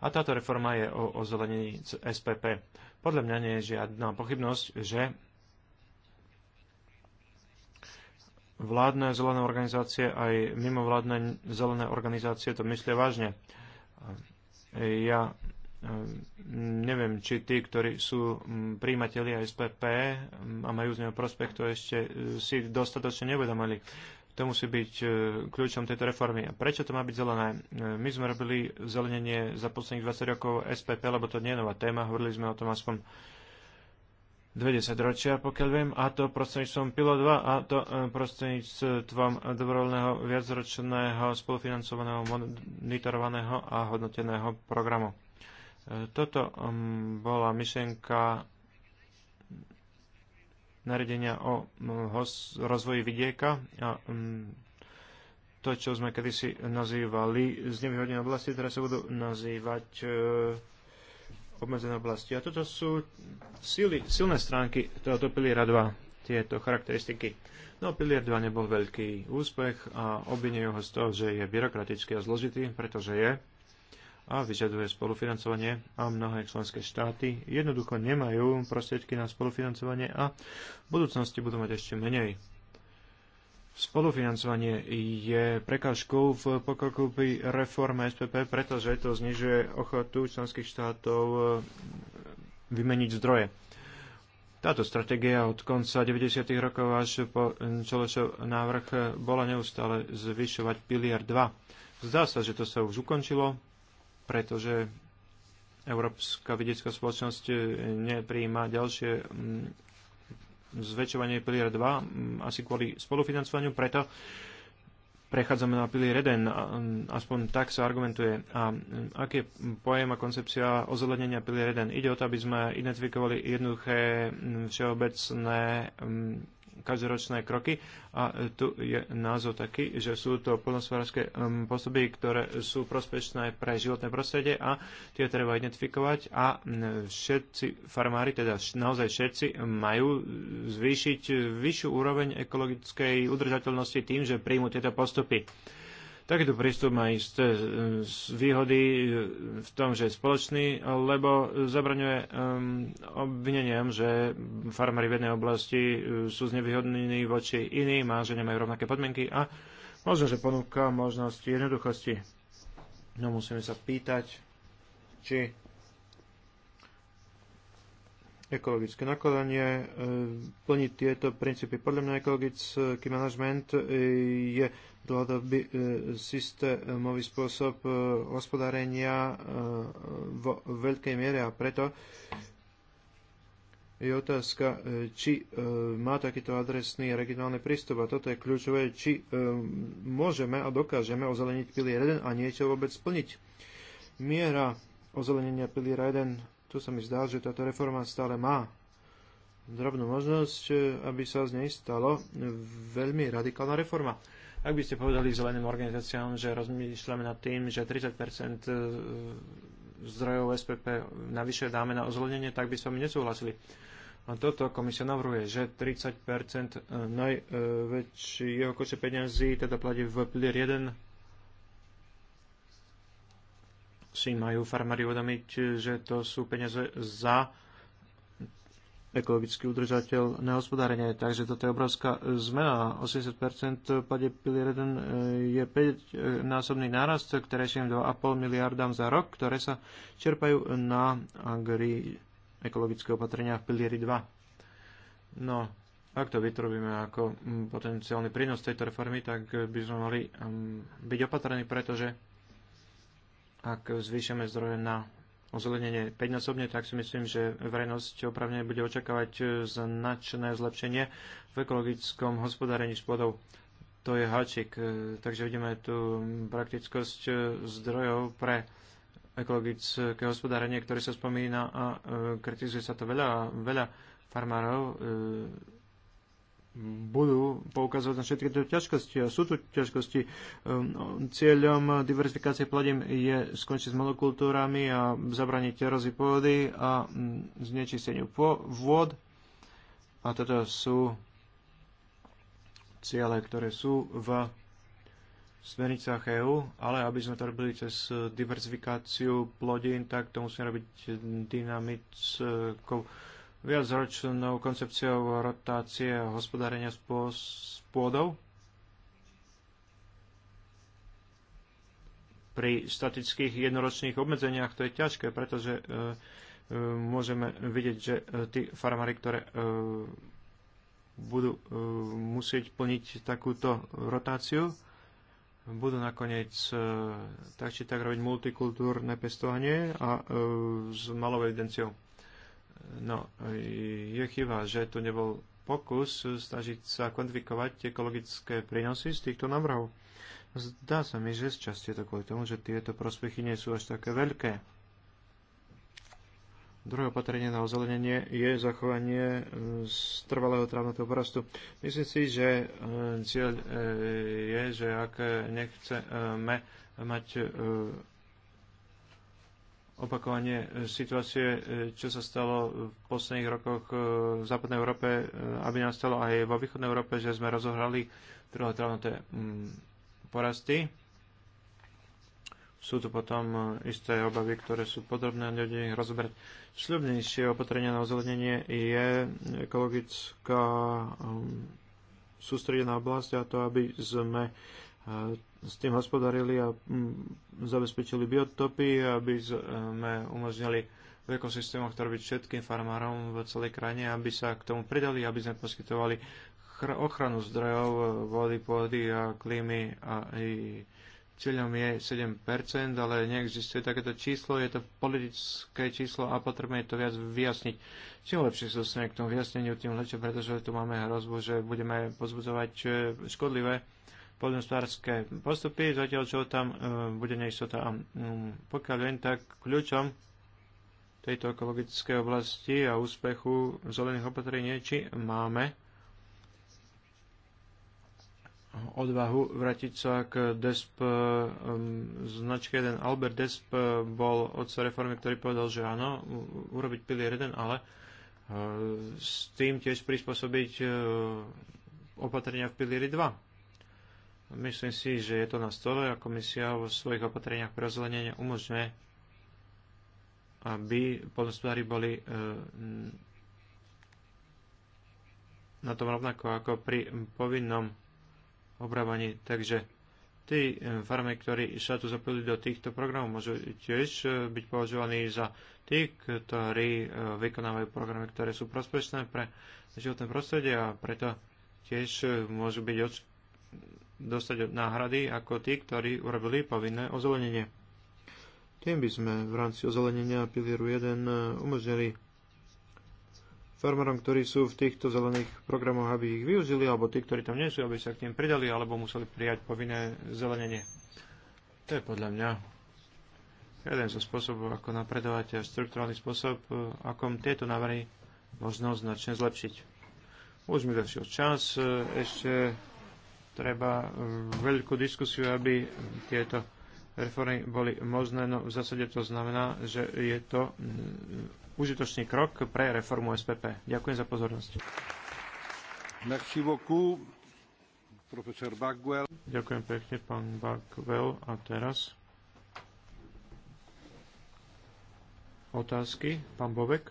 a táto reforma je o ozelenení SPP. Podľa mňa nie je žiadna pochybnosť, že vládne zelené organizácie, aj mimovládne zelené organizácie to myslia vážne. Ja eh, neviem, či tí, ktorí sú mm, príjimatelia SPP mm, a majú z neho prospekt, to ešte eh, si dostatočne nevedomili. To musí byť eh, kľúčom tejto reformy. A prečo to má byť zelené? My sme robili zelenenie za posledných 20 rokov SPP, lebo to nie je nová téma, hovorili sme o tom aspoň 20 ročia, pokiaľ viem, a to prostredníctvom PILO 2 a to e, prostredníctvom dobrovoľného viacročného spolufinancovaného, monitorovaného a hodnoteného programu. E, toto bola myšlienka naredenia o rozvoji vidieka a to, čo sme kedysi nazývali znevýhodnené oblasti, teraz sa budú nazývať e, obmedzené oblasti. A toto sú sily, silné stránky tohoto piliera 2, tieto charakteristiky. No pilier 2 nebol veľký úspech a obvinujú ho z toho, že je byrokratický a zložitý, pretože je a vyžaduje spolufinancovanie a mnohé členské štáty jednoducho nemajú prostriedky na spolufinancovanie a v budúcnosti budú mať ešte menej spolufinancovanie je prekážkou v pokroku pri reforme SPP, pretože to znižuje ochotu členských štátov eh, vymeniť zdroje. Táto stratégia od konca 90. rokov až po Čolešov návrh bola neustále zvyšovať pilier 2. Zdá sa, že to sa už ukončilo, pretože Európska vedecká spoločnosť eh, neprijíma ďalšie mm, zväčšovanie pilier 2, asi kvôli spolufinancovaniu, preto prechádzame na pilier 1, aspoň tak sa argumentuje. A aký je pojem a koncepcia ozelenenia pilier 1? Ide o to, aby sme identifikovali jednoduché všeobecné každoročné kroky. A e, tu je názov taký, že sú to plnospodárske postupy, ktoré sú prospešné pre životné prostredie a tie treba identifikovať a všetci farmári, teda naozaj všetci, majú zvýšiť vyššiu úroveň ekologickej udržateľnosti tým, že príjmu tieto postupy. Takýto prístup má isté e, výhody e, v tom, že je spoločný, lebo zabraňuje e, obvineniam, že farmári v jednej oblasti sú znevýhodnení voči iným a že nemajú rovnaké podmienky a možno, že ponúka možnosti jednoduchosti. No musíme sa pýtať, či ekologické nakladanie e, plní tieto princípy. Podľa mňa ekologický manažment e, je dlhodobý e, systémový spôsob hospodárenia vo veľkej miere a preto je otázka, či má takýto adresný regionálny prístup a toto je kľúčové, či môžeme a dokážeme ozeleniť pilier 1 a niečo vôbec splniť. Miera ozelenenia piliera 1 tu sa mi zdá, že táto reforma stále má drobnú možnosť, e, aby sa z nej stalo veľmi radikálna reforma. Ak by ste povedali zeleným organizáciám, že rozmýšľame nad tým, že 30 e, zdrojov SPP navyše dáme na ozelenenie, tak by sa mi nesúhlasili. A toto komisia navrhuje, že 30 najväčšieho koče peňazí teda platí v pilier 1 si majú farmári uvedomiť, že to sú peniaze za ekologicky udržateľné hospodárenie. Takže toto je obrovská zmena. 80% pade pilier 1 eh, je 5-násobný nárast ktoré terejším 2,5 miliardám za rok, ktoré sa čerpajú na agri ekologické opatrenia v pilieri 2. No, ak to vytrobíme ako potenciálny prínos tejto reformy, tak by sme mali mm, byť opatrení, pretože ak zvýšame zdroje na ozelenenie 5-násobne, tak si myslím, že verejnosť opravne bude očakávať značné zlepšenie v ekologickom hospodárení s pôdou. To je háčik, takže vidíme tu praktickosť zdrojov pre ekologické hospodárenie, ktoré sa spomína a kritizuje sa to veľa, veľa farmárov budú poukazovať na všetky tieto ťažkosti a sú tu ťažkosti. Um, cieľom diverzifikácie plodín je skončiť s monokultúrami a zabraniť erozy pôdy a mm, znečisteniu vôd. A toto sú ciele, ktoré sú v smernicách EÚ, ale aby sme to robili cez diverzifikáciu plodín, tak to musíme robiť dynamickou viacročnou koncepciou rotácie a hospodárenia s pôdou pri statických jednoročných obmedzeniach to je ťažké, pretože e, e, môžeme vidieť, že e, tí farmári, ktoré budú musieť plniť takúto rotáciu, budú nakoniec tak či tak robiť multikultúrne pestovanie a s malou evidenciou. No, je chyba, že tu nebol pokus snažiť sa kvantifikovať ekologické prínosy z týchto návrhov. Zdá sa mi, že z časti je to kvôli tomu, že tieto prospechy nie sú až také veľké. Druhé opatrenie na ozelenenie je zachovanie e, trvalého trávnatého porastu. Myslím si, že e, cieľ e, je, že ak nechceme mať opakovanie e, situácie, e, čo sa stalo v posledných rokoch e, v západnej Európe, aby nastalo aj vo východnej Európe, že sme rozohrali trhotrávnoté mm, porasty. Sú tu potom isté obavy, ktoré sú podrobné a ich rozoberať. Sľubnejšie opatrenie na ozelenenie je ekologická mm, sústredená oblasť a to, aby sme s tým hospodarili a mm, zabezpečili biotopy, aby sme umožnili v ekosystémoch to robiť všetkým farmárom v celej krajine, aby sa k tomu pridali, aby sme poskytovali ochranu zdrojov e, vody, pôdy a klímy a i cieľom je 7%, ale neexistuje takéto číslo, je to politické číslo a je to viac vyjasniť. Čím lepšie sa dostaneme k tomu vyjasneniu, tým lepšie, pretože tu máme hrozbu, že budeme pozbudzovať e, škodlivé poľnospodárske postupy, zatiaľ čo tam e, bude neistota. A mm, pokiaľ len tak kľúčom tejto ekologickej oblasti a úspechu zelených opatrení, či máme odvahu vrátiť sa k DESP e, značke 1. Albert DESP bol odca reformy, ktorý povedal, že áno, urobiť pilier 1, ale e, s tým tiež prispôsobiť opatrenia v pilieri 2 Myslím si, že je to na stole a komisia vo svojich opatreniach pre rozlenenie umožňuje, aby polnospodári boli e, na tom rovnako ako pri povinnom obrávaní. Takže tí e, farmy, ktorí sa tu zapojili do týchto programov, môžu tiež e, byť považovaní za tí, ktorí e, vykonávajú programy, ktoré sú prospešné pre životné prostredie a preto tiež môžu byť dostať náhrady ako tí, ktorí urobili povinné ozelenenie. Tým by sme v rámci ozelenenia pilieru 1 umožnili farmárom, ktorí sú v týchto zelených programoch, aby ich využili, alebo tí, ktorí tam nie sú, aby sa k tým pridali, alebo museli prijať povinné zelenenie. To je podľa mňa jeden zo spôsobov, ako napredovať a štruktúrálny spôsob, akom tieto návrhy možno značne zlepšiť. Už mi zašiel čas, ešte treba e, veľkú diskusiu, aby tieto reformy boli možné. No v zásade to znamená, že je to mm, užitočný krok pre reformu SPP. Ďakujem za pozornosť. Merci beaucoup, profesor Bagwell. Ďakujem pekne, pán Bagwell. A teraz otázky. Pán Bobek.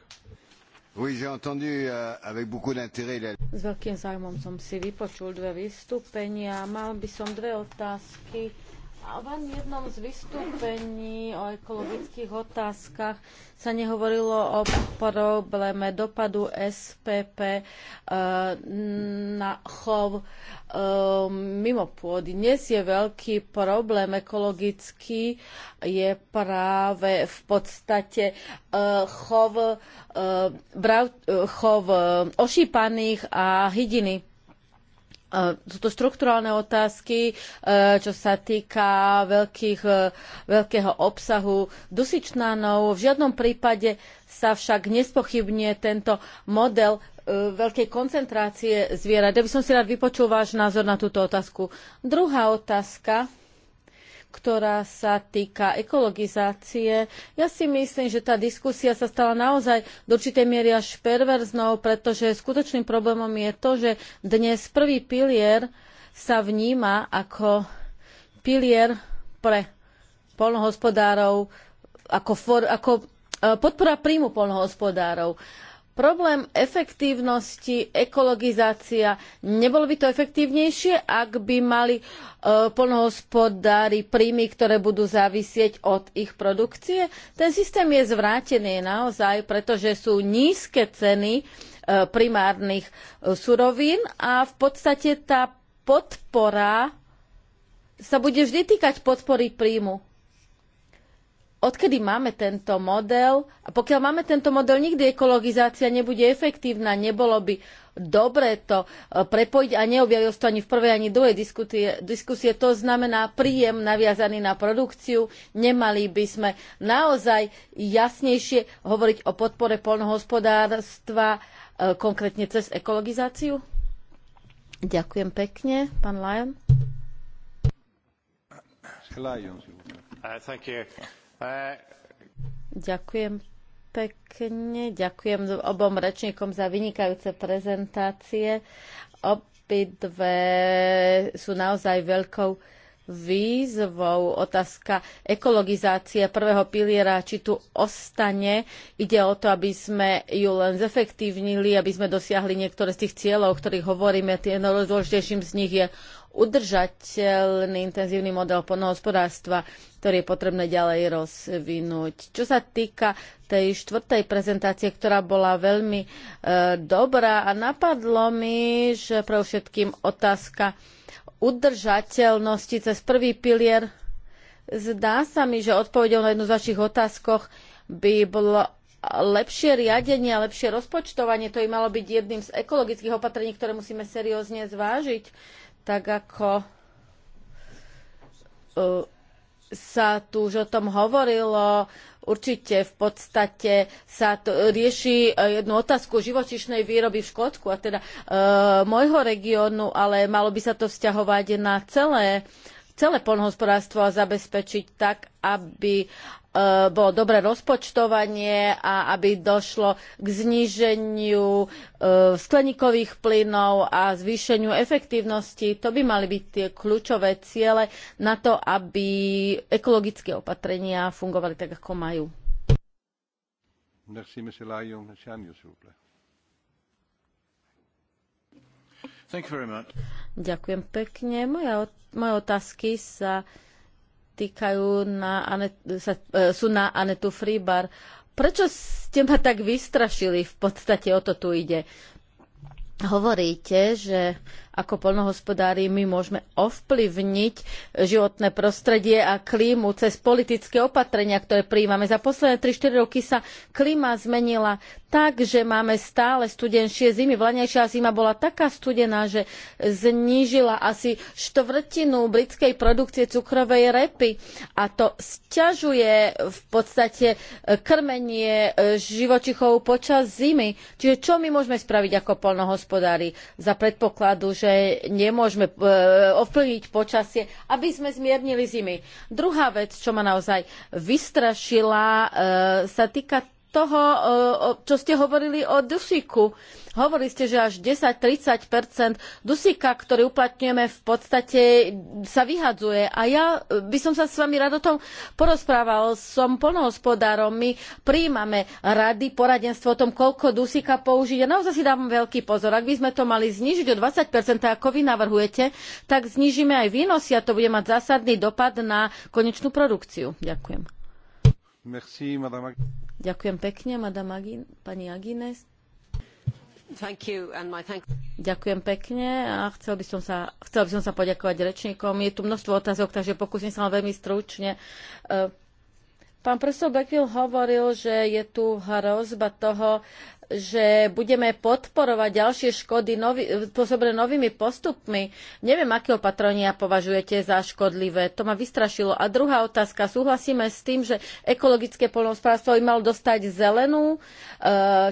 Euh, S veľkým zájmom som si vypočul dve vystúpenia. Mal by som dve otázky a v jednom z vystúpení o ekologických otázkach sa nehovorilo o probléme dopadu SPP eh, na chov eh, mimo pôdy. Dnes je veľký problém ekologický, je práve v podstate eh, chov, chov ošípaných a hydiny E, sú to štrukturálne otázky, e, čo sa týka veľkých, e, veľkého obsahu dusičnánov. V žiadnom prípade sa však nespochybne tento model veľkej koncentrácie zvierat. Ja by som si rád vypočul váš názor na túto otázku. Druhá otázka ktorá sa týka ekologizácie. Ja si myslím, že tá diskusia sa stala naozaj do určitej miery až perverznou, pretože skutočným problémom je to, že dnes prvý pilier sa vníma ako pilier pre polnohospodárov, ako, for, ako e, podpora príjmu polnohospodárov. Problém efektívnosti, ekologizácia, nebolo by to efektívnejšie, ak by mali e, príjmy, ktoré budú závisieť od ich produkcie? Ten systém je zvrátený naozaj, pretože sú nízke ceny e, primárnych e, surovín a v podstate tá podpora sa bude vždy týkať podpory príjmu odkedy máme tento model a pokiaľ máme tento model, nikdy ekologizácia nebude efektívna, nebolo by dobre to e, prepojiť a neobjavil to ani v prvej, ani druhej diskusie, diskusie. To znamená príjem naviazaný na produkciu. Nemali by sme naozaj jasnejšie hovoriť o podpore poľnohospodárstva e, konkrétne cez ekologizáciu? Ďakujem pekne, pán Lyon. Uh, thank you. Ďakujem pekne, ďakujem obom rečníkom za vynikajúce prezentácie. Obidve sú naozaj veľkou výzvou otázka ekologizácie prvého piliera, či tu ostane. Ide o to, aby sme ju len zefektívnili, aby sme dosiahli niektoré z tých cieľov, o ktorých hovoríme. Tým najdôležitejším z nich je udržateľný intenzívny model poľnohospodárstva, ktorý je potrebné ďalej rozvinúť. Čo sa týka tej štvrtej prezentácie, ktorá bola veľmi e, dobrá a napadlo mi, že pre všetkým otázka udržateľnosti cez prvý pilier. Zdá sa mi, že odpovedou na jednu z vašich otázkoch by bolo lepšie riadenie a lepšie rozpočtovanie. To by malo byť jedným z ekologických opatrení, ktoré musíme seriózne zvážiť tak ako e, sa tu už o tom hovorilo, určite v podstate sa to rieši e, jednu otázku živočišnej výroby v Škótsku, a teda e, môjho regiónu, ale malo by sa to vzťahovať na celé celé polnohospodárstvo a zabezpečiť tak, aby Eh, bolo dobré rozpočtovanie a aby došlo k zníženiu eh, skleníkových plynov a zvýšeniu efektívnosti. To by mali byť tie kľúčové ciele na to, aby ekologické opatrenia fungovali tak, ako majú. Merci, Ďakujem pekne. moje otázky sa týkajú na sa, e, sú na Anetu Fribar. Prečo ste ma tak vystrašili? V podstate o to tu ide. Hovoríte, že ako poľnohospodári my môžeme ovplyvniť životné prostredie a klímu cez politické opatrenia, ktoré prijímame. Za posledné 3-4 roky sa klíma zmenila tak, že máme stále studenšie zimy. Vlanejšia zima bola taká studená, že znížila asi štvrtinu britskej produkcie cukrovej repy a to sťažuje v podstate krmenie živočichov počas zimy. Čiže čo my môžeme spraviť ako poľnohospodári za predpokladu, že že nemôžeme e, ovplyvniť počasie, aby sme zmiernili zimy. Druhá vec, čo ma naozaj vystrašila, e, sa týka toho, čo ste hovorili o dusíku. Hovorili ste, že až 10-30 dusíka, ktorý uplatňujeme, v podstate sa vyhadzuje. A ja by som sa s vami rád o tom porozprával. Som plnohospodárom, my príjmame rady, poradenstvo o tom, koľko dusíka použiť. Ja naozaj si dávam veľký pozor. Ak by sme to mali znižiť o 20 ako vy navrhujete, tak znižíme aj výnosy a to bude mať zásadný dopad na konečnú produkciu. Ďakujem. Merci, Ďakujem pekne, madame Agin, pani Agines. Thank... Ďakujem pekne a chcel by, som sa, chcel by som sa poďakovať rečníkom. Je tu množstvo otázok, takže pokúsim sa veľmi stručne. Eh, pán profesor Beckville hovoril, že je tu hrozba toho, že budeme podporovať ďalšie škody nový, spôsobené novými postupmi. Neviem, aké opatrenia považujete za škodlivé. To ma vystrašilo. A druhá otázka. Súhlasíme s tým, že ekologické poľnohospodárstvo by malo dostať zelenú, e,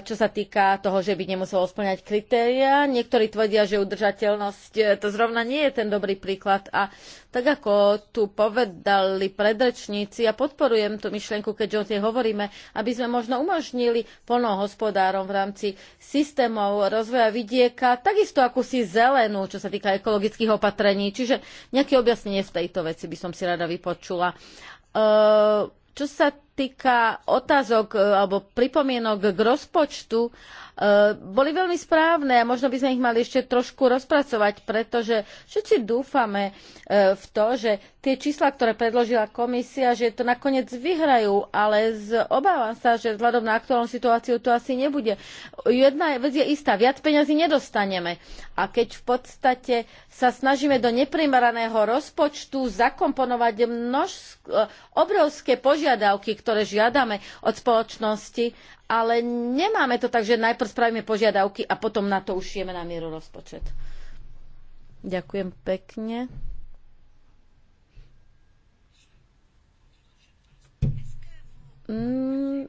čo sa týka toho, že by nemuselo splňať kritéria. Niektorí tvrdia, že udržateľnosť e, to zrovna nie je ten dobrý príklad. A tak ako tu povedali predrečníci, ja podporujem tú myšlienku, keďže o tej hovoríme, aby sme možno umožnili plnohospodárom v rámci systémov rozvoja vidieka takisto akúsi zelenú, čo sa týka ekologických opatrení. Čiže nejaké objasnenie v tejto veci by som si rada vypočula. Ehm, čo sa týka otázok e, alebo pripomienok k rozpočtu, e, boli veľmi správne a možno by sme ich mali ešte trošku rozpracovať, pretože všetci dúfame e, v to, že tie čísla, ktoré predložila komisia, že to nakoniec vyhrajú, ale z, obávam sa, že vzhľadom na aktuálnu situáciu to asi nebude. Jedna vec je istá, viac peňazí nedostaneme. A keď v podstate sa snažíme do neprimeraného rozpočtu zakomponovať množ, obrovské požiadavky, ktoré žiadame od spoločnosti, ale nemáme to tak, že najprv spravíme požiadavky a potom na to ušijeme na mieru rozpočet. Ďakujem pekne. Mm,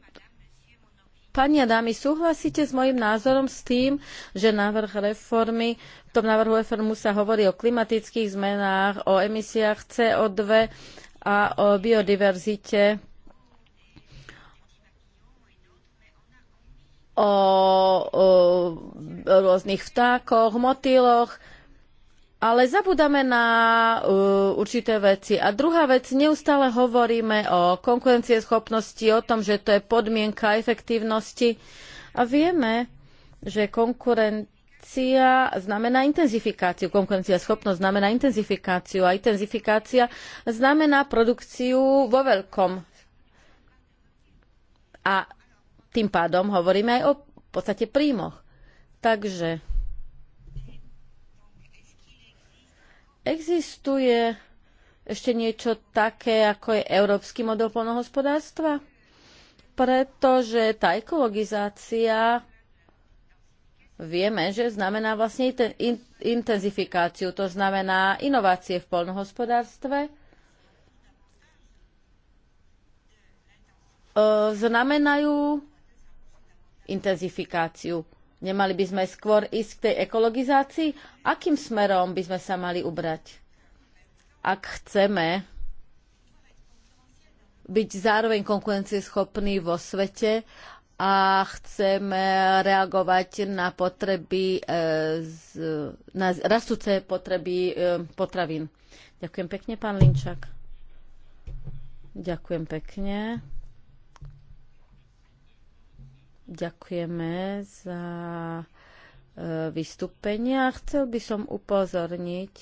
pani a dámy, súhlasíte s mojim názorom s tým, že návrh reformy, v tom návrhu reformu sa hovorí o klimatických zmenách, o emisiách CO2 a o biodiverzite o, o rôznych vtákoch, motýloch, ale zabudáme na uh, určité veci. A druhá vec, neustále hovoríme o konkurencieschopnosti, o tom, že to je podmienka efektívnosti. A vieme, že konkurencia znamená intenzifikáciu. Konkurencia schopnosť znamená intenzifikáciu a intenzifikácia znamená produkciu vo veľkom. A tým pádom hovoríme aj o v podstate príjmoch. Takže existuje ešte niečo také, ako je európsky model polnohospodárstva? Pretože tá ekologizácia vieme, že znamená vlastne intenzifikáciu, to znamená inovácie v polnohospodárstve. E, znamenajú intenzifikáciu. Nemali by sme skôr ísť k tej ekologizácii? Akým smerom by sme sa mali ubrať? Ak chceme byť zároveň konkurencieschopní vo svete a chceme reagovať na potreby, e, na rastúce potreby e, potravín. Ďakujem pekne, pán Linčak. Ďakujem pekne. Ďakujeme za e, vystúpenia. Chcel by som upozorniť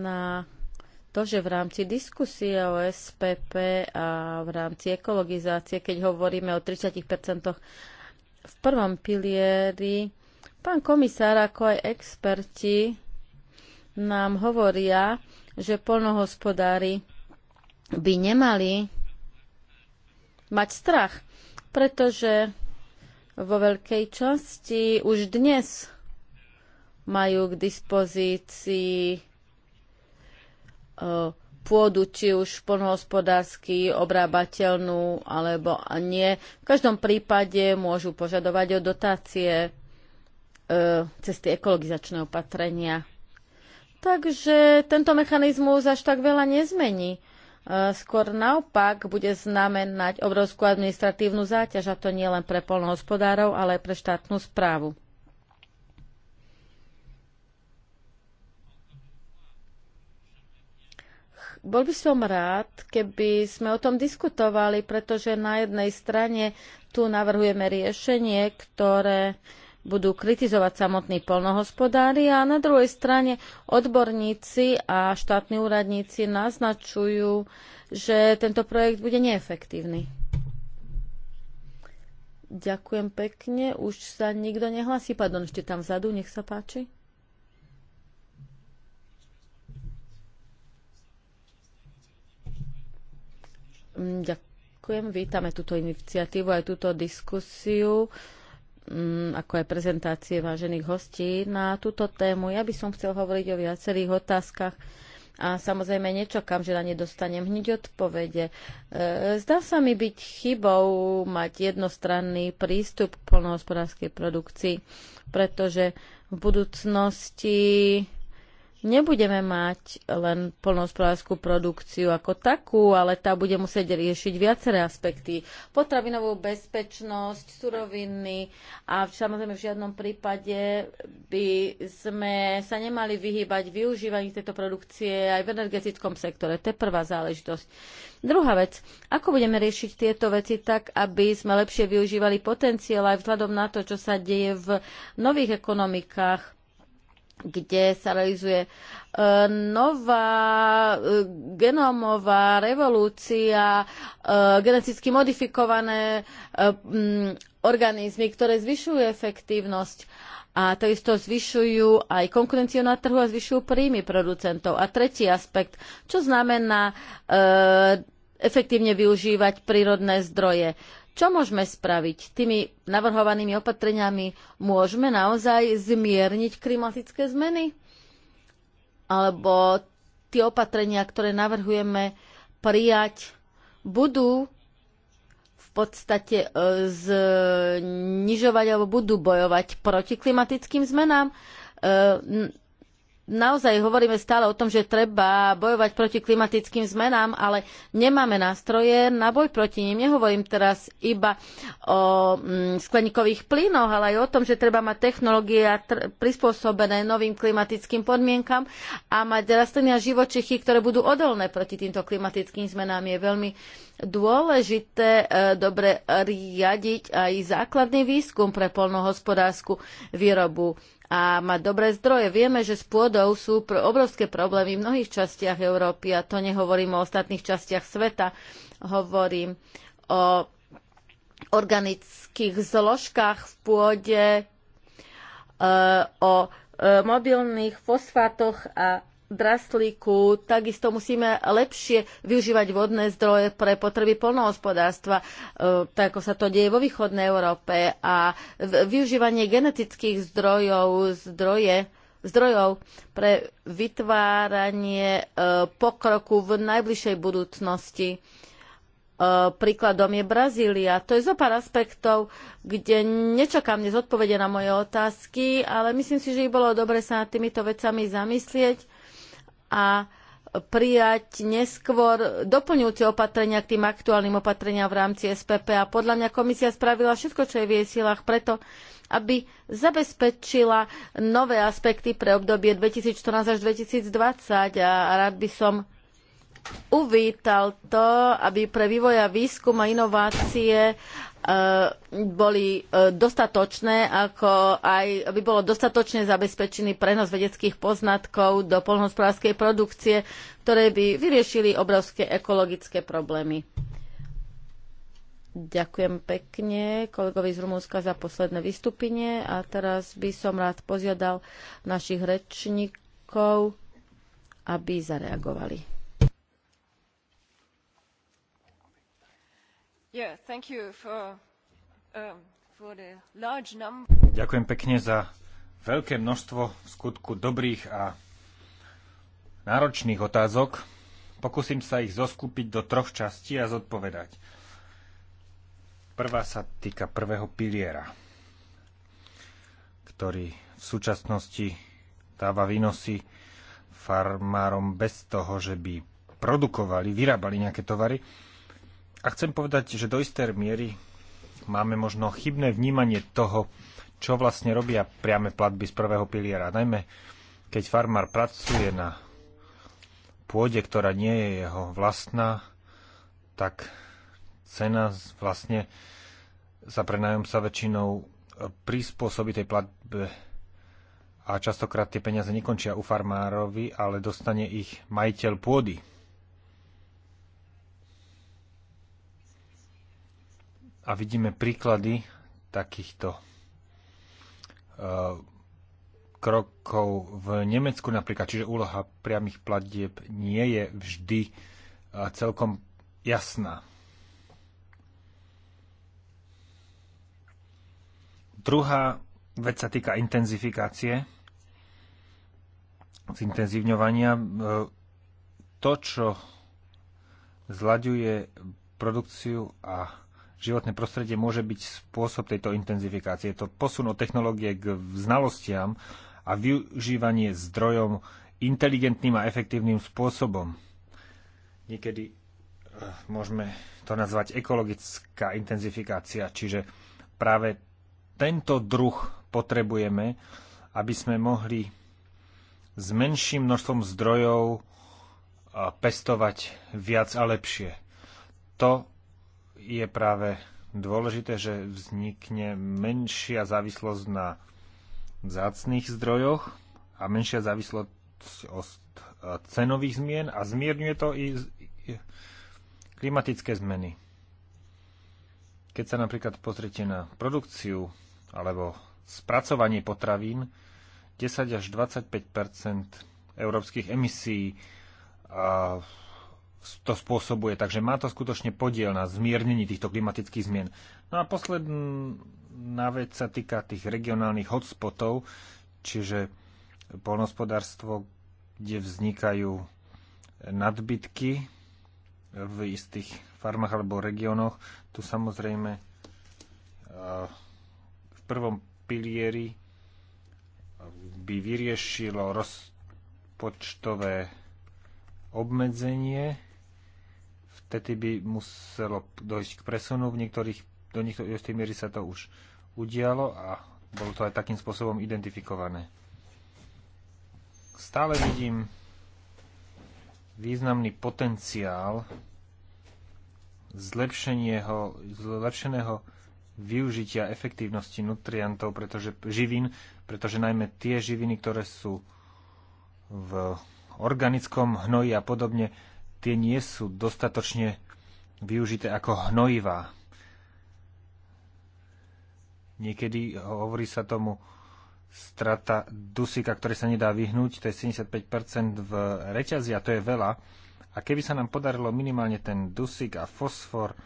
na to, že v rámci diskusie o SPP a v rámci ekologizácie, keď hovoríme o 30% v prvom pilieri, pán komisár ako aj experti nám hovoria, že polnohospodári by nemali mať strach pretože vo veľkej časti už dnes majú k dispozícii e, pôdu, či už polnohospodársky, obrábateľnú alebo nie. V každom prípade môžu požadovať o dotácie e, cez tie ekologizačné opatrenia. Takže tento mechanizmus až tak veľa nezmení. Eh, skôr naopak bude znamenať obrovskú administratívnu záťaž, a to nie len pre polnohospodárov, ale aj pre štátnu správu. Bol by som rád, keby sme o tom diskutovali, pretože na jednej strane tu navrhujeme riešenie, ktoré uh, budú kritizovať samotní polnohospodári a na druhej strane odborníci a štátni úradníci naznačujú, že tento projekt bude neefektívny. Ďakujem pekne. Už sa nikto nehlasí. Pardon, ešte tam vzadu, nech sa páči. Ďakujem. Vítame túto iniciatívu aj túto diskusiu. Uh, Mm, ako aj prezentácie vážených hostí na túto tému. Ja by som chcel hovoriť o viacerých otázkach a samozrejme nečakám, že na ne dostanem hneď odpovede. E, zdá sa mi byť chybou mať jednostranný prístup k polnohospodárskej produkcii, pretože v budúcnosti nebudeme mať len polnohospodárskú produkciu ako takú, ale tá bude musieť riešiť viaceré aspekty. Potravinovú bezpečnosť, suroviny a samozrejme v žiadnom prípade by sme sa nemali vyhýbať využívaní tejto produkcie aj v energetickom sektore. To je prvá záležitosť. Druhá vec, ako budeme riešiť tieto veci tak, aby sme lepšie využívali potenciál aj vzhľadom na to, čo sa deje v nových ekonomikách, kde sa realizuje e, nová e, genómová revolúcia, e, geneticky modifikované organizmy, ktoré zvyšujú efektívnosť a takisto zvyšujú aj konkurenciu na trhu a zvyšujú príjmy producentov. A tretí aspekt, čo znamená efektívne využívať prírodné zdroje. Čo môžeme spraviť? Tými navrhovanými opatreniami môžeme naozaj zmierniť klimatické zmeny? Alebo tie opatrenia, ktoré navrhujeme prijať, budú v podstate e, znižovať alebo budú bojovať proti klimatickým zmenám? E, naozaj hovoríme stále o tom, že treba bojovať proti klimatickým zmenám, ale nemáme nástroje na boj proti nim. Nehovorím teraz iba o mm, skleníkových plynoch, ale aj o tom, že treba mať technológie prispôsobené novým klimatickým podmienkam a mať rastliny a živočichy, ktoré budú odolné proti týmto klimatickým zmenám. Je veľmi dôležité e, dobre riadiť aj základný výskum pre polnohospodárskú výrobu a má dobré zdroje. Vieme, že s pôdou sú obrovské problémy v mnohých častiach Európy a to nehovorím o ostatných častiach sveta. Hovorím o organických zložkách v pôde, e, o e, mobilných fosfátoch a draslíku, takisto musíme lepšie využívať vodné zdroje pre potreby polnohospodárstva, e, tak ako sa to deje vo východnej Európe a využívanie genetických zdrojov, zdroje, zdrojov pre vytváranie e, pokroku v najbližšej budúcnosti. E, príkladom je Brazília. To je zo pár aspektov, kde nečakám nezodpovede na moje otázky, ale myslím si, že by bolo dobre sa nad týmito vecami zamyslieť a prijať neskôr doplňujúce opatrenia k tým aktuálnym opatreniam v rámci SPP. A podľa mňa komisia spravila všetko, čo je v jej silách preto, aby zabezpečila nové aspekty pre obdobie 2014 až 2020. A rád by som uvítal to, aby pre vývoja výskum a inovácie e, boli e, dostatočné, ako aj aby bolo dostatočne zabezpečený prenos vedeckých poznatkov do poľnohospodárskej produkcie, ktoré by vyriešili obrovské ekologické problémy. Ďakujem pekne kolegovi z Rumunska za posledné vystúpenie a teraz by som rád požiadal našich rečníkov, aby zareagovali. Um, Ďakujem pekne za veľké množstvo v skutku dobrých a náročných otázok. Pokúsim sa ich zoskúpiť do troch častí a zodpovedať. Prvá sa týka prvého piliera, ktorý v súčasnosti dáva výnosy farmárom bez toho, že by produkovali, vyrábali nejaké tovary a chcem povedať, že do istej miery máme možno chybné vnímanie toho, čo vlastne robia priame platby z prvého piliera. Najmä keď farmár pracuje na pôde, ktorá nie je jeho vlastná, tak cena vlastne za prenajom sa väčšinou e, prispôsobí tej platbe a častokrát tie peniaze nekončia u farmárovi, ale dostane ich majiteľ pôdy. a vidíme príklady takýchto eh, krokov v Nemecku napríklad, čiže úloha priamých platieb nie je vždy eh, celkom jasná. Druhá vec sa týka intenzifikácie, zintenzívňovania. Eh, to, čo zlaďuje produkciu a životné prostredie môže byť spôsob tejto intenzifikácie. Je to posun od technológie k znalostiam a využívanie zdrojom inteligentným a efektívnym spôsobom. Niekedy eh, môžeme to nazvať ekologická intenzifikácia, čiže práve tento druh potrebujeme, aby sme mohli s menším množstvom zdrojov eh, pestovať viac a lepšie. To je práve dôležité, že vznikne menšia závislosť na vzácných zdrojoch a menšia závislosť od e, cenových zmien a zmierňuje to i klimatické zmeny. Keď sa napríklad pozriete na produkciu alebo spracovanie potravín, 10 až 25 európskych emisí a to spôsobuje. Takže má to skutočne podiel na zmiernení týchto klimatických zmien. No a posledná vec sa týka tých regionálnych hotspotov, čiže polnospodárstvo, kde vznikajú nadbytky v istých farmách alebo regiónoch. Tu samozrejme e, v prvom pilieri by vyriešilo rozpočtové obmedzenie vtedy by muselo dojsť k presunu. V niektorých, do niektorých tej miery sa to už udialo a bolo to aj takým spôsobom identifikované. Stále vidím významný potenciál zlepšeného využitia efektívnosti nutriantov, pretože živín, pretože najmä tie živiny, ktoré sú v organickom hnoji a podobne, tie nie sú dostatočne využité ako hnojivá. Niekedy hovorí sa tomu strata dusíka, ktorý sa nedá vyhnúť, to je 75% v reťazi a to je veľa. A keby sa nám podarilo minimálne ten dusík a fosfor,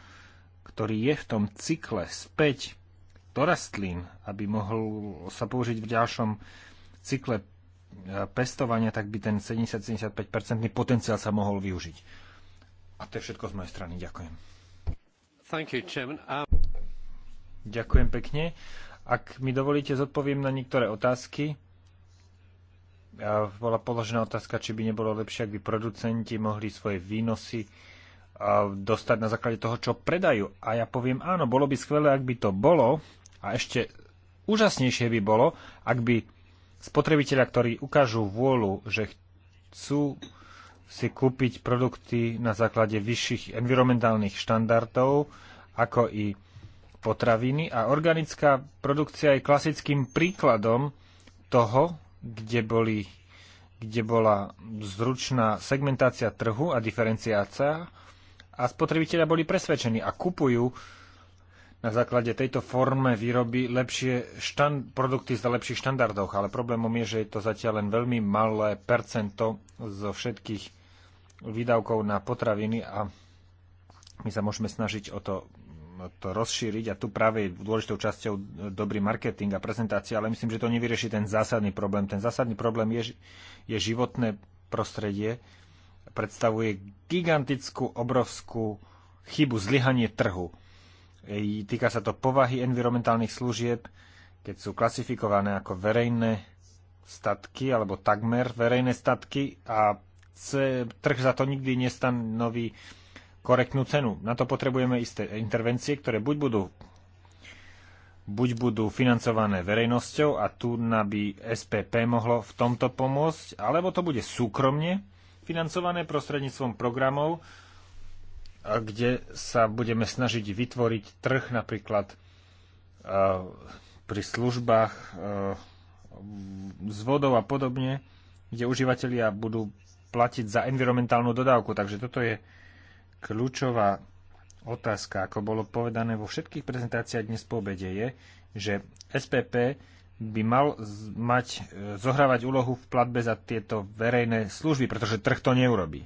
ktorý je v tom cykle späť do rastlín, aby mohol sa použiť v ďalšom cykle E, pestovania, tak by ten 70-75% potenciál sa mohol využiť. A to je všetko z mojej strany. Ďakujem. Thank you, Chairman. Um... Ďakujem pekne. Ak mi dovolíte, zodpoviem na niektoré otázky. Bola položená otázka, či by nebolo lepšie, ak by producenti mohli svoje výnosy dostať na základe toho, čo predajú. A ja poviem, áno, bolo by skvelé, ak by to bolo. A ešte úžasnejšie by bolo, ak by spotrebiteľa, ktorí ukážu vôľu, že chcú si kúpiť produkty na základe vyšších environmentálnych štandardov, ako i potraviny. A organická produkcia je klasickým príkladom toho, kde, boli, kde bola zručná segmentácia trhu a diferenciácia a spotrebitelia boli presvedčení a kupujú na základe tejto forme výroby lepšie štand- produkty za lepších štandardoch, ale problémom je, že je to zatiaľ len veľmi malé percento zo všetkých výdavkov na potraviny a my sa môžeme snažiť o to, o to rozšíriť a tu práve je dôležitou časťou dobrý marketing a prezentácia, ale myslím, že to nevyrieši ten zásadný problém. Ten zásadný problém je, je životné prostredie, predstavuje gigantickú, obrovskú chybu, zlyhanie trhu Týka sa to povahy environmentálnych služieb, keď sú klasifikované ako verejné statky alebo takmer verejné statky a trh za to nikdy nestanoví korektnú cenu. Na to potrebujeme isté intervencie, ktoré buď budú, buď budú financované verejnosťou a tu na by SPP mohlo v tomto pomôcť, alebo to bude súkromne financované prostredníctvom programov, kde sa budeme snažiť vytvoriť trh napríklad e, pri službách s e, vodou a podobne, kde užívateľia budú platiť za environmentálnu dodávku. Takže toto je kľúčová otázka, ako bolo povedané vo všetkých prezentáciách dnes po obede, je, že SPP by mal mať, e, zohrávať úlohu v platbe za tieto verejné služby, pretože trh to neurobí.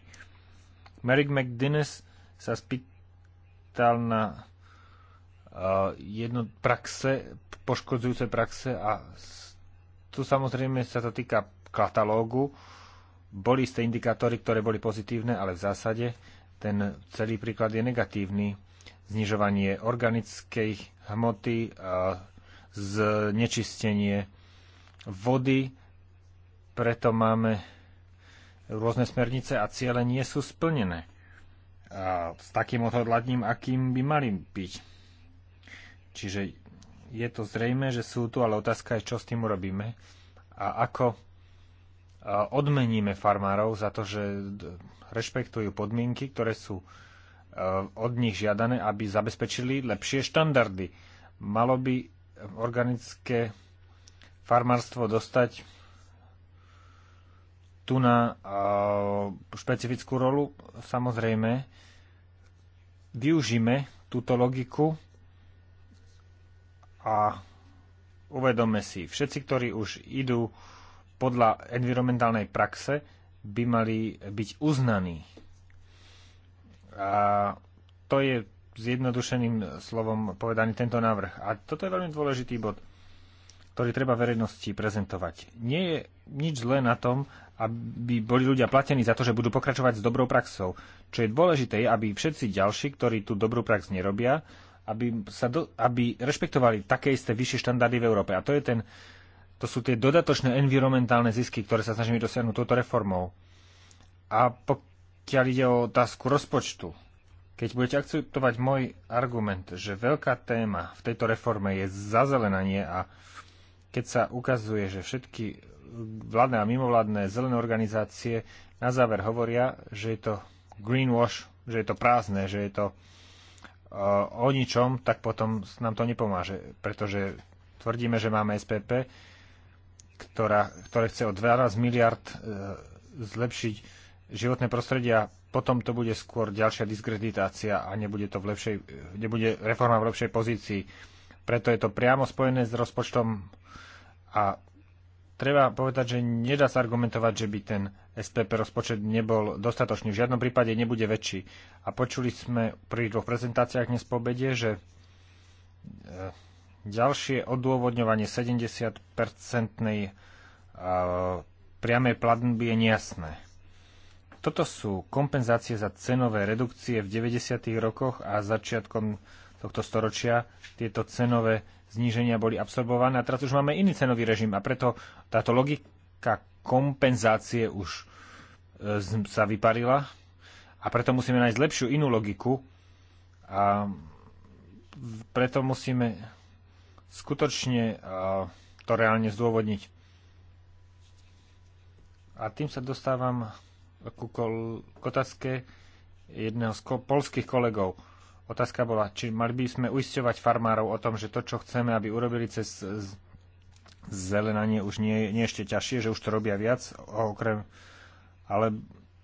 Merrick McDinnis sa spýtal na eh, jedno praxe, poškodzujúce praxe a tu samozrejme sa to týka katalógu. Boli ste indikátory, ktoré boli pozitívne, ale v zásade ten celý príklad je negatívny. Znižovanie organickej hmoty, eh, znečistenie vody, preto máme rôzne smernice a ciele nie sú splnené a s takým odhodlaním, akým by mali byť. Čiže je to zrejme, že sú tu, ale otázka je, čo s tým urobíme a ako odmeníme farmárov za to, že rešpektujú podmienky, ktoré sú od nich žiadané, aby zabezpečili lepšie štandardy. Malo by organické farmárstvo dostať tu na špecifickú rolu. Samozrejme, využíme túto logiku a uvedome si, všetci, ktorí už idú podľa environmentálnej praxe, by mali byť uznaní. A to je zjednodušeným slovom povedaný tento návrh. A toto je veľmi dôležitý bod, ktorý treba verejnosti prezentovať. Nie je nič zlé na tom, aby boli ľudia platení za to, že budú pokračovať s dobrou praxou. Čo je dôležité, aby všetci ďalší, ktorí tú dobrú prax nerobia, aby, sa do, aby rešpektovali také isté vyššie štandardy v Európe. A to, je ten, to sú tie dodatočné environmentálne zisky, ktoré sa snažíme dosiahnuť touto reformou. A pokiaľ ide o otázku rozpočtu, keď budete akceptovať môj argument, že veľká téma v tejto reforme je zazelenanie a keď sa ukazuje, že všetky vládne a mimovládne zelené organizácie na záver hovoria, že je to greenwash, že je to prázdne, že je to eh, o ničom, tak potom nám to nepomáže, pretože tvrdíme, že máme SPP, ktorá, ktoré chce o 12 miliard eh, zlepšiť životné prostredie a potom to bude skôr ďalšia diskreditácia a nebude to v lepšej, eh, nebude reforma v lepšej pozícii. Preto je to priamo spojené s rozpočtom a treba povedať, že nedá sa argumentovať, že by ten SPP rozpočet nebol dostatočný. V žiadnom prípade nebude väčší. A počuli sme pri dvoch prezentáciách dnes po obede, že e, ďalšie odôvodňovanie 70-percentnej e, priamej platby je nejasné. Toto sú kompenzácie za cenové redukcie v 90. rokoch a začiatkom tohto storočia tieto cenové zníženia boli absorbované a teraz už máme iný cenový režim a preto táto logika kompenzácie už e, sa vyparila a preto musíme nájsť lepšiu inú logiku a preto musíme skutočne e, to reálne zdôvodniť. A tým sa dostávam ku otázke jedného z polských kolegov. Otázka bola, či mali by sme uisťovať farmárov o tom, že to, čo chceme, aby urobili cez zelenanie už nie, nie ešte ťažšie, že už to robia viac, okrem, ale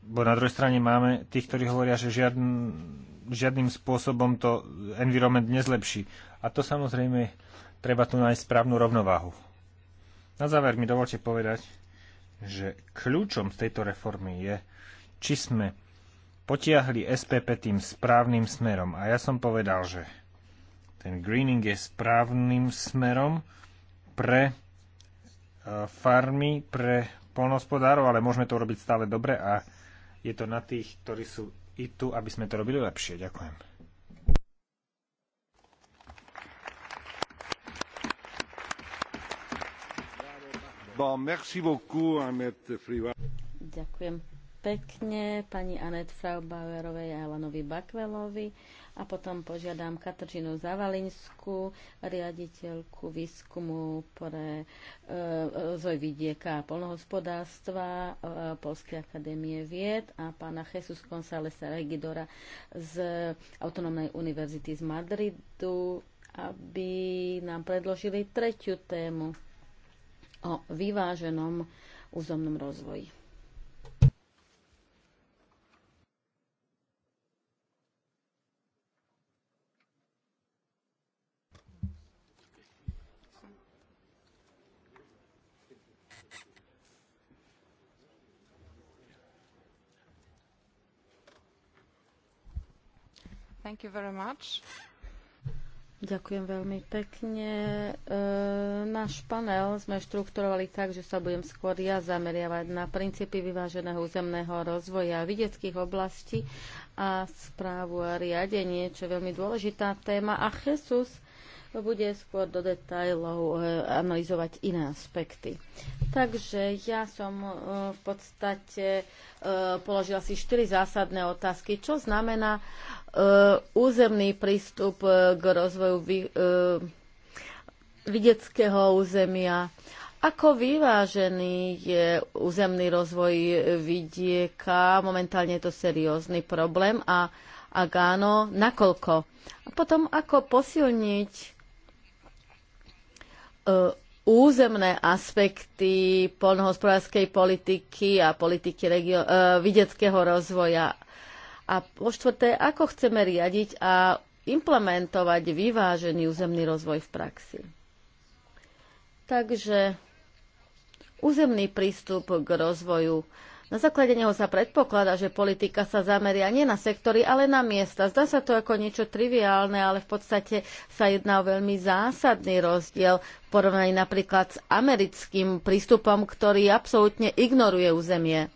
bo na druhej strane máme tých, ktorí hovoria, že žiadn, žiadnym spôsobom to environment nezlepší. A to samozrejme treba tu nájsť správnu rovnováhu. Na záver mi dovolte povedať, že kľúčom z tejto reformy je, či sme potiahli SPP tým správnym smerom. A ja som povedal, že ten greening je správnym smerom pre e, farmy, pre polnospodárov, ale môžeme to robiť stále dobre a je to na tých, ktorí sú i tu, aby sme to robili lepšie. Ďakujem. Ďakujem pekne pani Anet Fraubauerovej a Elanovi Bakvelovi a potom požiadam Katrinu Zavalinskú, riaditeľku výskumu pre e, e, rozvoj vidieka a polnohospodárstva e, Polskej akadémie vied a pána Jesus Gonzálesa Regidora z Autonómnej univerzity z Madridu, aby nám predložili tretiu tému o vyváženom územnom rozvoji. Thank you very much. Ďakujem veľmi pekne. E, náš panel sme štrukturovali tak, že sa budem skôr ja zameriavať na princípy vyváženého územného rozvoja vidieckých oblastí a správu a riadenie, čo je veľmi dôležitá téma. A Jesus bude skôr do detajlov eh, analyzovať iné aspekty. Takže ja som eh, v podstate eh, položila si štyri zásadné otázky. Čo znamená územný prístup k rozvoju vidieckého územia? Ako vyvážený je územný rozvoj vidieka? Momentálne je to seriózny problém a ak áno, nakoľko? A potom ako posilniť E, územné aspekty poľnohospodárskej politiky a politiky regio- e, videckého rozvoja. A po štvrté, ako chceme riadiť a implementovať vyvážený územný rozvoj v praxi. Takže územný prístup k rozvoju na základe neho sa predpokladá, že politika sa zameria nie na sektory, ale na miesta. Zdá sa to ako niečo triviálne, ale v podstate sa jedná o veľmi zásadný rozdiel v porovnaní napríklad s americkým prístupom, ktorý absolútne ignoruje územie.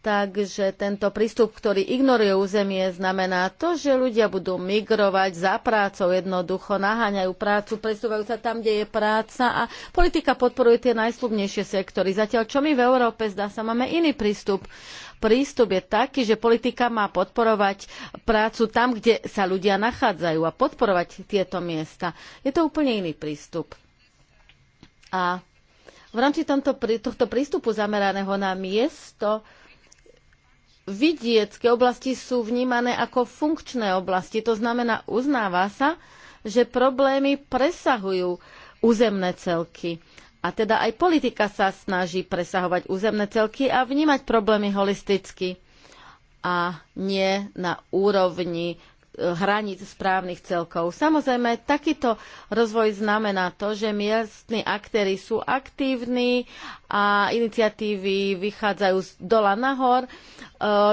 Takže tento prístup, ktorý ignoruje územie, znamená to, že ľudia budú migrovať za prácou, jednoducho naháňajú prácu, presúvajú sa tam, kde je práca a politika podporuje tie najslubnejšie sektory. Zatiaľ, čo my v Európe, zdá sa, máme iný prístup. Prístup je taký, že politika má podporovať prácu tam, kde sa ľudia nachádzajú a podporovať tieto miesta. Je to úplne iný prístup. A v rámci tomto, tohto prístupu zameraného na miesto, vidiecké oblasti sú vnímané ako funkčné oblasti. To znamená, uznáva sa, že problémy presahujú územné celky. A teda aj politika sa snaží presahovať územné celky a vnímať problémy holisticky a nie na úrovni hraníc správnych celkov. Samozrejme, takýto rozvoj znamená to, že miestni aktéry sú aktívni a iniciatívy vychádzajú z dola nahor. E,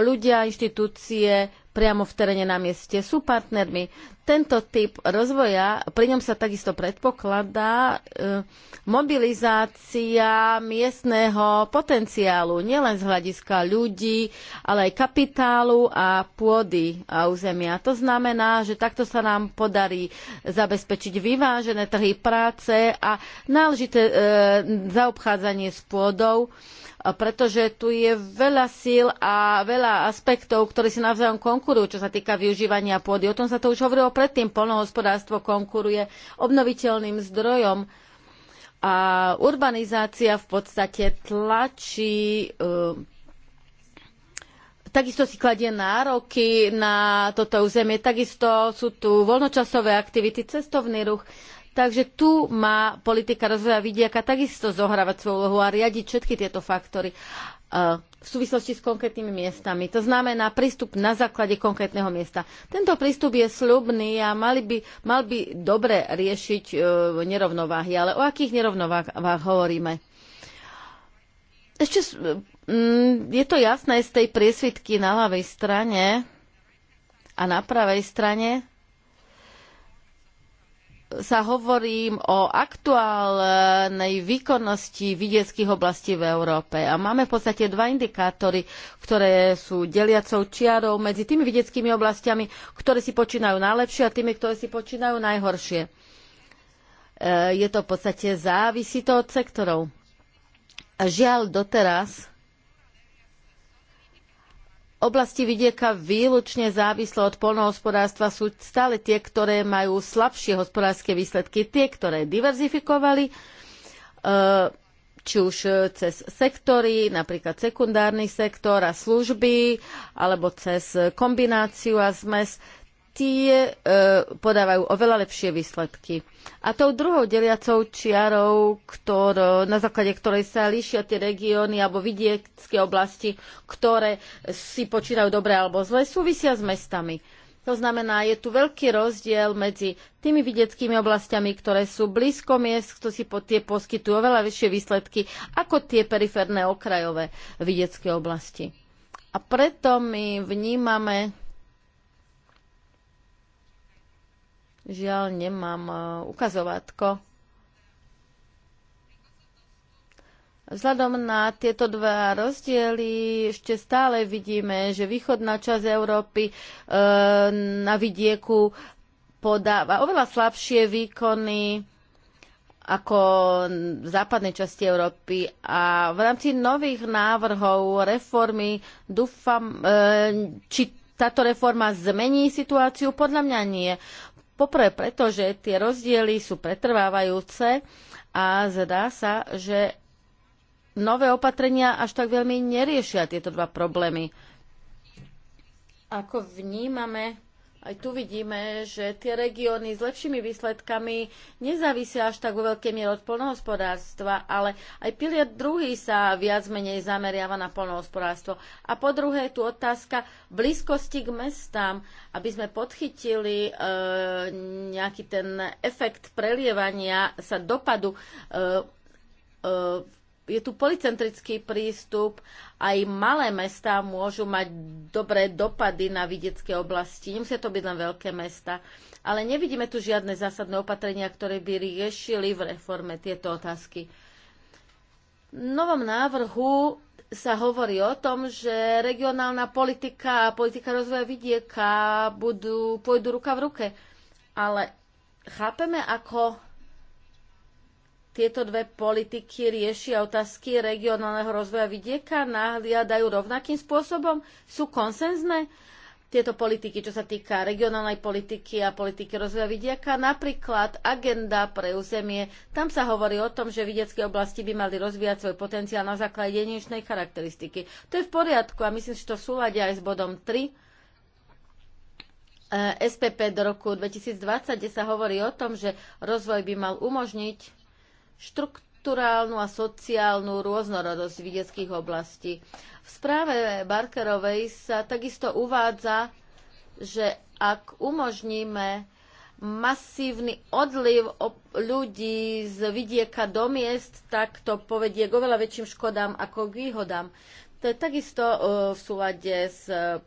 ľudia, inštitúcie priamo v teréne na mieste sú partnermi tento typ rozvoja, pri ňom sa takisto predpokladá e, mobilizácia miestného potenciálu, nielen z hľadiska ľudí, ale aj kapitálu a pôdy a územia. To znamená, že takto sa nám podarí zabezpečiť vyvážené trhy práce a náležité e, zaobchádzanie s pôdou pretože tu je veľa síl a veľa aspektov, ktoré si navzájom konkurujú, čo sa týka využívania pôdy. O tom sa to už hovorilo predtým polnohospodárstvo konkuruje obnoviteľným zdrojom a urbanizácia v podstate tlačí eh, takisto si kladie nároky na toto územie, takisto sú tu voľnočasové aktivity, cestovný ruch. Takže tu má politika rozvoja vidiaka takisto zohrávať svoju úlohu a riadiť všetky tieto faktory. Eh, v súvislosti s konkrétnymi miestami. To znamená prístup na základe konkrétneho miesta. Tento prístup je slubný a mali by, mal by dobre riešiť e, nerovnováhy. Ale o akých nerovnováhach hovoríme? Ešte mm, je to jasné z tej priesvitky na ľavej strane a na pravej strane sa hovorím o aktuálnej výkonnosti vidieckých oblastí v Európe. A máme v podstate dva indikátory, ktoré sú deliacou čiarou medzi tými vidieckými oblastiami, ktoré si počínajú najlepšie a tými, ktoré si počínajú najhoršie. E, je to v podstate závisí to od sektorov. A žiaľ doteraz Oblasti vidieka výlučne závislé od polnohospodárstva sú stále tie, ktoré majú slabšie hospodárske výsledky, tie, ktoré diverzifikovali, e, či už cez sektory, napríklad sekundárny sektor a služby, alebo cez kombináciu a zmes tie e, podávajú oveľa lepšie výsledky. A tou druhou deliacou čiarou, ktoré, na základe ktorej sa líšia tie regióny alebo vidiecké oblasti, ktoré si počínajú dobre alebo zle, súvisia s mestami. To znamená, je tu veľký rozdiel medzi tými vidieckými oblastiami, ktoré sú blízko miest, kto si po tie poskytujú oveľa vyššie výsledky, ako tie periférne okrajové vidiecké oblasti. A preto my vnímame Žiaľ, nemám e, ukazovatko. Vzhľadom na tieto dva rozdiely ešte stále vidíme, že východná časť Európy e, na vidieku podáva oveľa slabšie výkony ako v západnej časti Európy. A v rámci nových návrhov reformy dúfam, e, či táto reforma zmení situáciu? Podľa mňa nie. Poprvé preto, že tie rozdiely sú pretrvávajúce a zdá sa, že nové opatrenia až tak veľmi neriešia tieto dva problémy. Ako vnímame aj tu vidíme, že tie regióny s lepšími výsledkami nezávisia až tak vo veľkej miere od polnohospodárstva, ale aj pilier druhý sa viac menej zameriava na polnohospodárstvo. A po druhé je tu otázka blízkosti k mestám, aby sme podchytili e, nejaký ten efekt prelievania sa dopadu e, e, je tu policentrický prístup, aj malé mesta môžu mať dobré dopady na vidiecké oblasti, nemusia to byť len veľké mesta, ale nevidíme tu žiadne zásadné opatrenia, ktoré by riešili v reforme tieto otázky. V novom návrhu sa hovorí o tom, že regionálna politika a politika rozvoja vidieka budú, pôjdu ruka v ruke. Ale chápeme, ako tieto dve politiky riešia otázky regionálneho rozvoja vidieka, nahliadajú rovnakým spôsobom, sú konsenzné tieto politiky, čo sa týka regionálnej politiky a politiky rozvoja vidieka. Napríklad agenda pre územie, tam sa hovorí o tom, že vidiecké oblasti by mali rozvíjať svoj potenciál na základe jedinečnej charakteristiky. To je v poriadku a myslím, že to v súlade aj s bodom 3 eh, SPP do roku 2020, kde sa hovorí o tom, že rozvoj by mal umožniť štruktúrálnu a sociálnu rôznorodosť vidieckých oblastí. V správe Barkerovej sa takisto uvádza, že ak umožníme masívny odliv ľudí z vidieka do miest, tak to povedie k oveľa väčším škodám ako k výhodám. To je takisto e, v súlade s e,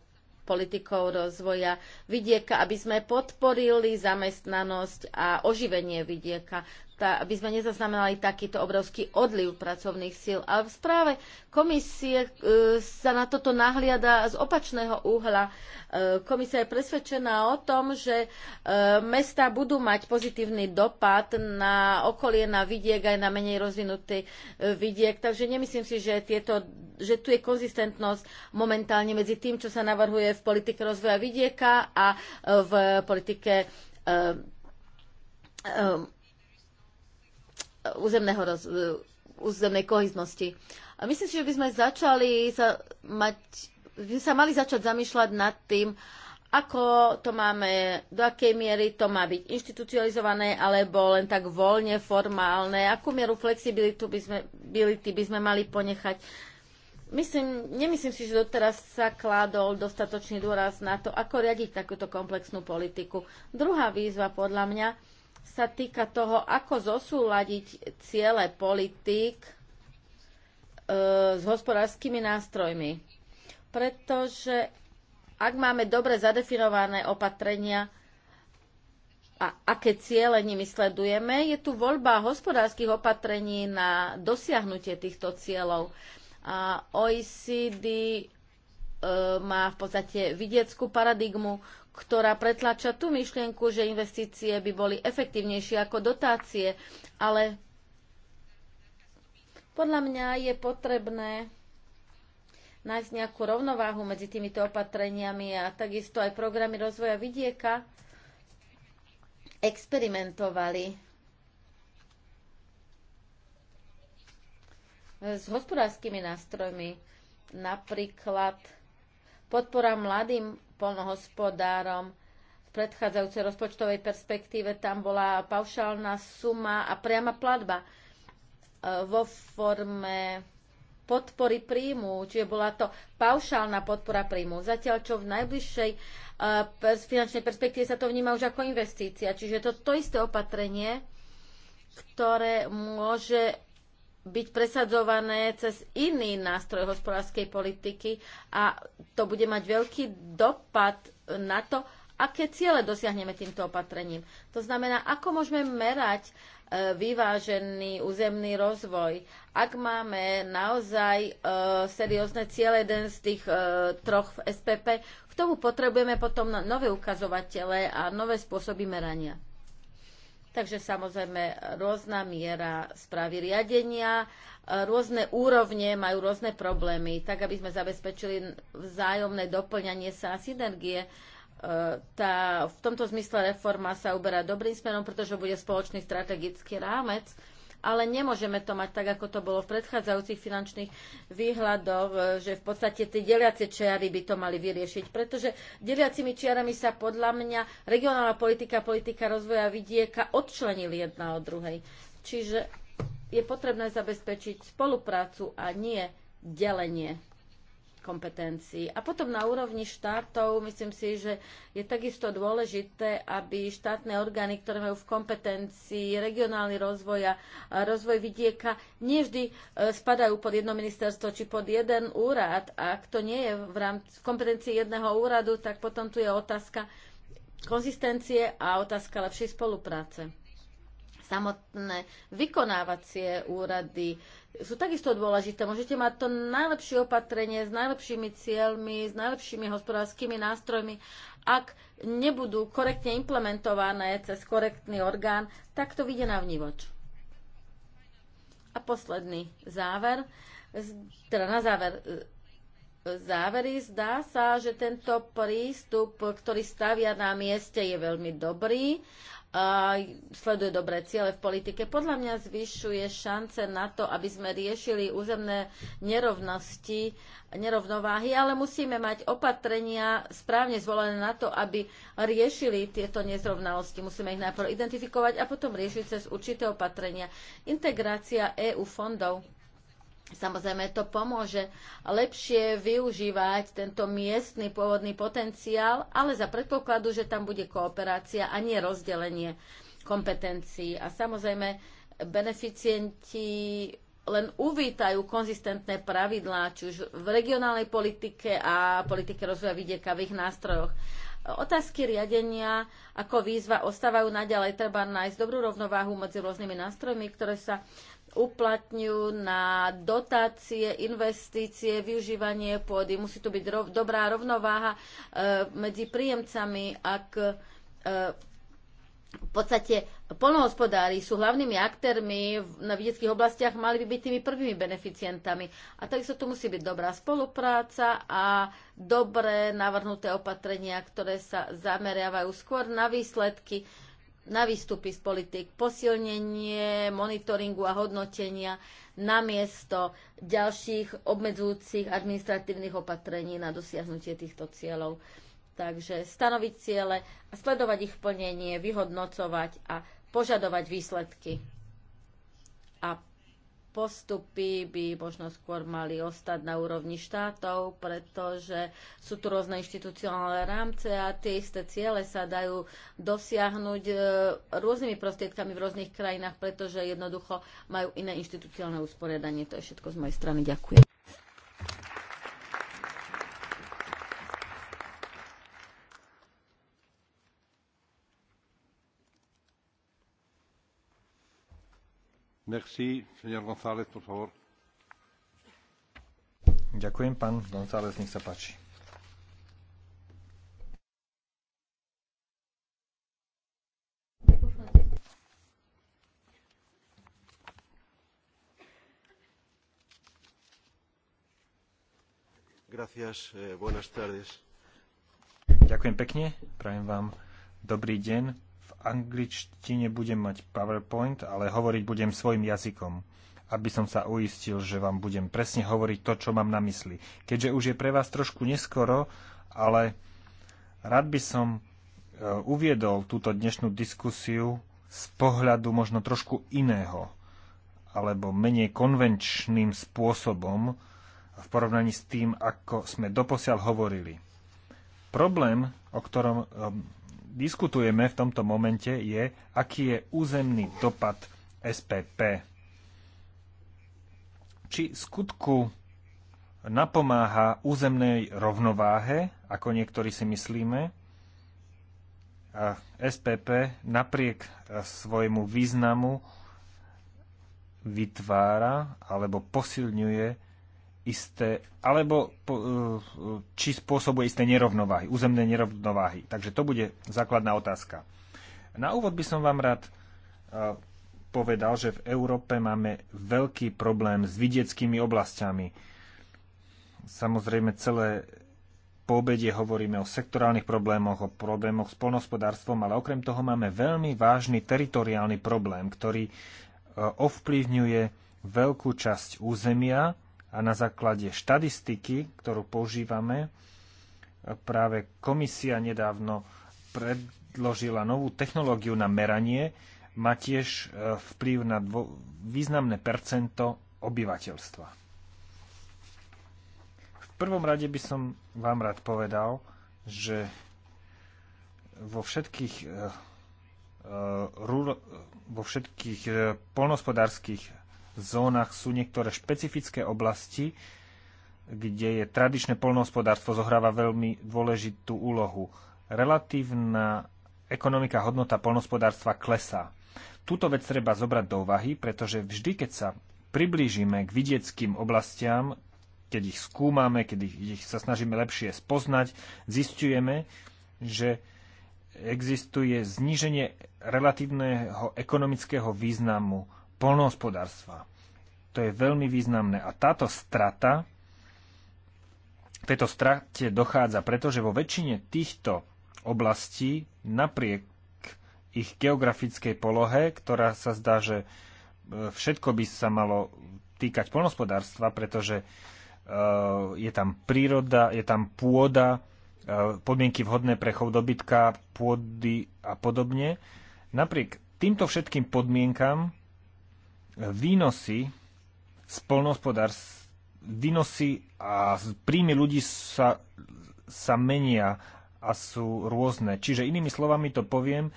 politikou rozvoja vidieka, aby sme podporili zamestnanosť a oživenie vidieka tá, aby sme nezaznamenali takýto obrovský odliv pracovných síl. A v správe komisie e, sa na toto nahliada z opačného úhla. E, komisia je presvedčená o tom, že e, mesta budú mať pozitívny dopad na okolie, na vidiek aj na menej rozvinutý e, vidiek. Takže nemyslím si, že, tieto, že tu je konzistentnosť momentálne medzi tým, čo sa navrhuje v politike rozvoja vidieka a e, v politike e, e územného roz, e, územnej kohiznosti. A myslím si, že by sme začali sa, mať, by sa mali začať zamýšľať nad tým, ako to máme, do akej miery to má byť inštitucionalizované alebo len tak voľne formálne, akú mieru flexibilitu by sme, by sme mali ponechať. Myslím, nemyslím si, že doteraz sa kládol dostatočný dôraz na to, ako riadiť takúto komplexnú politiku. Druhá výzva podľa mňa sa týka toho, ako zosúľadiť ciele politík e, s hospodárskymi nástrojmi. Pretože ak máme dobre zadefinované opatrenia, a aké ciele nimi sledujeme. Je tu voľba hospodárskych opatrení na dosiahnutie týchto cieľov. A OECD e, má v podstate vidieckú paradigmu, ktorá pretláča tú myšlienku, že investície by boli efektívnejšie ako dotácie, ale podľa mňa je potrebné nájsť nejakú rovnováhu medzi týmito opatreniami a takisto aj programy rozvoja vidieka experimentovali s hospodárskymi nástrojmi, napríklad podpora mladým polnohospodárom. V predchádzajúcej rozpočtovej perspektíve tam bola paušálna suma a priama platba e, vo forme podpory príjmu, čiže bola to paušálna podpora príjmu. Zatiaľ, čo v najbližšej e, finančnej perspektíve sa to vníma už ako investícia. Čiže to to isté opatrenie, ktoré môže byť presadzované cez iný nástroj hospodárskej politiky a to bude mať veľký dopad na to, aké ciele dosiahneme týmto opatrením. To znamená, ako môžeme merať e, vyvážený územný rozvoj. Ak máme naozaj e, seriózne ciele, jeden z tých e, troch v SPP, k tomu potrebujeme potom nové ukazovatele a nové spôsoby merania. Takže samozrejme rôzna miera správy riadenia, e, rôzne úrovne majú rôzne problémy, tak aby sme zabezpečili vzájomné doplňanie sa a synergie. E, tá, v tomto zmysle reforma sa uberá dobrým smerom, pretože bude spoločný strategický rámec, ale nemôžeme to mať tak, ako to bolo v predchádzajúcich finančných výhľadoch, e, že v podstate tie deliace čiary by to mali vyriešiť, pretože deliacimi čiarami sa podľa mňa regionálna politika, politika rozvoja vidieka odčlenili jedna od druhej. Čiže je potrebné zabezpečiť spoluprácu a nie delenie kompetencií. A potom na úrovni štátov myslím si, že je takisto dôležité, aby štátne orgány, ktoré majú v kompetencii regionálny rozvoj a rozvoj vidieka, nevždy e, spadajú pod jedno ministerstvo či pod jeden úrad. A ak to nie je v rámci kompetencii jedného úradu, tak potom tu je otázka konzistencie a otázka lepšej spolupráce samotné vykonávacie úrady sú takisto dôležité. Môžete mať to najlepšie opatrenie s najlepšími cieľmi, s najlepšími hospodárskymi nástrojmi. Ak nebudú korektne implementované cez korektný orgán, tak to vyjde na vnívoč. A posledný záver, teda na záver závery. Zdá sa, že tento prístup, ktorý stavia na mieste, je veľmi dobrý a sleduje dobré ciele v politike, podľa mňa zvyšuje šance na to, aby sme riešili územné nerovnosti, nerovnováhy, ale musíme mať opatrenia správne zvolené na to, aby riešili tieto nezrovnalosti. Musíme ich najprv identifikovať a potom riešiť cez určité opatrenia. Integrácia EU fondov Samozrejme, to pomôže lepšie využívať tento miestny pôvodný potenciál, ale za predpokladu, že tam bude kooperácia a nie rozdelenie kompetencií. A samozrejme, beneficienti len uvítajú konzistentné pravidlá, či už v regionálnej politike a politike rozvoja vidieka v ich nástrojoch. Otázky riadenia ako výzva ostávajú naďalej. Treba nájsť dobrú rovnováhu medzi rôznymi nástrojmi, ktoré sa uplatňujú na dotácie, investície, využívanie pôdy. Musí tu byť rov, dobrá rovnováha e, medzi príjemcami, ak e, v podstate polnohospodári sú hlavnými aktérmi na vidieckých oblastiach, mali by byť tými prvými beneficientami. A takisto tu musí byť dobrá spolupráca a dobré navrhnuté opatrenia, ktoré sa zameriavajú skôr na výsledky, na výstupy z politik, posilnenie monitoringu a hodnotenia namiesto ďalších obmedzujúcich administratívnych opatrení na dosiahnutie týchto cieľov. Takže stanoviť ciele a sledovať ich plnenie, vyhodnocovať a požadovať výsledky. A postupy by možno skôr mali ostať na úrovni štátov, pretože sú tu rôzne inštitucionálne rámce a tie isté ciele sa dajú dosiahnuť e, rôznymi prostriedkami v rôznych krajinách, pretože jednoducho majú iné inštitucionálne usporiadanie. To je všetko z mojej strany. Ďakujem. Merci, González, por favor. Ďakujem, pán González, nech sa páči. Gracias, eh, buenas tardes. Ďakujem pekne, prajem vám dobrý deň v angličtine budem mať PowerPoint, ale hovoriť budem svojim jazykom, aby som sa uistil, že vám budem presne hovoriť to, čo mám na mysli. Keďže už je pre vás trošku neskoro, ale rád by som e, uviedol túto dnešnú diskusiu z pohľadu možno trošku iného alebo menej konvenčným spôsobom v porovnaní s tým, ako sme doposiaľ hovorili. Problém, o ktorom e, diskutujeme v tomto momente, je, aký je územný dopad SPP. Či skutku napomáha územnej rovnováhe, ako niektorí si myslíme, a SPP napriek e, svojmu významu vytvára alebo posilňuje isté, alebo e, či spôsobuje isté nerovnováhy, územné nerovnováhy. Takže to bude základná otázka. Na úvod by som vám rád e, povedal, že v Európe máme veľký problém s vidieckými oblastiami. Samozrejme celé po obede hovoríme o sektorálnych problémoch, o problémoch s polnospodárstvom, ale okrem toho máme veľmi vážny teritoriálny problém, ktorý e, ovplyvňuje veľkú časť územia a na základe štatistiky, ktorú používame, práve komisia nedávno predložila novú technológiu na meranie, má tiež e, vplyv na dvo- významné percento obyvateľstva. V prvom rade by som vám rád povedal, že vo všetkých, e, e, vo všetkých polnospodárských zónach sú niektoré špecifické oblasti, kde je tradičné polnohospodárstvo zohráva veľmi dôležitú úlohu. Relatívna ekonomika hodnota polnohospodárstva klesá. Túto vec treba zobrať do úvahy, pretože vždy, keď sa priblížime k vidieckým oblastiam, keď ich skúmame, keď ich, ich sa snažíme lepšie spoznať, zistujeme, že existuje zníženie relatívneho ekonomického významu polnohospodárstva. To je veľmi významné. A táto strata, tejto strate dochádza, pretože vo väčšine týchto oblastí napriek ich geografickej polohe, ktorá sa zdá, že e, všetko by sa malo týkať polnohospodárstva, pretože e, je tam príroda, je tam pôda, e, podmienky vhodné pre chov dobytka, pôdy a podobne. Napriek týmto všetkým podmienkam výnosy z výnosy a príjmy ľudí sa, sa menia a sú rôzne. Čiže inými slovami to poviem,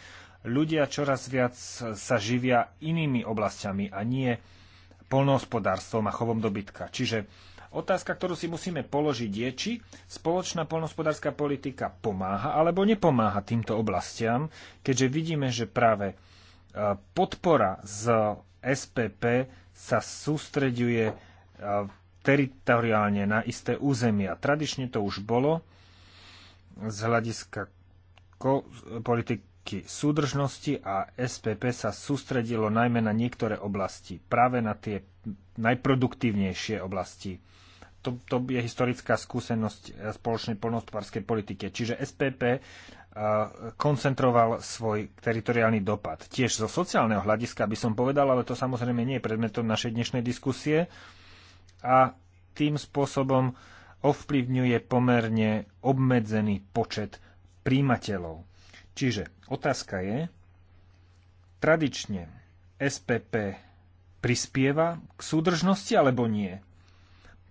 ľudia čoraz viac sa živia inými oblastiami a nie polnohospodárstvom a chovom dobytka. Čiže otázka, ktorú si musíme položiť je, či spoločná polnohospodárska politika pomáha alebo nepomáha týmto oblastiam, keďže vidíme, že práve e, podpora z SPP sa sústreďuje e, teritoriálne na isté územia. Tradične to už bolo z hľadiska politiky súdržnosti a SPP sa sústredilo najmä na niektoré oblasti, práve na tie najproduktívnejšie oblasti. To, to je historická skúsenosť e, spoločnej polnospodárskej politike. Čiže SPP koncentroval svoj teritoriálny dopad. Tiež zo sociálneho hľadiska by som povedal, ale to samozrejme nie je predmetom našej dnešnej diskusie a tým spôsobom ovplyvňuje pomerne obmedzený počet príjimateľov. Čiže otázka je, tradične SPP prispieva k súdržnosti alebo nie?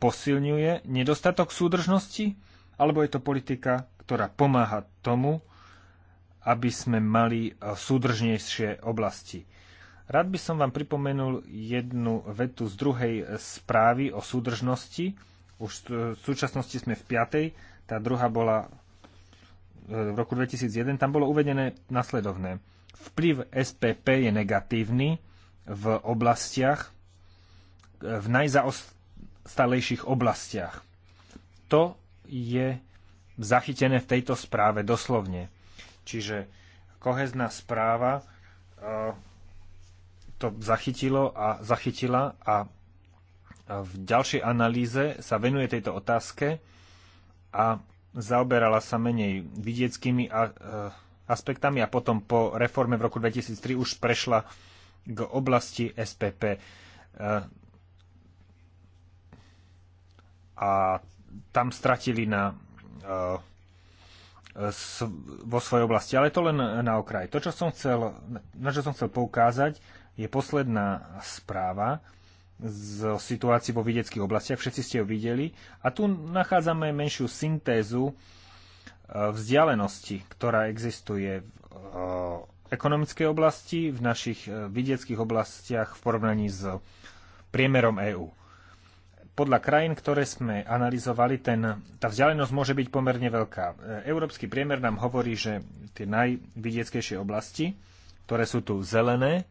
Posilňuje nedostatok súdržnosti alebo je to politika, ktorá pomáha tomu, aby sme mali e, súdržnejšie oblasti. Rád by som vám pripomenul jednu vetu z druhej správy o súdržnosti. Už v súčasnosti sme v piatej, tá druhá bola e, v roku 2001. Tam bolo uvedené nasledovné. Vplyv SPP je negatívny v oblastiach, e, v najzaostalejších oblastiach. To je zachytené v tejto správe doslovne. Čiže kohezná správa e, to zachytilo a zachytila a e, v ďalšej analýze sa venuje tejto otázke a zaoberala sa menej vidieckými e, aspektami a potom po reforme v roku 2003 už prešla k oblasti SPP. A tam stratili na vo svojej oblasti. Ale to len na okraj. To, čo som chcel, na čo som chcel poukázať, je posledná správa z situácií vo vidieckých oblastiach. Všetci ste ju videli. A tu nachádzame menšiu syntézu e, vzdialenosti, ktorá existuje v e, ekonomickej oblasti, v našich e, vidieckých oblastiach v porovnaní s priemerom EÚ podľa krajín, ktoré sme analyzovali, ten, tá vzdialenosť môže byť pomerne veľká. E, Európsky priemer nám hovorí, že tie najvidieckejšie oblasti, ktoré sú tu zelené,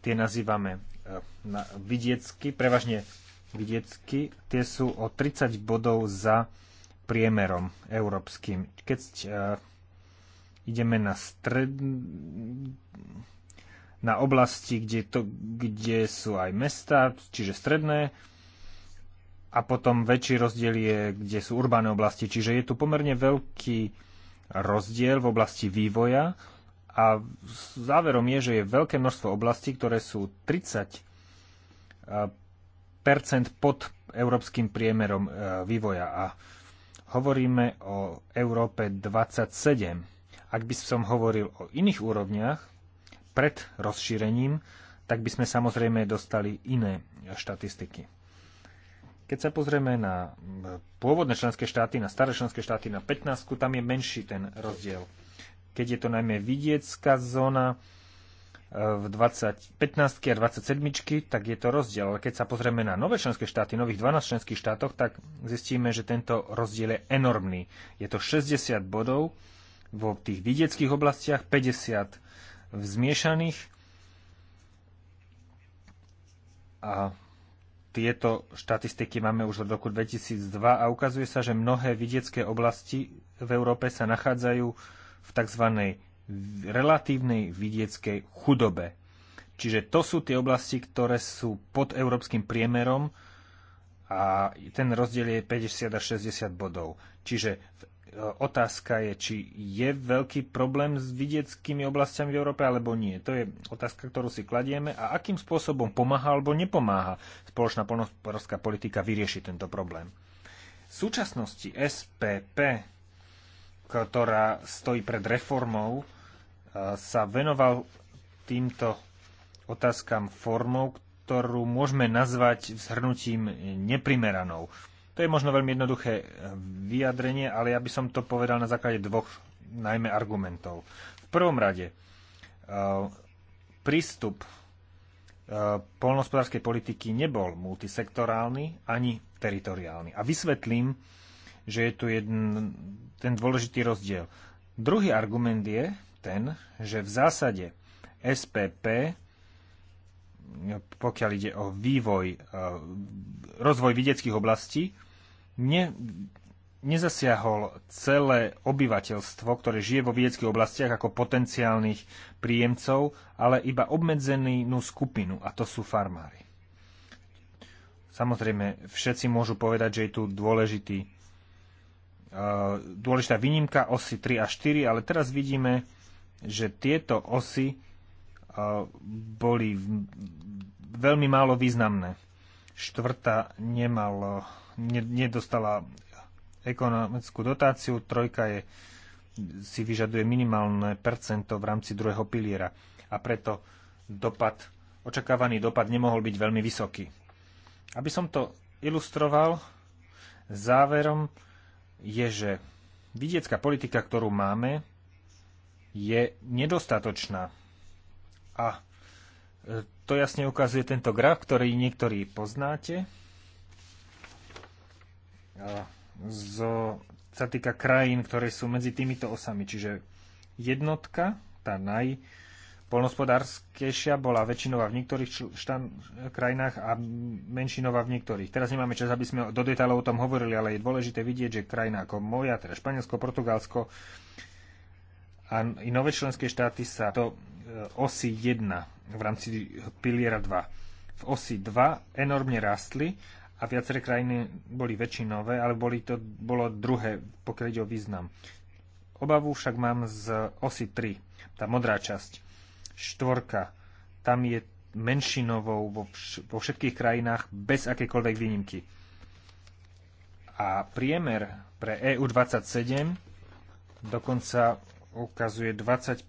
tie nazývame e, na vidiecky, prevažne vidiecky, tie sú o 30 bodov za priemerom európskym. Keď uh, ideme na stred, na oblasti, kde, to, kde sú aj mesta, čiže stredné a potom väčší rozdiel je, kde sú urbánne oblasti. Čiže je tu pomerne veľký rozdiel v oblasti vývoja a záverom je, že je veľké množstvo oblastí, ktoré sú 30 e, pod európskym priemerom e, vývoja a hovoríme o Európe 27. Ak by som hovoril o iných úrovniach pred rozšírením, tak by sme samozrejme dostali iné štatistiky. Keď sa pozrieme na pôvodné členské štáty, na staré členské štáty, na 15, tam je menší ten rozdiel. Keď je to najmä vidiecká zóna e, v 20, 15 a 27, tak je to rozdiel. Ale keď sa pozrieme na nové členské štáty, nových 12 členských štátoch, tak zistíme, že tento rozdiel je enormný. Je to 60 bodov vo tých vidieckých oblastiach, 50 v zmiešaných a tieto štatistiky máme už od roku 2002 a ukazuje sa, že mnohé vidiecké oblasti v Európe sa nachádzajú v tzv. relatívnej vidieckej chudobe. Čiže to sú tie oblasti, ktoré sú pod európskym priemerom a ten rozdiel je 50 až 60 bodov. Čiže v E, otázka je, či je veľký problém s vidieckými oblastiami v Európe alebo nie. To je otázka, ktorú si kladieme a akým spôsobom pomáha alebo nepomáha spoločná polnospodárska politika vyriešiť tento problém. V súčasnosti SPP, ktorá stojí pred reformou, e, sa venoval týmto otázkam formou, ktorú môžeme nazvať vzhrnutím neprimeranou. To je možno veľmi jednoduché eh, vyjadrenie, ale ja by som to povedal na základe dvoch najmä argumentov. V prvom rade, eh, prístup eh, polnohospodárskej politiky nebol multisektorálny ani teritoriálny. A vysvetlím, že je tu jeden, ten dôležitý rozdiel. Druhý argument je ten, že v zásade SPP pokiaľ ide o vývoj, e, rozvoj vidieckých oblastí, ne, nezasiahol celé obyvateľstvo, ktoré žije vo vidieckých oblastiach ako potenciálnych príjemcov, ale iba obmedzenú skupinu, a to sú farmári. Samozrejme, všetci môžu povedať, že je tu dôležitý, e, dôležitá výnimka osy 3 a 4, ale teraz vidíme, že tieto osy boli veľmi málo významné. Štvrtá nemal, ne, nedostala ekonomickú dotáciu, trojka je, si vyžaduje minimálne percento v rámci druhého piliera a preto dopad, očakávaný dopad nemohol byť veľmi vysoký. Aby som to ilustroval, záverom je, že vidiecká politika, ktorú máme, je nedostatočná a e, to jasne ukazuje tento graf, ktorý niektorí poznáte. A zo, sa týka krajín, ktoré sú medzi týmito osami. Čiže jednotka, tá naj, polnospodárskejšia bola väčšinová v niektorých štan- krajinách a menšinová v niektorých. Teraz nemáme čas, aby sme do detailov o tom hovorili, ale je dôležité vidieť, že krajina ako moja, teda Španielsko, Portugalsko a i nové členské štáty sa to osi 1 v rámci piliera 2. V osi 2 enormne rastli a viaceré krajiny boli väčšinové, ale boli to, bolo druhé, pokiaľ ide o význam. Obavu však mám z osy 3, tá modrá časť. Štvorka, tam je menšinovou vo, vš- vo všetkých krajinách bez akékoľvek výnimky. A priemer pre EU27 dokonca ukazuje 20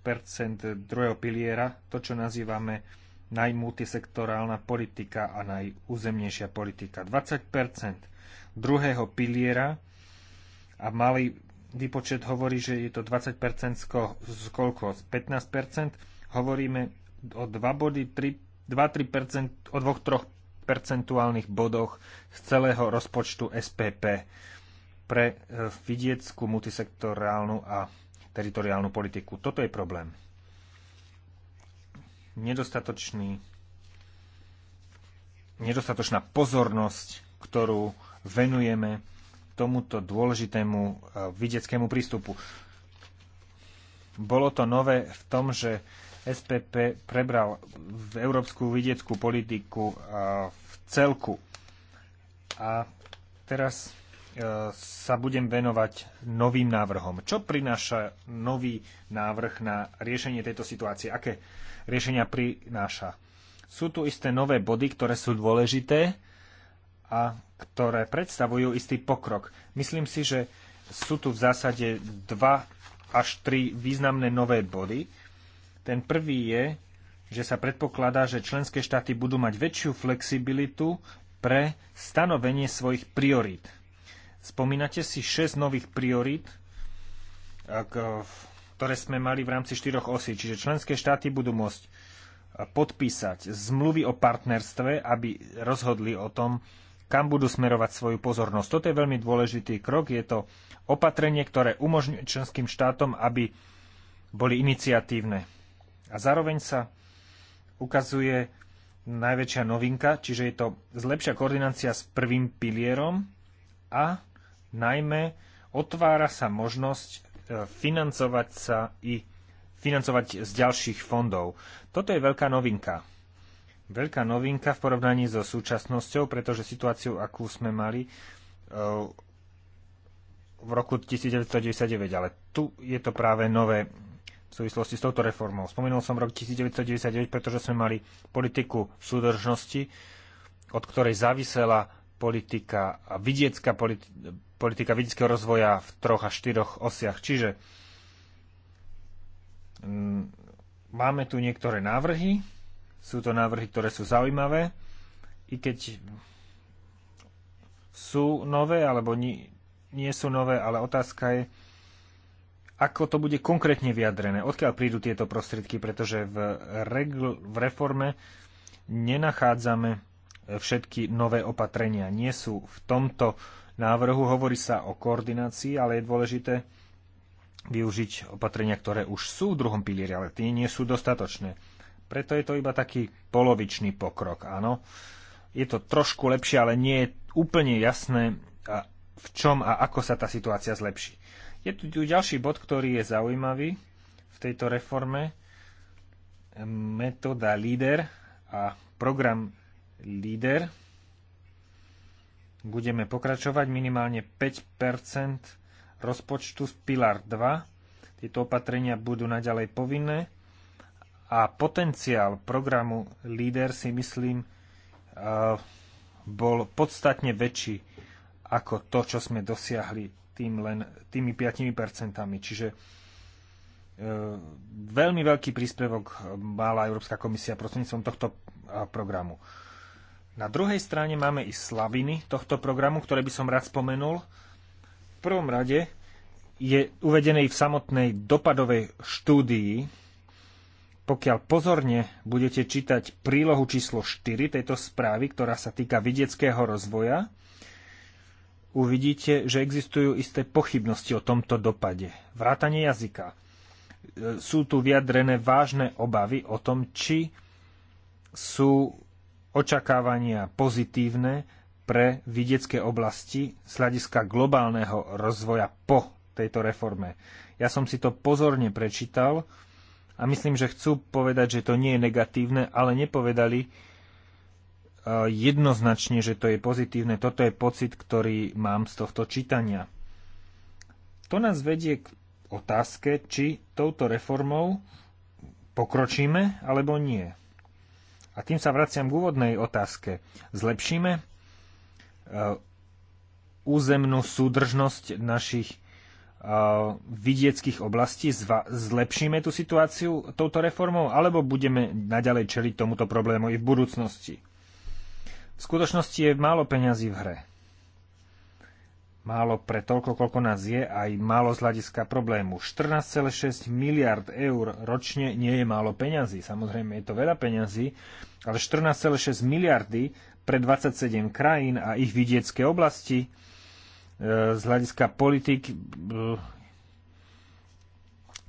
druhého piliera, to, čo nazývame najmultisektorálna politika a najúzemnejšia politika. 20 druhého piliera a malý výpočet hovorí, že je to 20 z koľko? Z 15 Hovoríme o 2 body, 3, 2-3 o 2-3 percentuálnych bodoch z celého rozpočtu SPP pre e, vidieckú multisektorálnu a teritoriálnu politiku. Toto je problém. Nedostatočný, nedostatočná pozornosť, ktorú venujeme tomuto dôležitému e, videckému prístupu. Bolo to nové v tom, že SPP prebral v európsku videckú politiku e, v celku. A teraz E, sa budem venovať novým návrhom. Čo prináša nový návrh na riešenie tejto situácie? Aké riešenia prináša? Sú tu isté nové body, ktoré sú dôležité a ktoré predstavujú istý pokrok. Myslím si, že sú tu v zásade dva až tri významné nové body. Ten prvý je, že sa predpokladá, že členské štáty budú mať väčšiu flexibilitu pre stanovenie svojich priorít Spomínate si 6 nových priorit, eh, ktoré sme mali v rámci štyroch osí. Čiže členské štáty budú môcť eh, podpísať zmluvy o partnerstve, aby rozhodli o tom, kam budú smerovať svoju pozornosť. Toto je veľmi dôležitý krok. Je to opatrenie, ktoré umožňuje členským štátom, aby boli iniciatívne. A zároveň sa ukazuje najväčšia novinka, čiže je to zlepšia koordinácia s prvým pilierom a Najmä otvára sa možnosť e, financovať sa i financovať z ďalších fondov. Toto je veľká novinka. Veľká novinka v porovnaní so súčasnosťou, pretože situáciu, akú sme mali e, v roku 1999, ale tu je to práve nové v súvislosti s touto reformou. Spomenul som rok 1999, pretože sme mali politiku súdržnosti, od ktorej závisela politika, a vidiecká politi- politika vidického rozvoja v troch a štyroch osiach. Čiže mm, máme tu niektoré návrhy, sú to návrhy, ktoré sú zaujímavé, i keď sú nové alebo nie, nie sú nové, ale otázka je, ako to bude konkrétne vyjadrené, odkiaľ prídu tieto prostriedky, pretože v, regl, v reforme nenachádzame všetky nové opatrenia. Nie sú v tomto návrhu. Hovorí sa o koordinácii, ale je dôležité využiť opatrenia, ktoré už sú v druhom pilieri, ale tie nie sú dostatočné. Preto je to iba taký polovičný pokrok, áno. Je to trošku lepšie, ale nie je úplne jasné, v čom a ako sa tá situácia zlepší. Je tu ďalší bod, ktorý je zaujímavý v tejto reforme. Metóda líder a program líder budeme pokračovať minimálne 5 rozpočtu z Pilar 2. Tieto opatrenia budú naďalej povinné a potenciál programu LEADER si myslím e, bol podstatne väčší ako to, čo sme dosiahli tým len tými 5 percentami. Čiže e, veľmi veľký príspevok mala Európska komisia prostredníctvom tohto e, programu. Na druhej strane máme i slaviny tohto programu, ktoré by som rád spomenul. V prvom rade je uvedený v samotnej dopadovej štúdii. Pokiaľ pozorne budete čítať prílohu číslo 4 tejto správy, ktorá sa týka vidieckého rozvoja, uvidíte, že existujú isté pochybnosti o tomto dopade. Vrátanie jazyka. E, sú tu vyjadrené vážne obavy o tom, či sú očakávania pozitívne pre vidiecké oblasti z hľadiska globálneho rozvoja po tejto reforme. Ja som si to pozorne prečítal a myslím, že chcú povedať, že to nie je negatívne, ale nepovedali e, jednoznačne, že to je pozitívne. Toto je pocit, ktorý mám z tohto čítania. To nás vedie k otázke, či touto reformou pokročíme alebo nie. A tým sa vraciam k úvodnej otázke. Zlepšíme e, územnú súdržnosť našich e, vidieckých oblastí? Zlepšíme tú situáciu touto reformou? Alebo budeme naďalej čeliť tomuto problému i v budúcnosti? V skutočnosti je málo peňazí v hre málo pre toľko, koľko nás je, aj málo z hľadiska problému. 14,6 miliard eur ročne nie je málo peňazí. Samozrejme, je to veľa peňazí, ale 14,6 miliardy pre 27 krajín a ich vidiecké oblasti e, z hľadiska politik e,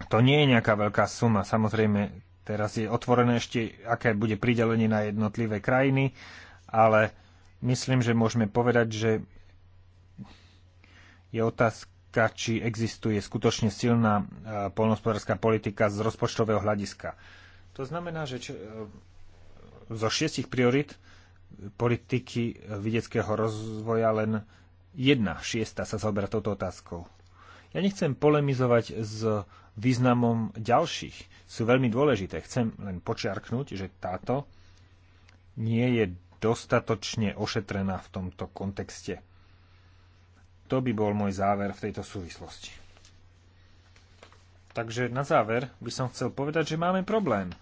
to nie je nejaká veľká suma. Samozrejme, teraz je otvorené ešte, aké bude pridelenie na jednotlivé krajiny, ale myslím, že môžeme povedať, že je otázka, či existuje skutočne silná e, polnospodárska politika z rozpočtového hľadiska. To znamená, že čo, e, zo šiestich priorit politiky e, vedeckého rozvoja len jedna šiesta sa zaoberá touto otázkou. Ja nechcem polemizovať s významom ďalších. Sú veľmi dôležité. Chcem len počiarknúť, že táto nie je dostatočne ošetrená v tomto kontexte. To by bol môj záver v tejto súvislosti. Takže na záver by som chcel povedať, že máme problém.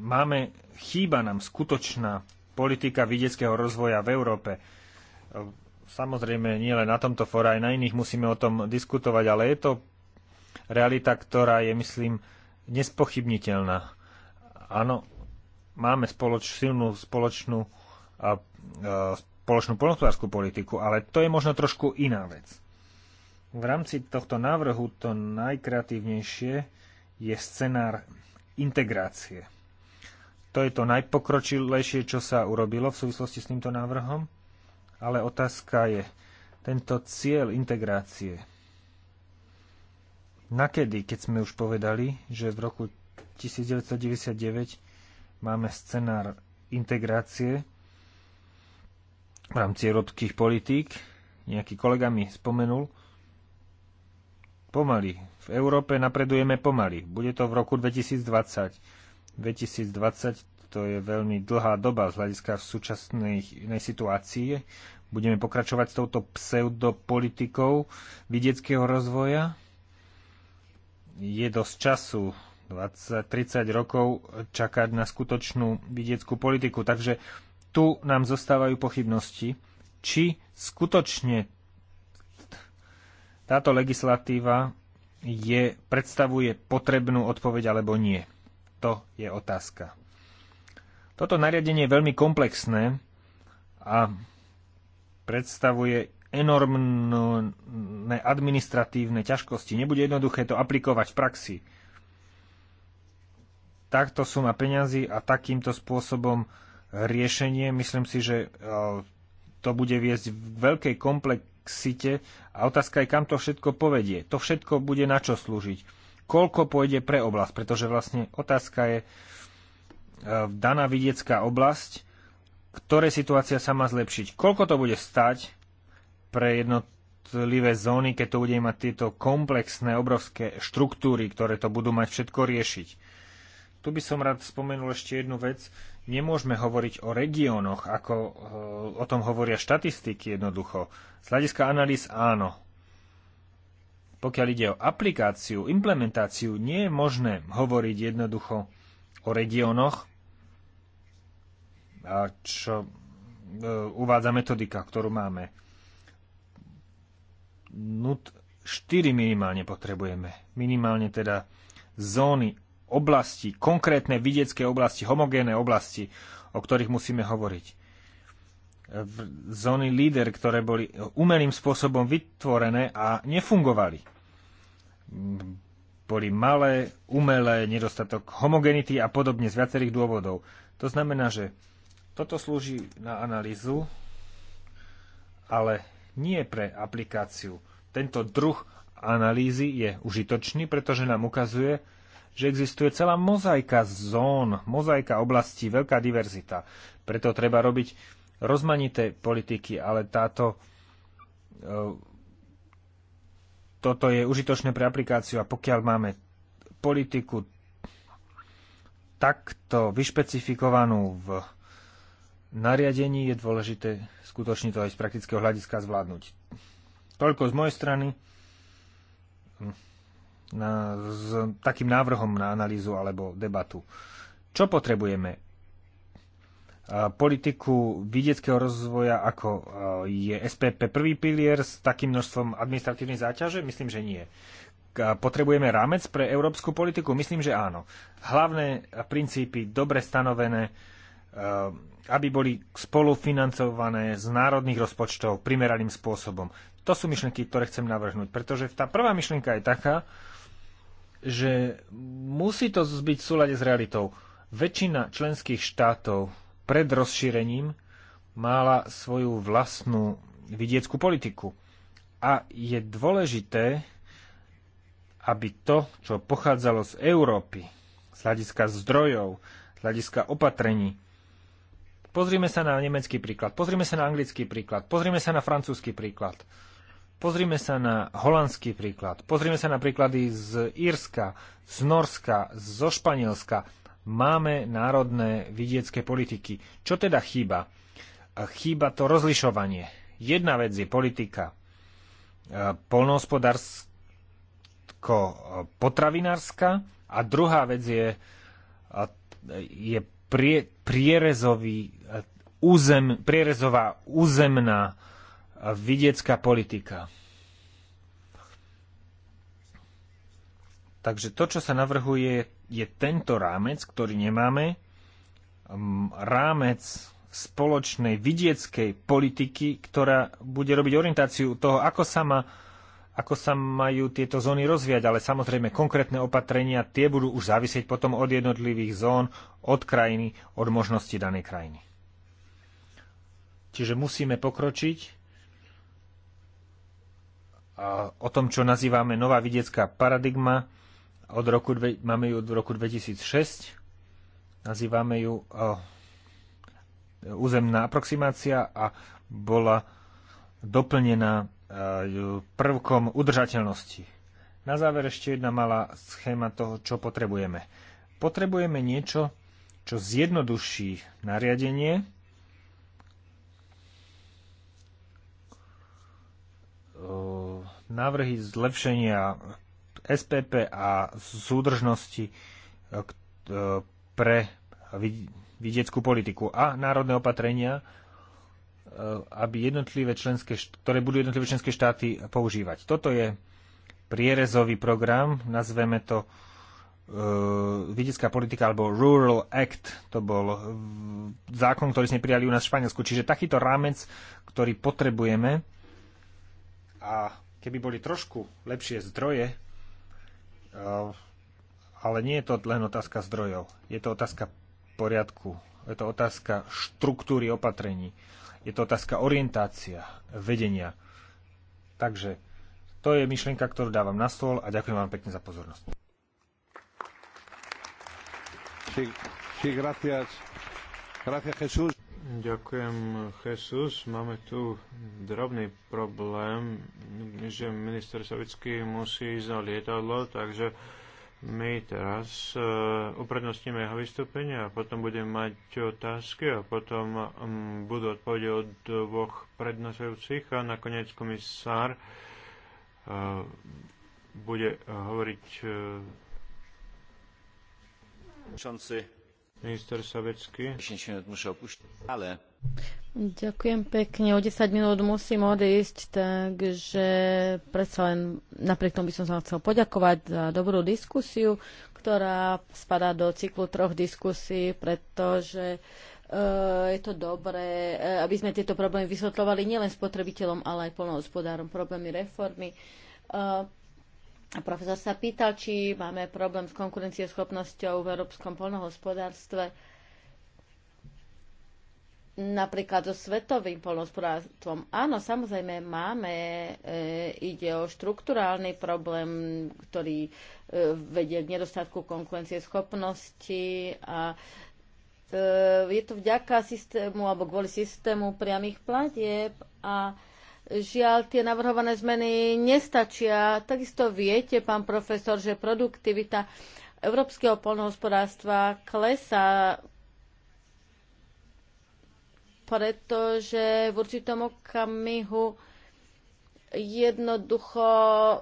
Máme, chýba nám skutočná politika vidieckého rozvoja v Európe. Samozrejme, nie len na tomto fóre, aj na iných musíme o tom diskutovať, ale je to realita, ktorá je, myslím, nespochybniteľná. Áno, máme spoloč, silnú spoločnú a, a, spoločnú polnospodárskú politiku, ale to je možno trošku iná vec. V rámci tohto návrhu to najkreatívnejšie je scenár integrácie. To je to najpokročilejšie, čo sa urobilo v súvislosti s týmto návrhom, ale otázka je tento cieľ integrácie. Nakedy, keď sme už povedali, že v roku 1999 máme scenár integrácie, v rámci európskych politík, nejaký kolega mi spomenul, pomaly. V Európe napredujeme pomaly. Bude to v roku 2020. 2020 to je veľmi dlhá doba z hľadiska v súčasnej inej situácie. Budeme pokračovať s touto pseudopolitikou vidieckého rozvoja. Je dosť času, 20-30 rokov, čakať na skutočnú vidieckú politiku. Takže tu nám zostávajú pochybnosti, či skutočne táto legislatíva je, predstavuje potrebnú odpoveď alebo nie. To je otázka. Toto nariadenie je veľmi komplexné a predstavuje enormné administratívne ťažkosti. Nebude jednoduché to aplikovať v praxi. Takto suma peňazí a takýmto spôsobom riešenie. Myslím si, že eh, to bude viesť v veľkej komplexite a otázka je, kam to všetko povedie. To všetko bude na čo slúžiť. Koľko pôjde pre oblasť, pretože vlastne otázka je eh, daná vidiecká oblasť, ktoré situácia sa má zlepšiť. Koľko to bude stať pre jednotlivé zóny, keď to bude mať tieto komplexné, obrovské štruktúry, ktoré to budú mať všetko riešiť. Tu by som rád spomenul ešte jednu vec, Nemôžeme hovoriť o regiónoch, ako e, o tom hovoria štatistiky jednoducho. Z hľadiska analýz áno. Pokiaľ ide o aplikáciu, implementáciu, nie je možné hovoriť jednoducho o regiónoch, čo e, uvádza metodika, ktorú máme. NUT 4 minimálne potrebujeme. Minimálne teda zóny oblasti, konkrétne vidiecké oblasti, homogénne oblasti, o ktorých musíme hovoriť. V zóny líder, ktoré boli umelým spôsobom vytvorené a nefungovali. Boli malé, umelé, nedostatok homogenity a podobne z viacerých dôvodov. To znamená, že toto slúži na analýzu, ale nie pre aplikáciu. Tento druh analýzy je užitočný, pretože nám ukazuje, že existuje celá mozaika zón, mozaika oblastí, veľká diverzita. Preto treba robiť rozmanité politiky, ale táto e, toto je užitočné pre aplikáciu a pokiaľ máme politiku takto vyšpecifikovanú v nariadení, je dôležité skutočne to aj z praktického hľadiska zvládnuť. Toľko z mojej strany. Hm na, s takým návrhom na analýzu alebo debatu. Čo potrebujeme? Politiku vidieckého rozvoja, ako je SPP prvý pilier s takým množstvom administratívnej záťaže? Myslím, že nie. Potrebujeme rámec pre európsku politiku? Myslím, že áno. Hlavné princípy dobre stanovené, aby boli spolufinancované z národných rozpočtov primeraným spôsobom. To sú myšlienky, ktoré chcem navrhnúť, pretože tá prvá myšlienka je taká, že musí to byť v súlade s realitou. Väčšina členských štátov pred rozšírením mala svoju vlastnú vidieckú politiku. A je dôležité, aby to, čo pochádzalo z Európy, z hľadiska zdrojov, z hľadiska opatrení, pozrime sa na nemecký príklad, pozrime sa na anglický príklad, pozrime sa na francúzsky príklad, Pozrime sa na holandský príklad, pozrime sa na príklady z Írska, z Norska, zo Španielska. Máme národné vidiecké politiky. Čo teda chýba? Chýba to rozlišovanie. Jedna vec je politika e, polnohospodársko-potravinárska e, a druhá vec je, je prie, prierezový, e, územ, prierezová územná vidiecká politika. Takže to, čo sa navrhuje, je tento rámec, ktorý nemáme. Mm, rámec spoločnej vidieckej politiky, ktorá bude robiť orientáciu toho, ako sa, ma, ako sa majú tieto zóny rozvíjať, ale samozrejme konkrétne opatrenia, tie budú už závisieť potom od jednotlivých zón, od krajiny, od možnosti danej krajiny. Čiže musíme pokročiť o tom, čo nazývame nová vidiecká paradigma. Od roku, máme ju od roku 2006. Nazývame ju územná aproximácia a bola doplnená prvkom udržateľnosti. Na záver ešte jedna malá schéma toho, čo potrebujeme. Potrebujeme niečo, čo zjednoduší nariadenie, návrhy zlepšenia SPP a súdržnosti e, e, pre vidieckú politiku a národné opatrenia, e, aby jednotlivé členské, ktoré budú jednotlivé členské štáty používať. Toto je prierezový program, nazveme to uh, vidiecká politika alebo Rural Act, to bol zákon, ktorý sme prijali u nás v Španielsku. Čiže takýto rámec, ktorý potrebujeme a Keby boli trošku lepšie zdroje, eh, ale nie je to len otázka zdrojov, je to otázka poriadku, je to otázka štruktúry opatrení, je to otázka orientácia, vedenia. Takže to je myšlienka, ktorú dávam na stôl a ďakujem vám pekne za pozornosť. Sí, sí, gracias. Gracias, Jesús. Ďakujem, Jesus. Máme tu drobný problém, že minister Savický musí ísť na lietadlo, takže my teraz uh, uprednostníme jeho vystúpenie a potom budeme mať otázky a potom um, budú odpovede od dvoch prednášajúcich a nakoniec komisár uh, bude hovoriť uh, Minister Ale... Ďakujem pekne. O 10 minút musím odísť, takže predsa len napriek tomu by som sa chcel poďakovať za dobrú diskusiu, ktorá spadá do cyklu troch diskusí, pretože e, je to dobré, e, aby sme tieto problémy vysvetľovali nielen spotrebiteľom, ale aj polnohospodárom, problémy reformy. E, Profesor sa pýtal, či máme problém s konkurencieschopnosťou v európskom polnohospodárstve napríklad so svetovým polnohospodárstvom. Áno, samozrejme máme, e, ide o štruktúrálny problém, ktorý e, vedie k nedostatku konkurencieschopnosti a e, je to vďaka systému alebo kvôli systému priamých platieb a e, Žiaľ, tie navrhované zmeny nestačia. Takisto viete, pán profesor, že produktivita európskeho polnohospodárstva klesá, pretože v určitom okamihu jednoducho e,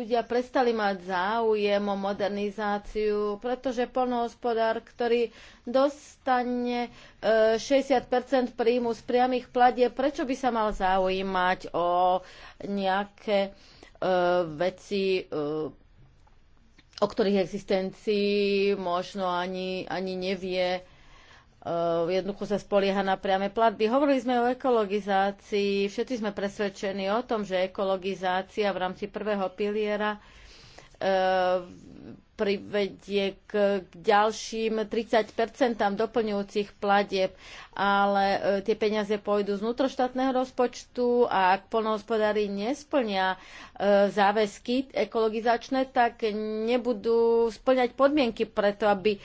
ľudia prestali mať záujem o modernizáciu, pretože polnohospodár, ktorý dostane 60 e, príjmu z priamých pladie, prečo by sa mal zaujímať o nejaké e, veci, o ktorých existencii možno ani, ani nevie, Eh, jednoducho sa spolieha na priame platby. Hovorili sme o ekologizácii, všetci sme presvedčení o tom, že ekologizácia v rámci prvého piliera E, privedie k, ďalším 30 doplňujúcich platieb, ale e, tie peniaze pôjdu z vnútroštátneho rozpočtu a ak polnohospodári nesplnia e, záväzky ekologizačné, tak nebudú splňať podmienky preto, aby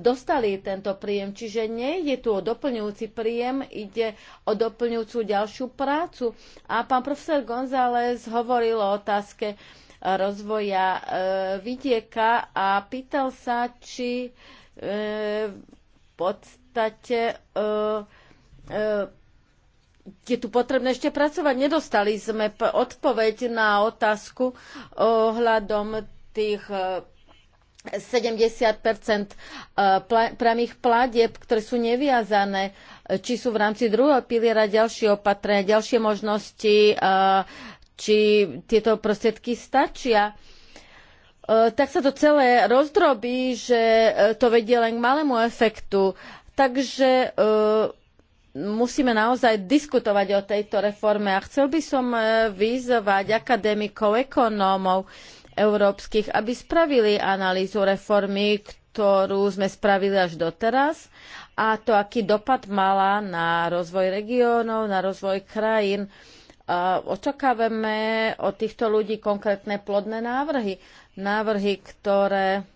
dostali tento príjem. Čiže nie, je tu o doplňujúci príjem, ide o doplňujúcu ďalšiu prácu. A pán profesor González hovoril o otázke, rozvoja e, vidieka a pýtal sa, či e, v podstate e, je tu potrebné ešte pracovať. Nedostali sme odpoveď na otázku ohľadom tých 70 priamých pladeb, ktoré sú neviazané, či sú v rámci druhého piliera ďalšie opatrenia, ďalšie možnosti či tieto prostriedky stačia e, tak sa to celé rozdrobí, že e, to vedie len k malému efektu. Takže e, musíme naozaj diskutovať o tejto reforme. A chcel by som e, vyzvať akademikov, ekonómov európskych, aby spravili analýzu reformy, ktorú sme spravili až doteraz a to, aký dopad mala na rozvoj regiónov, na rozvoj krajín. E, očakávame od týchto ľudí konkrétne plodné návrhy. Návrhy, ktoré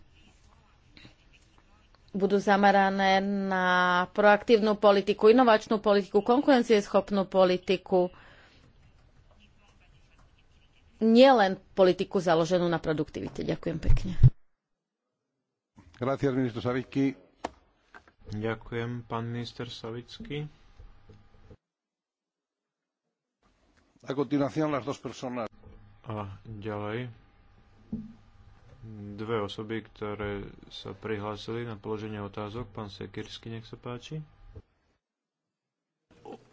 budú zamerané na proaktívnu politiku, inovačnú politiku, konkurencieschopnú politiku, nielen politiku založenú na produktivite. Ďakujem pekne. Gracias, Ďakujem, pán minister Savický. A continuación las dos personas. A ďalej dve osoby, ktoré sa prihlásili na položenie otázok. Pán Sekirsky, nech sa páči.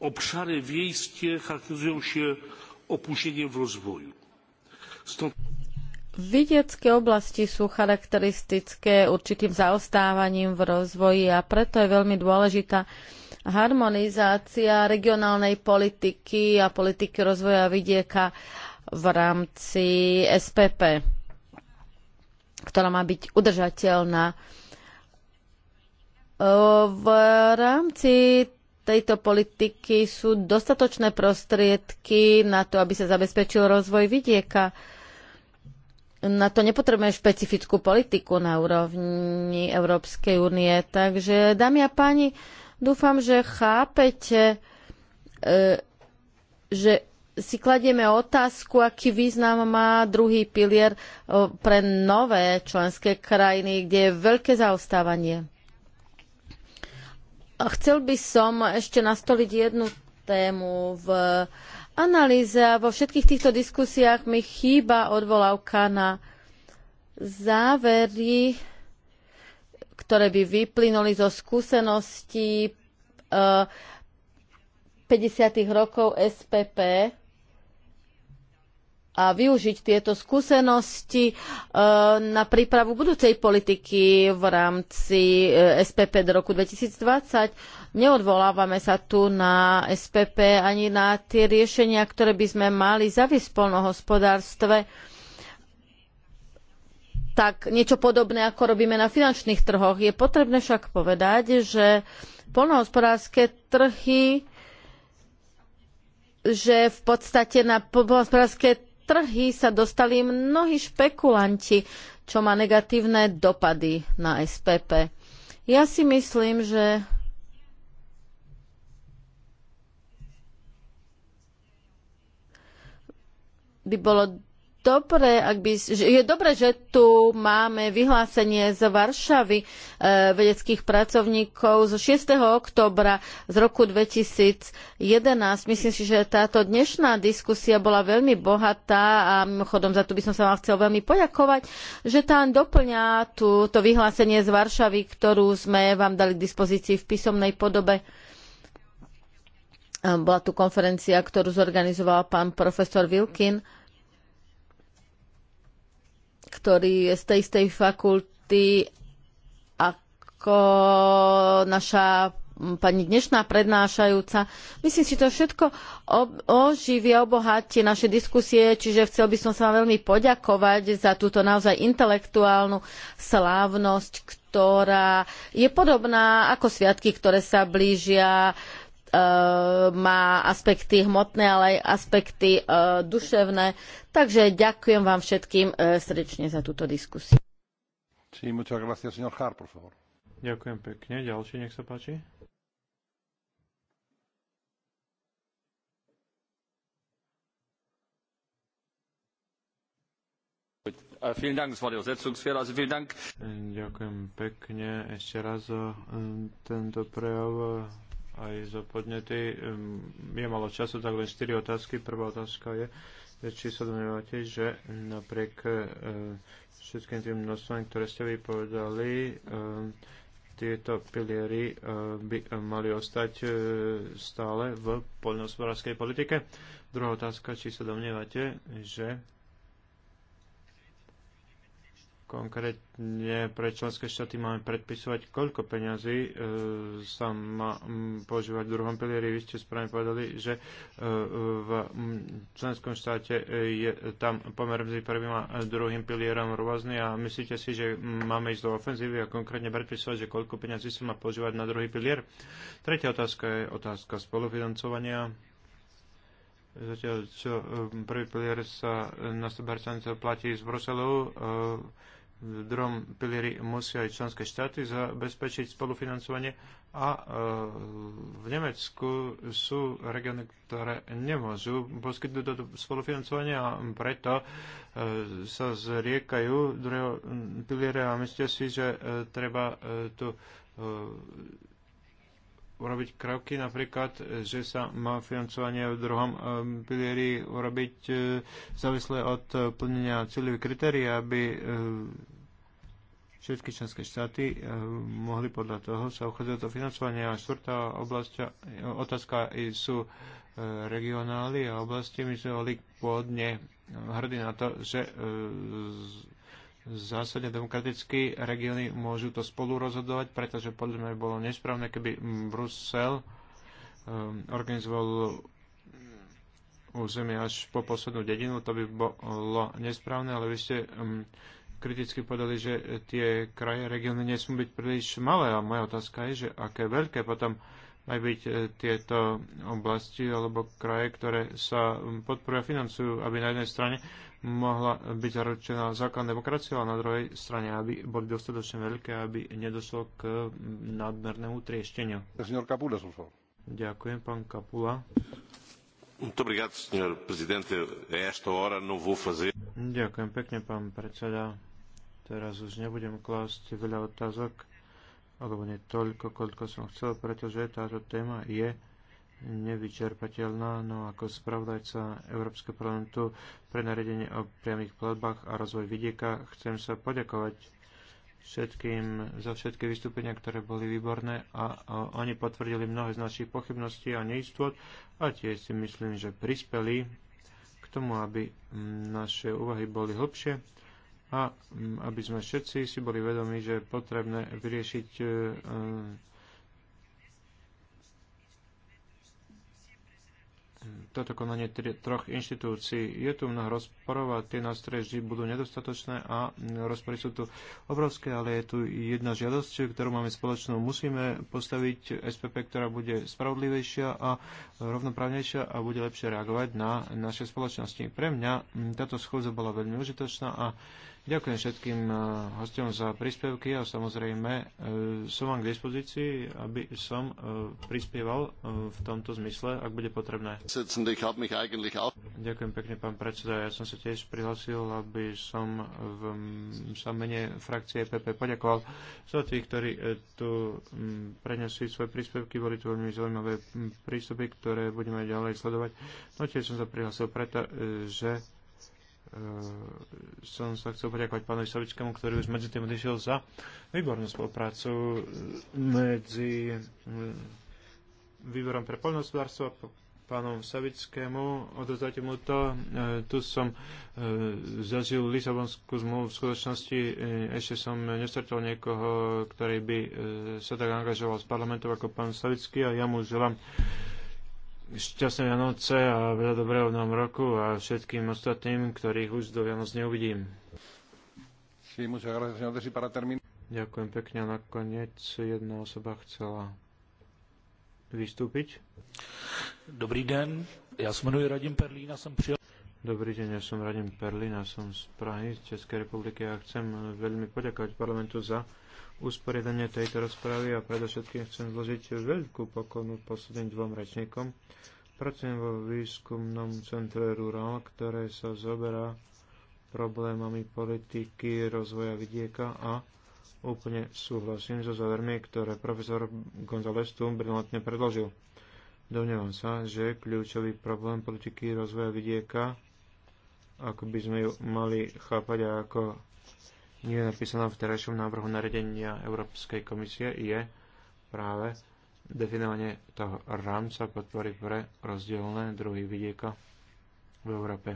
Obszary wiejskie charakteryzują się opóźnieniem w rozwoju. Stąd... Vidiecké oblasti sú charakteristické určitým zaostávaním v rozvoji a preto je veľmi dôležitá harmonizácia regionálnej politiky a politiky rozvoja vidieka v rámci SPP, ktorá má byť udržateľná. V rámci tejto politiky sú dostatočné prostriedky na to, aby sa zabezpečil rozvoj vidieka. Na to nepotrebujeme špecifickú politiku na úrovni Európskej únie. Takže, dámy a páni, Dúfam, že chápete, e, že si kladieme otázku, aký význam má druhý pilier e, pre nové členské krajiny, kde je veľké zaostávanie. Chcel by som ešte nastoliť jednu tému v analýze a vo všetkých týchto diskusiách mi chýba odvolávka na závery ktoré by vyplynuli zo skúseností 50. Eh, rokov SPP a využiť tieto skúsenosti eh, na prípravu budúcej politiky v rámci eh, SPP do roku 2020. Neodvolávame sa tu na SPP ani na tie riešenia, ktoré by sme mali zaviesť v polnohospodárstve tak niečo podobné, ako robíme na finančných trhoch. Je potrebné však povedať, že polnohospodárske trhy že v podstate na polnohospodárske trhy sa dostali mnohí špekulanti, čo má negatívne dopady na SPP. Ja si myslím, že by bolo dobré, ak by, je dobré, že tu máme vyhlásenie z Varšavy e, vedeckých pracovníkov zo 6. oktobra z roku 2011. Myslím si, že táto dnešná diskusia bola veľmi bohatá a mimochodom za to by som sa vám chcel veľmi poďakovať, že tam doplňa tú, vyhlásenie z Varšavy, ktorú sme vám dali k dispozícii v písomnej podobe. Bola tu konferencia, ktorú zorganizoval pán profesor Wilkin ktorý je z tej istej fakulty ako naša pani dnešná prednášajúca. Myslím si, to všetko oživí a obohatí naše diskusie, čiže chcel by som sa vám veľmi poďakovať za túto naozaj intelektuálnu slávnosť, ktorá je podobná ako sviatky, ktoré sa blížia, E, má aspekty hmotné, ale aj aspekty e, duševné. Takže ďakujem vám všetkým e, srdečne za túto diskusiu. Ďakujem pekne. Ďalší, nech sa páči. Äh, ďakujem pekne ešte raz za tento prejav aj za podnety. Je malo času, tak len 4 otázky. Prvá otázka je, či sa domnievate, že napriek e, všetkým tým množstvám, ktoré ste vypovedali, e, tieto piliery e, by mali ostať stále v poľnohospodárskej politike. Druhá otázka, či sa domnievate, že konkrétne pre členské štáty máme predpisovať, koľko peňazí e, sa má m, používať v druhom pilieri. Vy ste správne povedali, že e, v členskom štáte e, je tam pomer medzi prvým a druhým pilierom rôzny a myslíte si, že máme ísť do ofenzívy a konkrétne predpisovať, že koľko peňazí sa má používať na druhý pilier? Tretia otázka je otázka spolufinancovania zatiaľ čo e, prvý pilier sa na 100% platí z Bruselu, e, v druhom pilieri musia aj členské štáty zabezpečiť spolufinancovanie a e, v Nemecku sú regióny, ktoré nemôžu poskytnúť toto spolufinancovanie a preto e, sa zriekajú druhého piliera a myslia si, že e, treba tu urobiť kroky, napríklad, e, že sa má financovanie v druhom e, pilieri urobiť e, závisle od plnenia cieľových kritérií, aby všetky členské štáty mohli podľa toho sa uchádzať do financovania. A štvrtá oblasť, otázka sú regionály a oblasti. My sme boli pôvodne hrdí na to, že zásadne demokraticky. Regióny môžu to spolu rozhodovať, pretože podľa mňa bolo nesprávne, keby Brusel ehm, organizoval územie až po poslednú dedinu, to by bolo nesprávne, ale vy ste ehm, kriticky podali, že tie kraje, regióny nesmú byť príliš malé a moja otázka je, že aké veľké potom majú byť e, tieto oblasti alebo kraje, ktoré sa ehm, podporujú a financujú, aby na jednej strane mohla byť zaručená základná demokracia a na druhej strane, aby boli dostatočne veľké, aby nedošlo k nadmernému triešteniu. Ďakujem, pán Kapula. Ďakujem pekne, pán predseda. Teraz už nebudem klásť veľa otázok, alebo nie toľko, koľko som chcel, pretože táto téma je nevyčerpateľná, no ako spravodajca Európskeho parlamentu pre nariadenie o priamých platbách a rozvoj vidieka chcem sa poďakovať všetkým za všetky vystúpenia, ktoré boli výborné a, a oni potvrdili mnohé z našich pochybností a neistot a tiež si myslím, že prispeli k tomu, aby naše úvahy boli hlbšie a aby sme všetci si boli vedomi, že je potrebné vyriešiť e, e, toto konanie tri, troch inštitúcií. Je tu mnoho rozporov a tie nástroje vždy budú nedostatočné a rozpory sú tu obrovské, ale je tu jedna žiadosť, ktorú máme spoločnú. Musíme postaviť SPP, ktorá bude spravodlivejšia a rovnoprávnejšia a bude lepšie reagovať na naše spoločnosti. Pre mňa táto schôdza bola veľmi užitočná a Ďakujem všetkým eh, hostiom za príspevky a samozrejme eh, som vám k dispozícii, aby som eh, prispieval v tomto zmysle, ak bude potrebné. Ďakujem pekne, pán predseda. Ja som sa tiež prihlasil, aby som v sa mene frakcie PP e poďakoval za tých, ktorí tu mm, prenesli svoje príspevky. Boli tu veľmi zaujímavé mm, prístupy, ktoré budeme ďalej sledovať. No tiež som sa prihlasil preto, že Ehm, som sa chcel poďakovať pánovi Savickému, ktorý už medzi tým odišiel za výbornú spoluprácu ehm, medzi ehm, výborom pre poľnohospodárstvo a pánom Savickému. Odozdajte mu to. Tu som zažil Lisabonskú zmluvu. V skutočnosti ešte som nestretol niekoho, ktorý by sa tak angažoval s parlamentom ako pán Savický a ja mu želám šťastné Vianoce a veľa dobrého v novom roku a všetkým ostatným, ktorých už do Vianoc neuvidím. Ďakujem pekne. Nakoniec jedna osoba chcela vystúpiť. Dobrý den, ja som jmenuji Radim Perlín a som prijal... Dobrý deň, ja som Radim Perlín a som z Prahy, z Českej republiky a chcem veľmi poďakovať parlamentu za usporiadanie tejto rozpravy a predovšetkým chcem zložiť veľkú poklonu posledným dvom rečníkom. Pracujem vo výskumnom centre Rural, ktoré sa zoberá problémami politiky rozvoja vidieka a úplne súhlasím so závermi, ktoré profesor González tu brilantne predložil. Domnievam sa, že kľúčový problém politiky rozvoja vidieka, ako by sme ju mali chápať a ako nie je napísaná v terajšom návrhu naredenia Európskej komisie, je práve definovanie toho rámca podpory pre rozdielne druhy vidieka v Európe.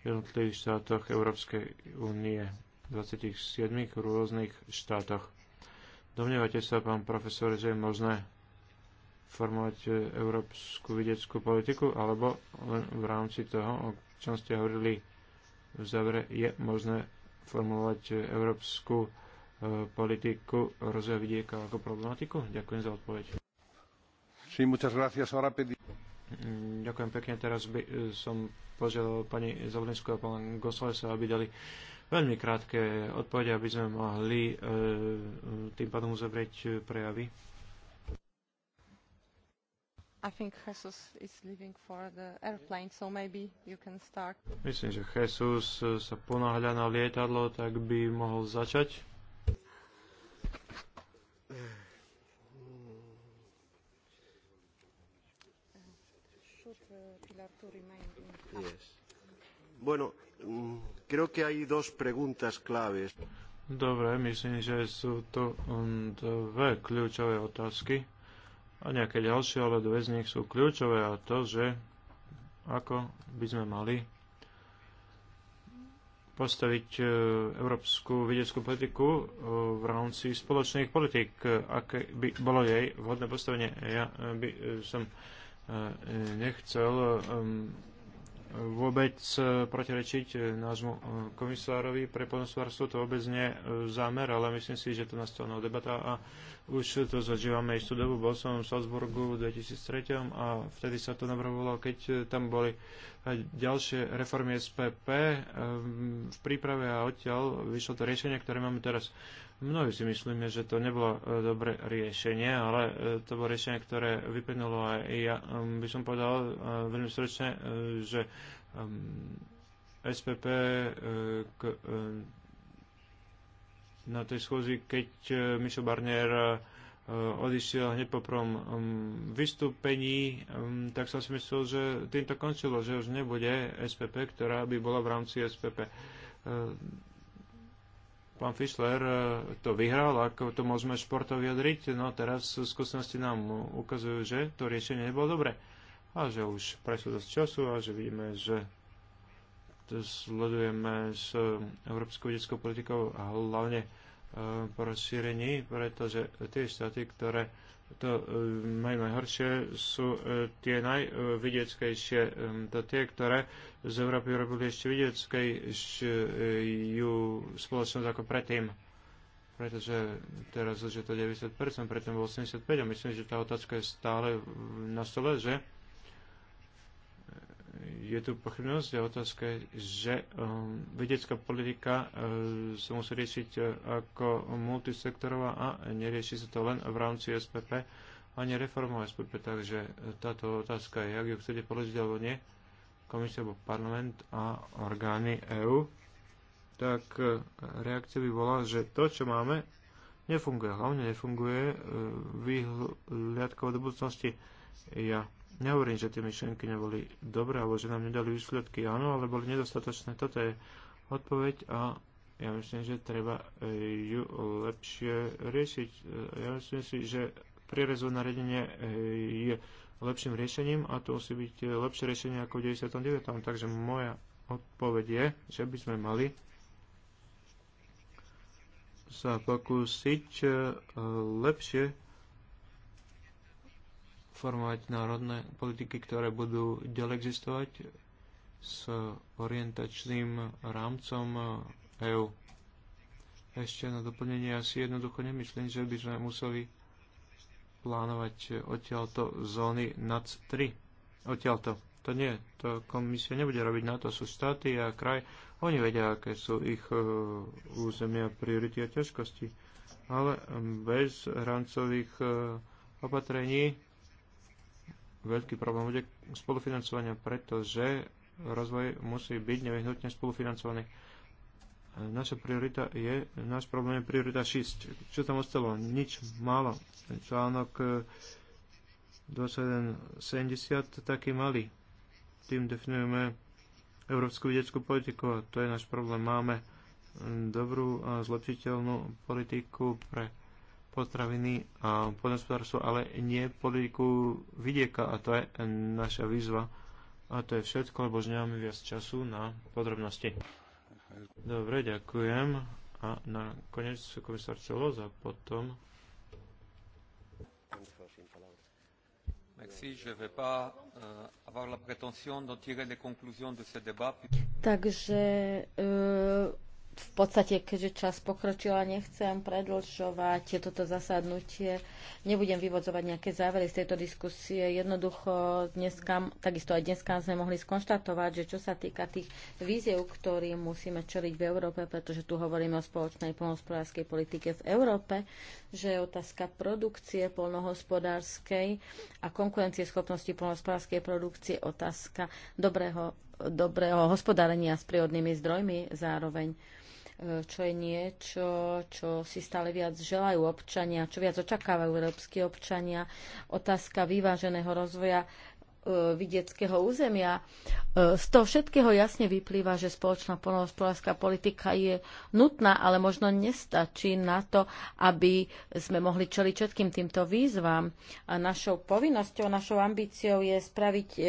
V jednotlivých štátoch Európskej únie, 27 rôznych štátoch. Domnievate sa, pán profesor, že je možné formovať európsku vedeckú politiku, alebo len v rámci toho, o čom ste hovorili v závere, je možné formulovať európsku e, politiku rozvoja vidieka ako problematiku? Ďakujem za odpoveď. Sí, muchas gracias. Ahora mm, Ďakujem pekne. Teraz by e, som požiadal pani Zavlinskú a pán Goslesa, aby dali veľmi krátke odpovede, aby sme mohli e, e tým pádom uzavrieť prejavy. Myslím, že Jesus e, sa ponáhľa na lietadlo, tak by mohol začať. Bueno, mm, creo que hay dos preguntas claves. Dobre, myslím, že sú to mm, dve kľúčové otázky a nejaké ďalšie, ale dve z nich sú kľúčové a to, že ako by sme mali postaviť e, európsku vedeckú politiku e, v rámci spoločných politik, aké by bolo jej vhodné postavenie. Ja e, by som nechcel vôbec e, protirečiť e, nášmu e, komisárovi pre ponosvárstvo, to vôbec nie zámer, ale myslím si, že to nastala debata a už to zažívame istú dobu. Bol som v Salzburgu v 2003 a vtedy sa to navrhovalo, keď tam boli ďalšie reformy SPP v príprave a odtiaľ vyšlo to riešenie, ktoré máme teraz. Mnohí si myslíme, že to nebolo e, dobré riešenie, ale e, to bolo riešenie, ktoré vyplynulo aj ja by som povedal e, veľmi srdečne, že SPP k, na tej schôzi, keď Mišo Barnier odišiel hneď po prvom vystúpení, tak som si myslel, že týmto končilo, že už nebude SPP, ktorá by bola v rámci SPP pán Fischler e, to vyhral, ako to môžeme športov vyjadriť, no teraz skúsenosti nám ukazujú, že to riešenie nebolo dobre a že už prešlo dosť času a že vidíme, že to sledujeme s európskou detskou politikou a hlavne e, po rozšírení, pretože tie štáty, ktoré to e, majú najhoršie sú e, tie najvidieckejšie, e, to tie, ktoré z Európy robili ešte vidieckejšiu spoločnosť ako predtým. Pretože teraz už je to 90%, predtým bol 85% a myslím, že tá otázka je stále na stole, že je tu pochybnosť a otázka že um, vedecká politika uh, sa musí riešiť uh, ako multisektorová a nerieši sa to len v rámci SPP ani reforma SPP, takže táto otázka je, ak ju chcete položiť alebo nie, komisia alebo parlament a orgány EÚ, tak uh, reakcia by bola, že to, čo máme, nefunguje. Hlavne nefunguje uh, vyhliadkova do budúcnosti. Ja Nehovorím, že tie myšlienky neboli dobré, alebo že nám nedali výsledky. Áno, ale boli nedostatočné. Toto je odpoveď a ja myslím, že treba e, ju lepšie riešiť. E, ja myslím si, že prierezové nariadenie e, je lepším riešením a to musí byť lepšie riešenie ako v 99. Takže moja odpoveď je, že by sme mali sa pokúsiť lepšie formovať národné politiky, ktoré budú ďalej existovať s orientačným rámcom EÚ. Ešte na doplnenie, ja si jednoducho nemyslím, že by sme museli plánovať odtiaľto zóny nad 3. Odtiaľto. To nie, to komisia nebude robiť na to, sú štáty a kraj. Oni vedia, aké sú ich e, územia, priority a ťažkosti. Ale bez rámcových e, opatrení veľký problém bude spolufinancovania, pretože rozvoj musí byť nevyhnutne spolufinancovaný. Naša priorita je, náš problém je priorita 6. Čo tam ostalo? Nič, málo. Článok 2170 e, taký malý. Tým definujeme európsku vedeckú politiku a to je náš problém. Máme dobrú a zlepšiteľnú politiku pre potraviny a podhospodárstvo, ale nie politiku vidieka a to je naša výzva. A to je všetko, lebo už nemáme viac času na podrobnosti. Dobre, ďakujem. A na konec komisár Čolo za potom... Euh, Takže euh, v podstate, keďže čas pokročila, nechcem predlžovať toto zasadnutie. Nebudem vyvodzovať nejaké závery z tejto diskusie. Jednoducho, dneska, takisto aj dneska sme mohli skonštatovať, že čo sa týka tých víziev, ktorým musíme čeliť v Európe, pretože tu hovoríme o spoločnej polnohospodárskej politike v Európe, že je otázka produkcie polnohospodárskej a konkurencie schopnosti polnohospodárskej produkcie otázka dobrého dobrého hospodárenia s prírodnými zdrojmi zároveň E, čo je niečo, čo si stále viac želajú občania, čo viac očakávajú európsky občania. Otázka vyváženého rozvoja E, vidieckého územia. E, z toho všetkého jasne vyplýva, že spoločná polnohospodárska politika je nutná, ale možno nestačí na to, aby sme mohli čeliť všetkým týmto výzvam. A našou povinnosťou, našou ambíciou je spraviť e,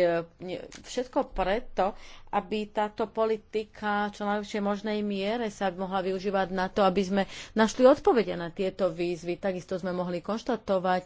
všetko preto, aby táto politika čo najlepšej možnej miere sa mohla využívať na to, aby sme našli odpovede na tieto výzvy. Takisto sme mohli konštatovať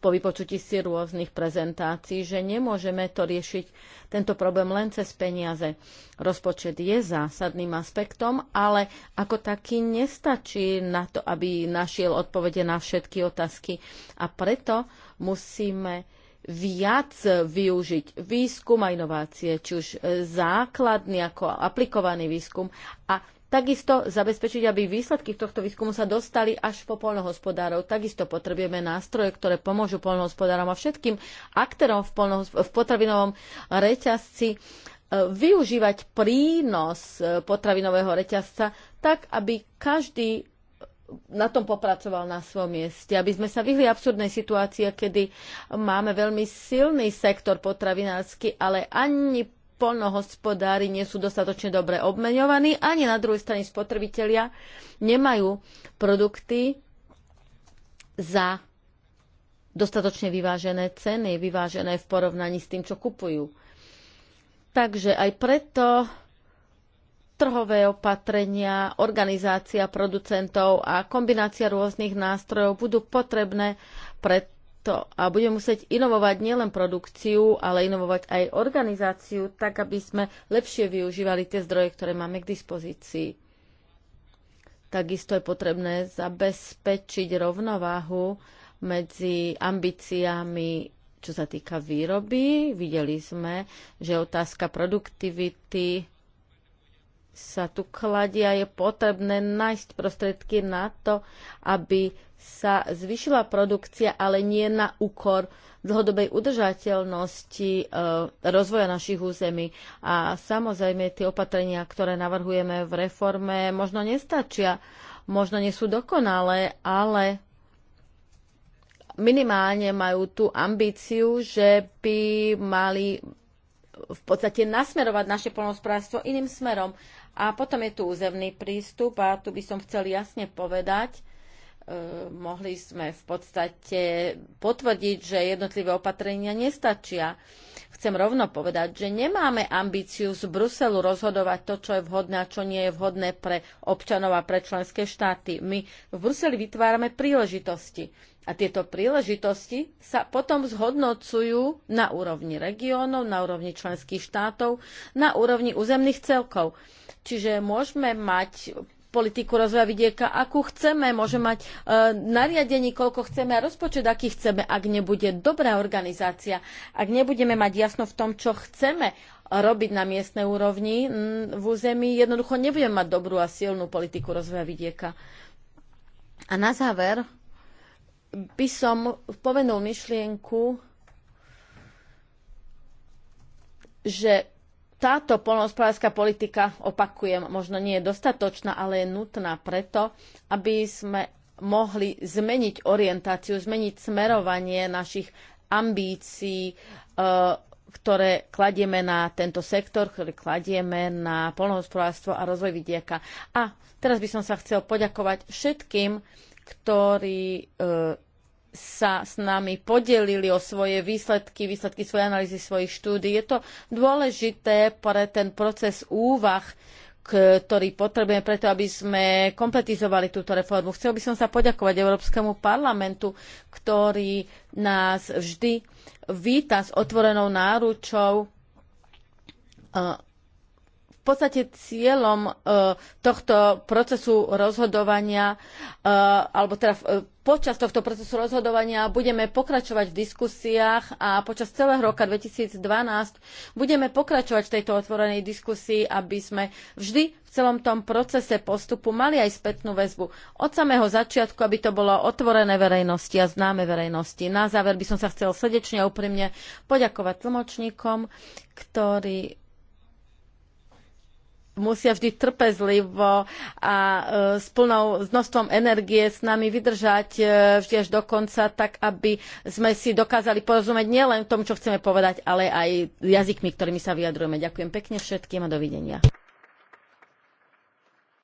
po vypočutí si rôznych prezentácií, že nemôžeme to riešiť, tento problém len cez peniaze. Rozpočet je zásadným aspektom, ale ako taký nestačí na to, aby našiel odpovede na všetky otázky. A preto musíme viac využiť výskum a inovácie, či už základný ako aplikovaný výskum a Takisto zabezpečiť, aby výsledky tohto výskumu sa dostali až po polnohospodárov. Takisto potrebujeme nástroje, ktoré pomôžu polnohospodárom a všetkým aktérom v, v potravinovom reťazci e, využívať prínos e, potravinového reťazca tak, aby každý na tom popracoval na svojom mieste, aby sme sa vyhli absurdnej situácie, kedy máme veľmi silný sektor potravinársky, ale ani polnohospodári nie sú dostatočne dobre obmeňovaní, ani na druhej strane spotrebitelia nemajú produkty za dostatočne vyvážené ceny, vyvážené v porovnaní s tým, čo kupujú. Takže aj preto trhové opatrenia, organizácia producentov a kombinácia rôznych nástrojov budú potrebné pre to a budeme musieť inovovať nielen produkciu, ale inovovať aj organizáciu, tak aby sme lepšie využívali tie zdroje, ktoré máme k dispozícii. Takisto je potrebné zabezpečiť rovnováhu medzi ambíciami, čo sa týka výroby. Videli sme, že otázka produktivity sa tu kladia, je potrebné nájsť prostriedky na to, aby sa zvyšila produkcia, ale nie na úkor dlhodobej udržateľnosti e, rozvoja našich území. A samozrejme tie opatrenia, ktoré navrhujeme v reforme, možno nestačia, možno nie sú dokonalé, ale minimálne majú tú ambíciu, že by mali v podstate nasmerovať naše polnohospodárstvo iným smerom a potom je tu územný prístup a tu by som chcel jasne povedať, e, mohli sme v podstate potvrdiť, že jednotlivé opatrenia nestačia. Chcem rovno povedať, že nemáme ambíciu z Bruselu rozhodovať to, čo je vhodné a čo nie je vhodné pre občanov a pre členské štáty. My v Bruseli vytvárame príležitosti. A tieto príležitosti sa potom zhodnocujú na úrovni regiónov, na úrovni členských štátov, na úrovni územných celkov. Čiže môžeme mať politiku rozvoja vidieka, akú chceme, môže mať e, nariadení, koľko chceme a rozpočet, aký chceme, ak nebude dobrá organizácia, ak nebudeme mať jasno v tom, čo chceme robiť na miestnej úrovni v území, jednoducho nebudeme mať dobrú a silnú politiku rozvoja vidieka. A na záver by som spomenul myšlienku, že táto polnohospodárska politika, opakujem, možno nie je dostatočná, ale je nutná preto, aby sme mohli zmeniť orientáciu, zmeniť smerovanie našich ambícií, e, ktoré kladieme na tento sektor, ktoré kladieme na polnohospodárstvo a rozvoj vidieka. A teraz by som sa chcel poďakovať všetkým, ktorí e, sa s nami podelili o svoje výsledky, výsledky svojej analýzy svojich štúdí. Je to dôležité pre ten proces úvah, ktorý potrebujeme preto, aby sme kompletizovali túto reformu. Chcel by som sa poďakovať Európskemu parlamentu, ktorý nás vždy víta s otvorenou náručou e, v podstate cieľom e, tohto procesu rozhodovania, e, alebo teda e, počas tohto procesu rozhodovania budeme pokračovať v diskusiách a počas celého roka 2012 budeme pokračovať v tejto otvorenej diskusii, aby sme vždy v celom tom procese postupu mali aj spätnú väzbu. Od samého začiatku, aby to bolo otvorené verejnosti a známe verejnosti. Na záver by som sa chcel srdečne a úprimne poďakovať tlmočníkom, ktorí musia vždy trpezlivo a e, s, plnou, množstvom energie s nami vydržať e, vždy až do konca, tak aby sme si dokázali porozumieť nielen tomu, čo chceme povedať, ale aj jazykmi, ktorými sa vyjadrujeme. Ďakujem pekne všetkým a dovidenia.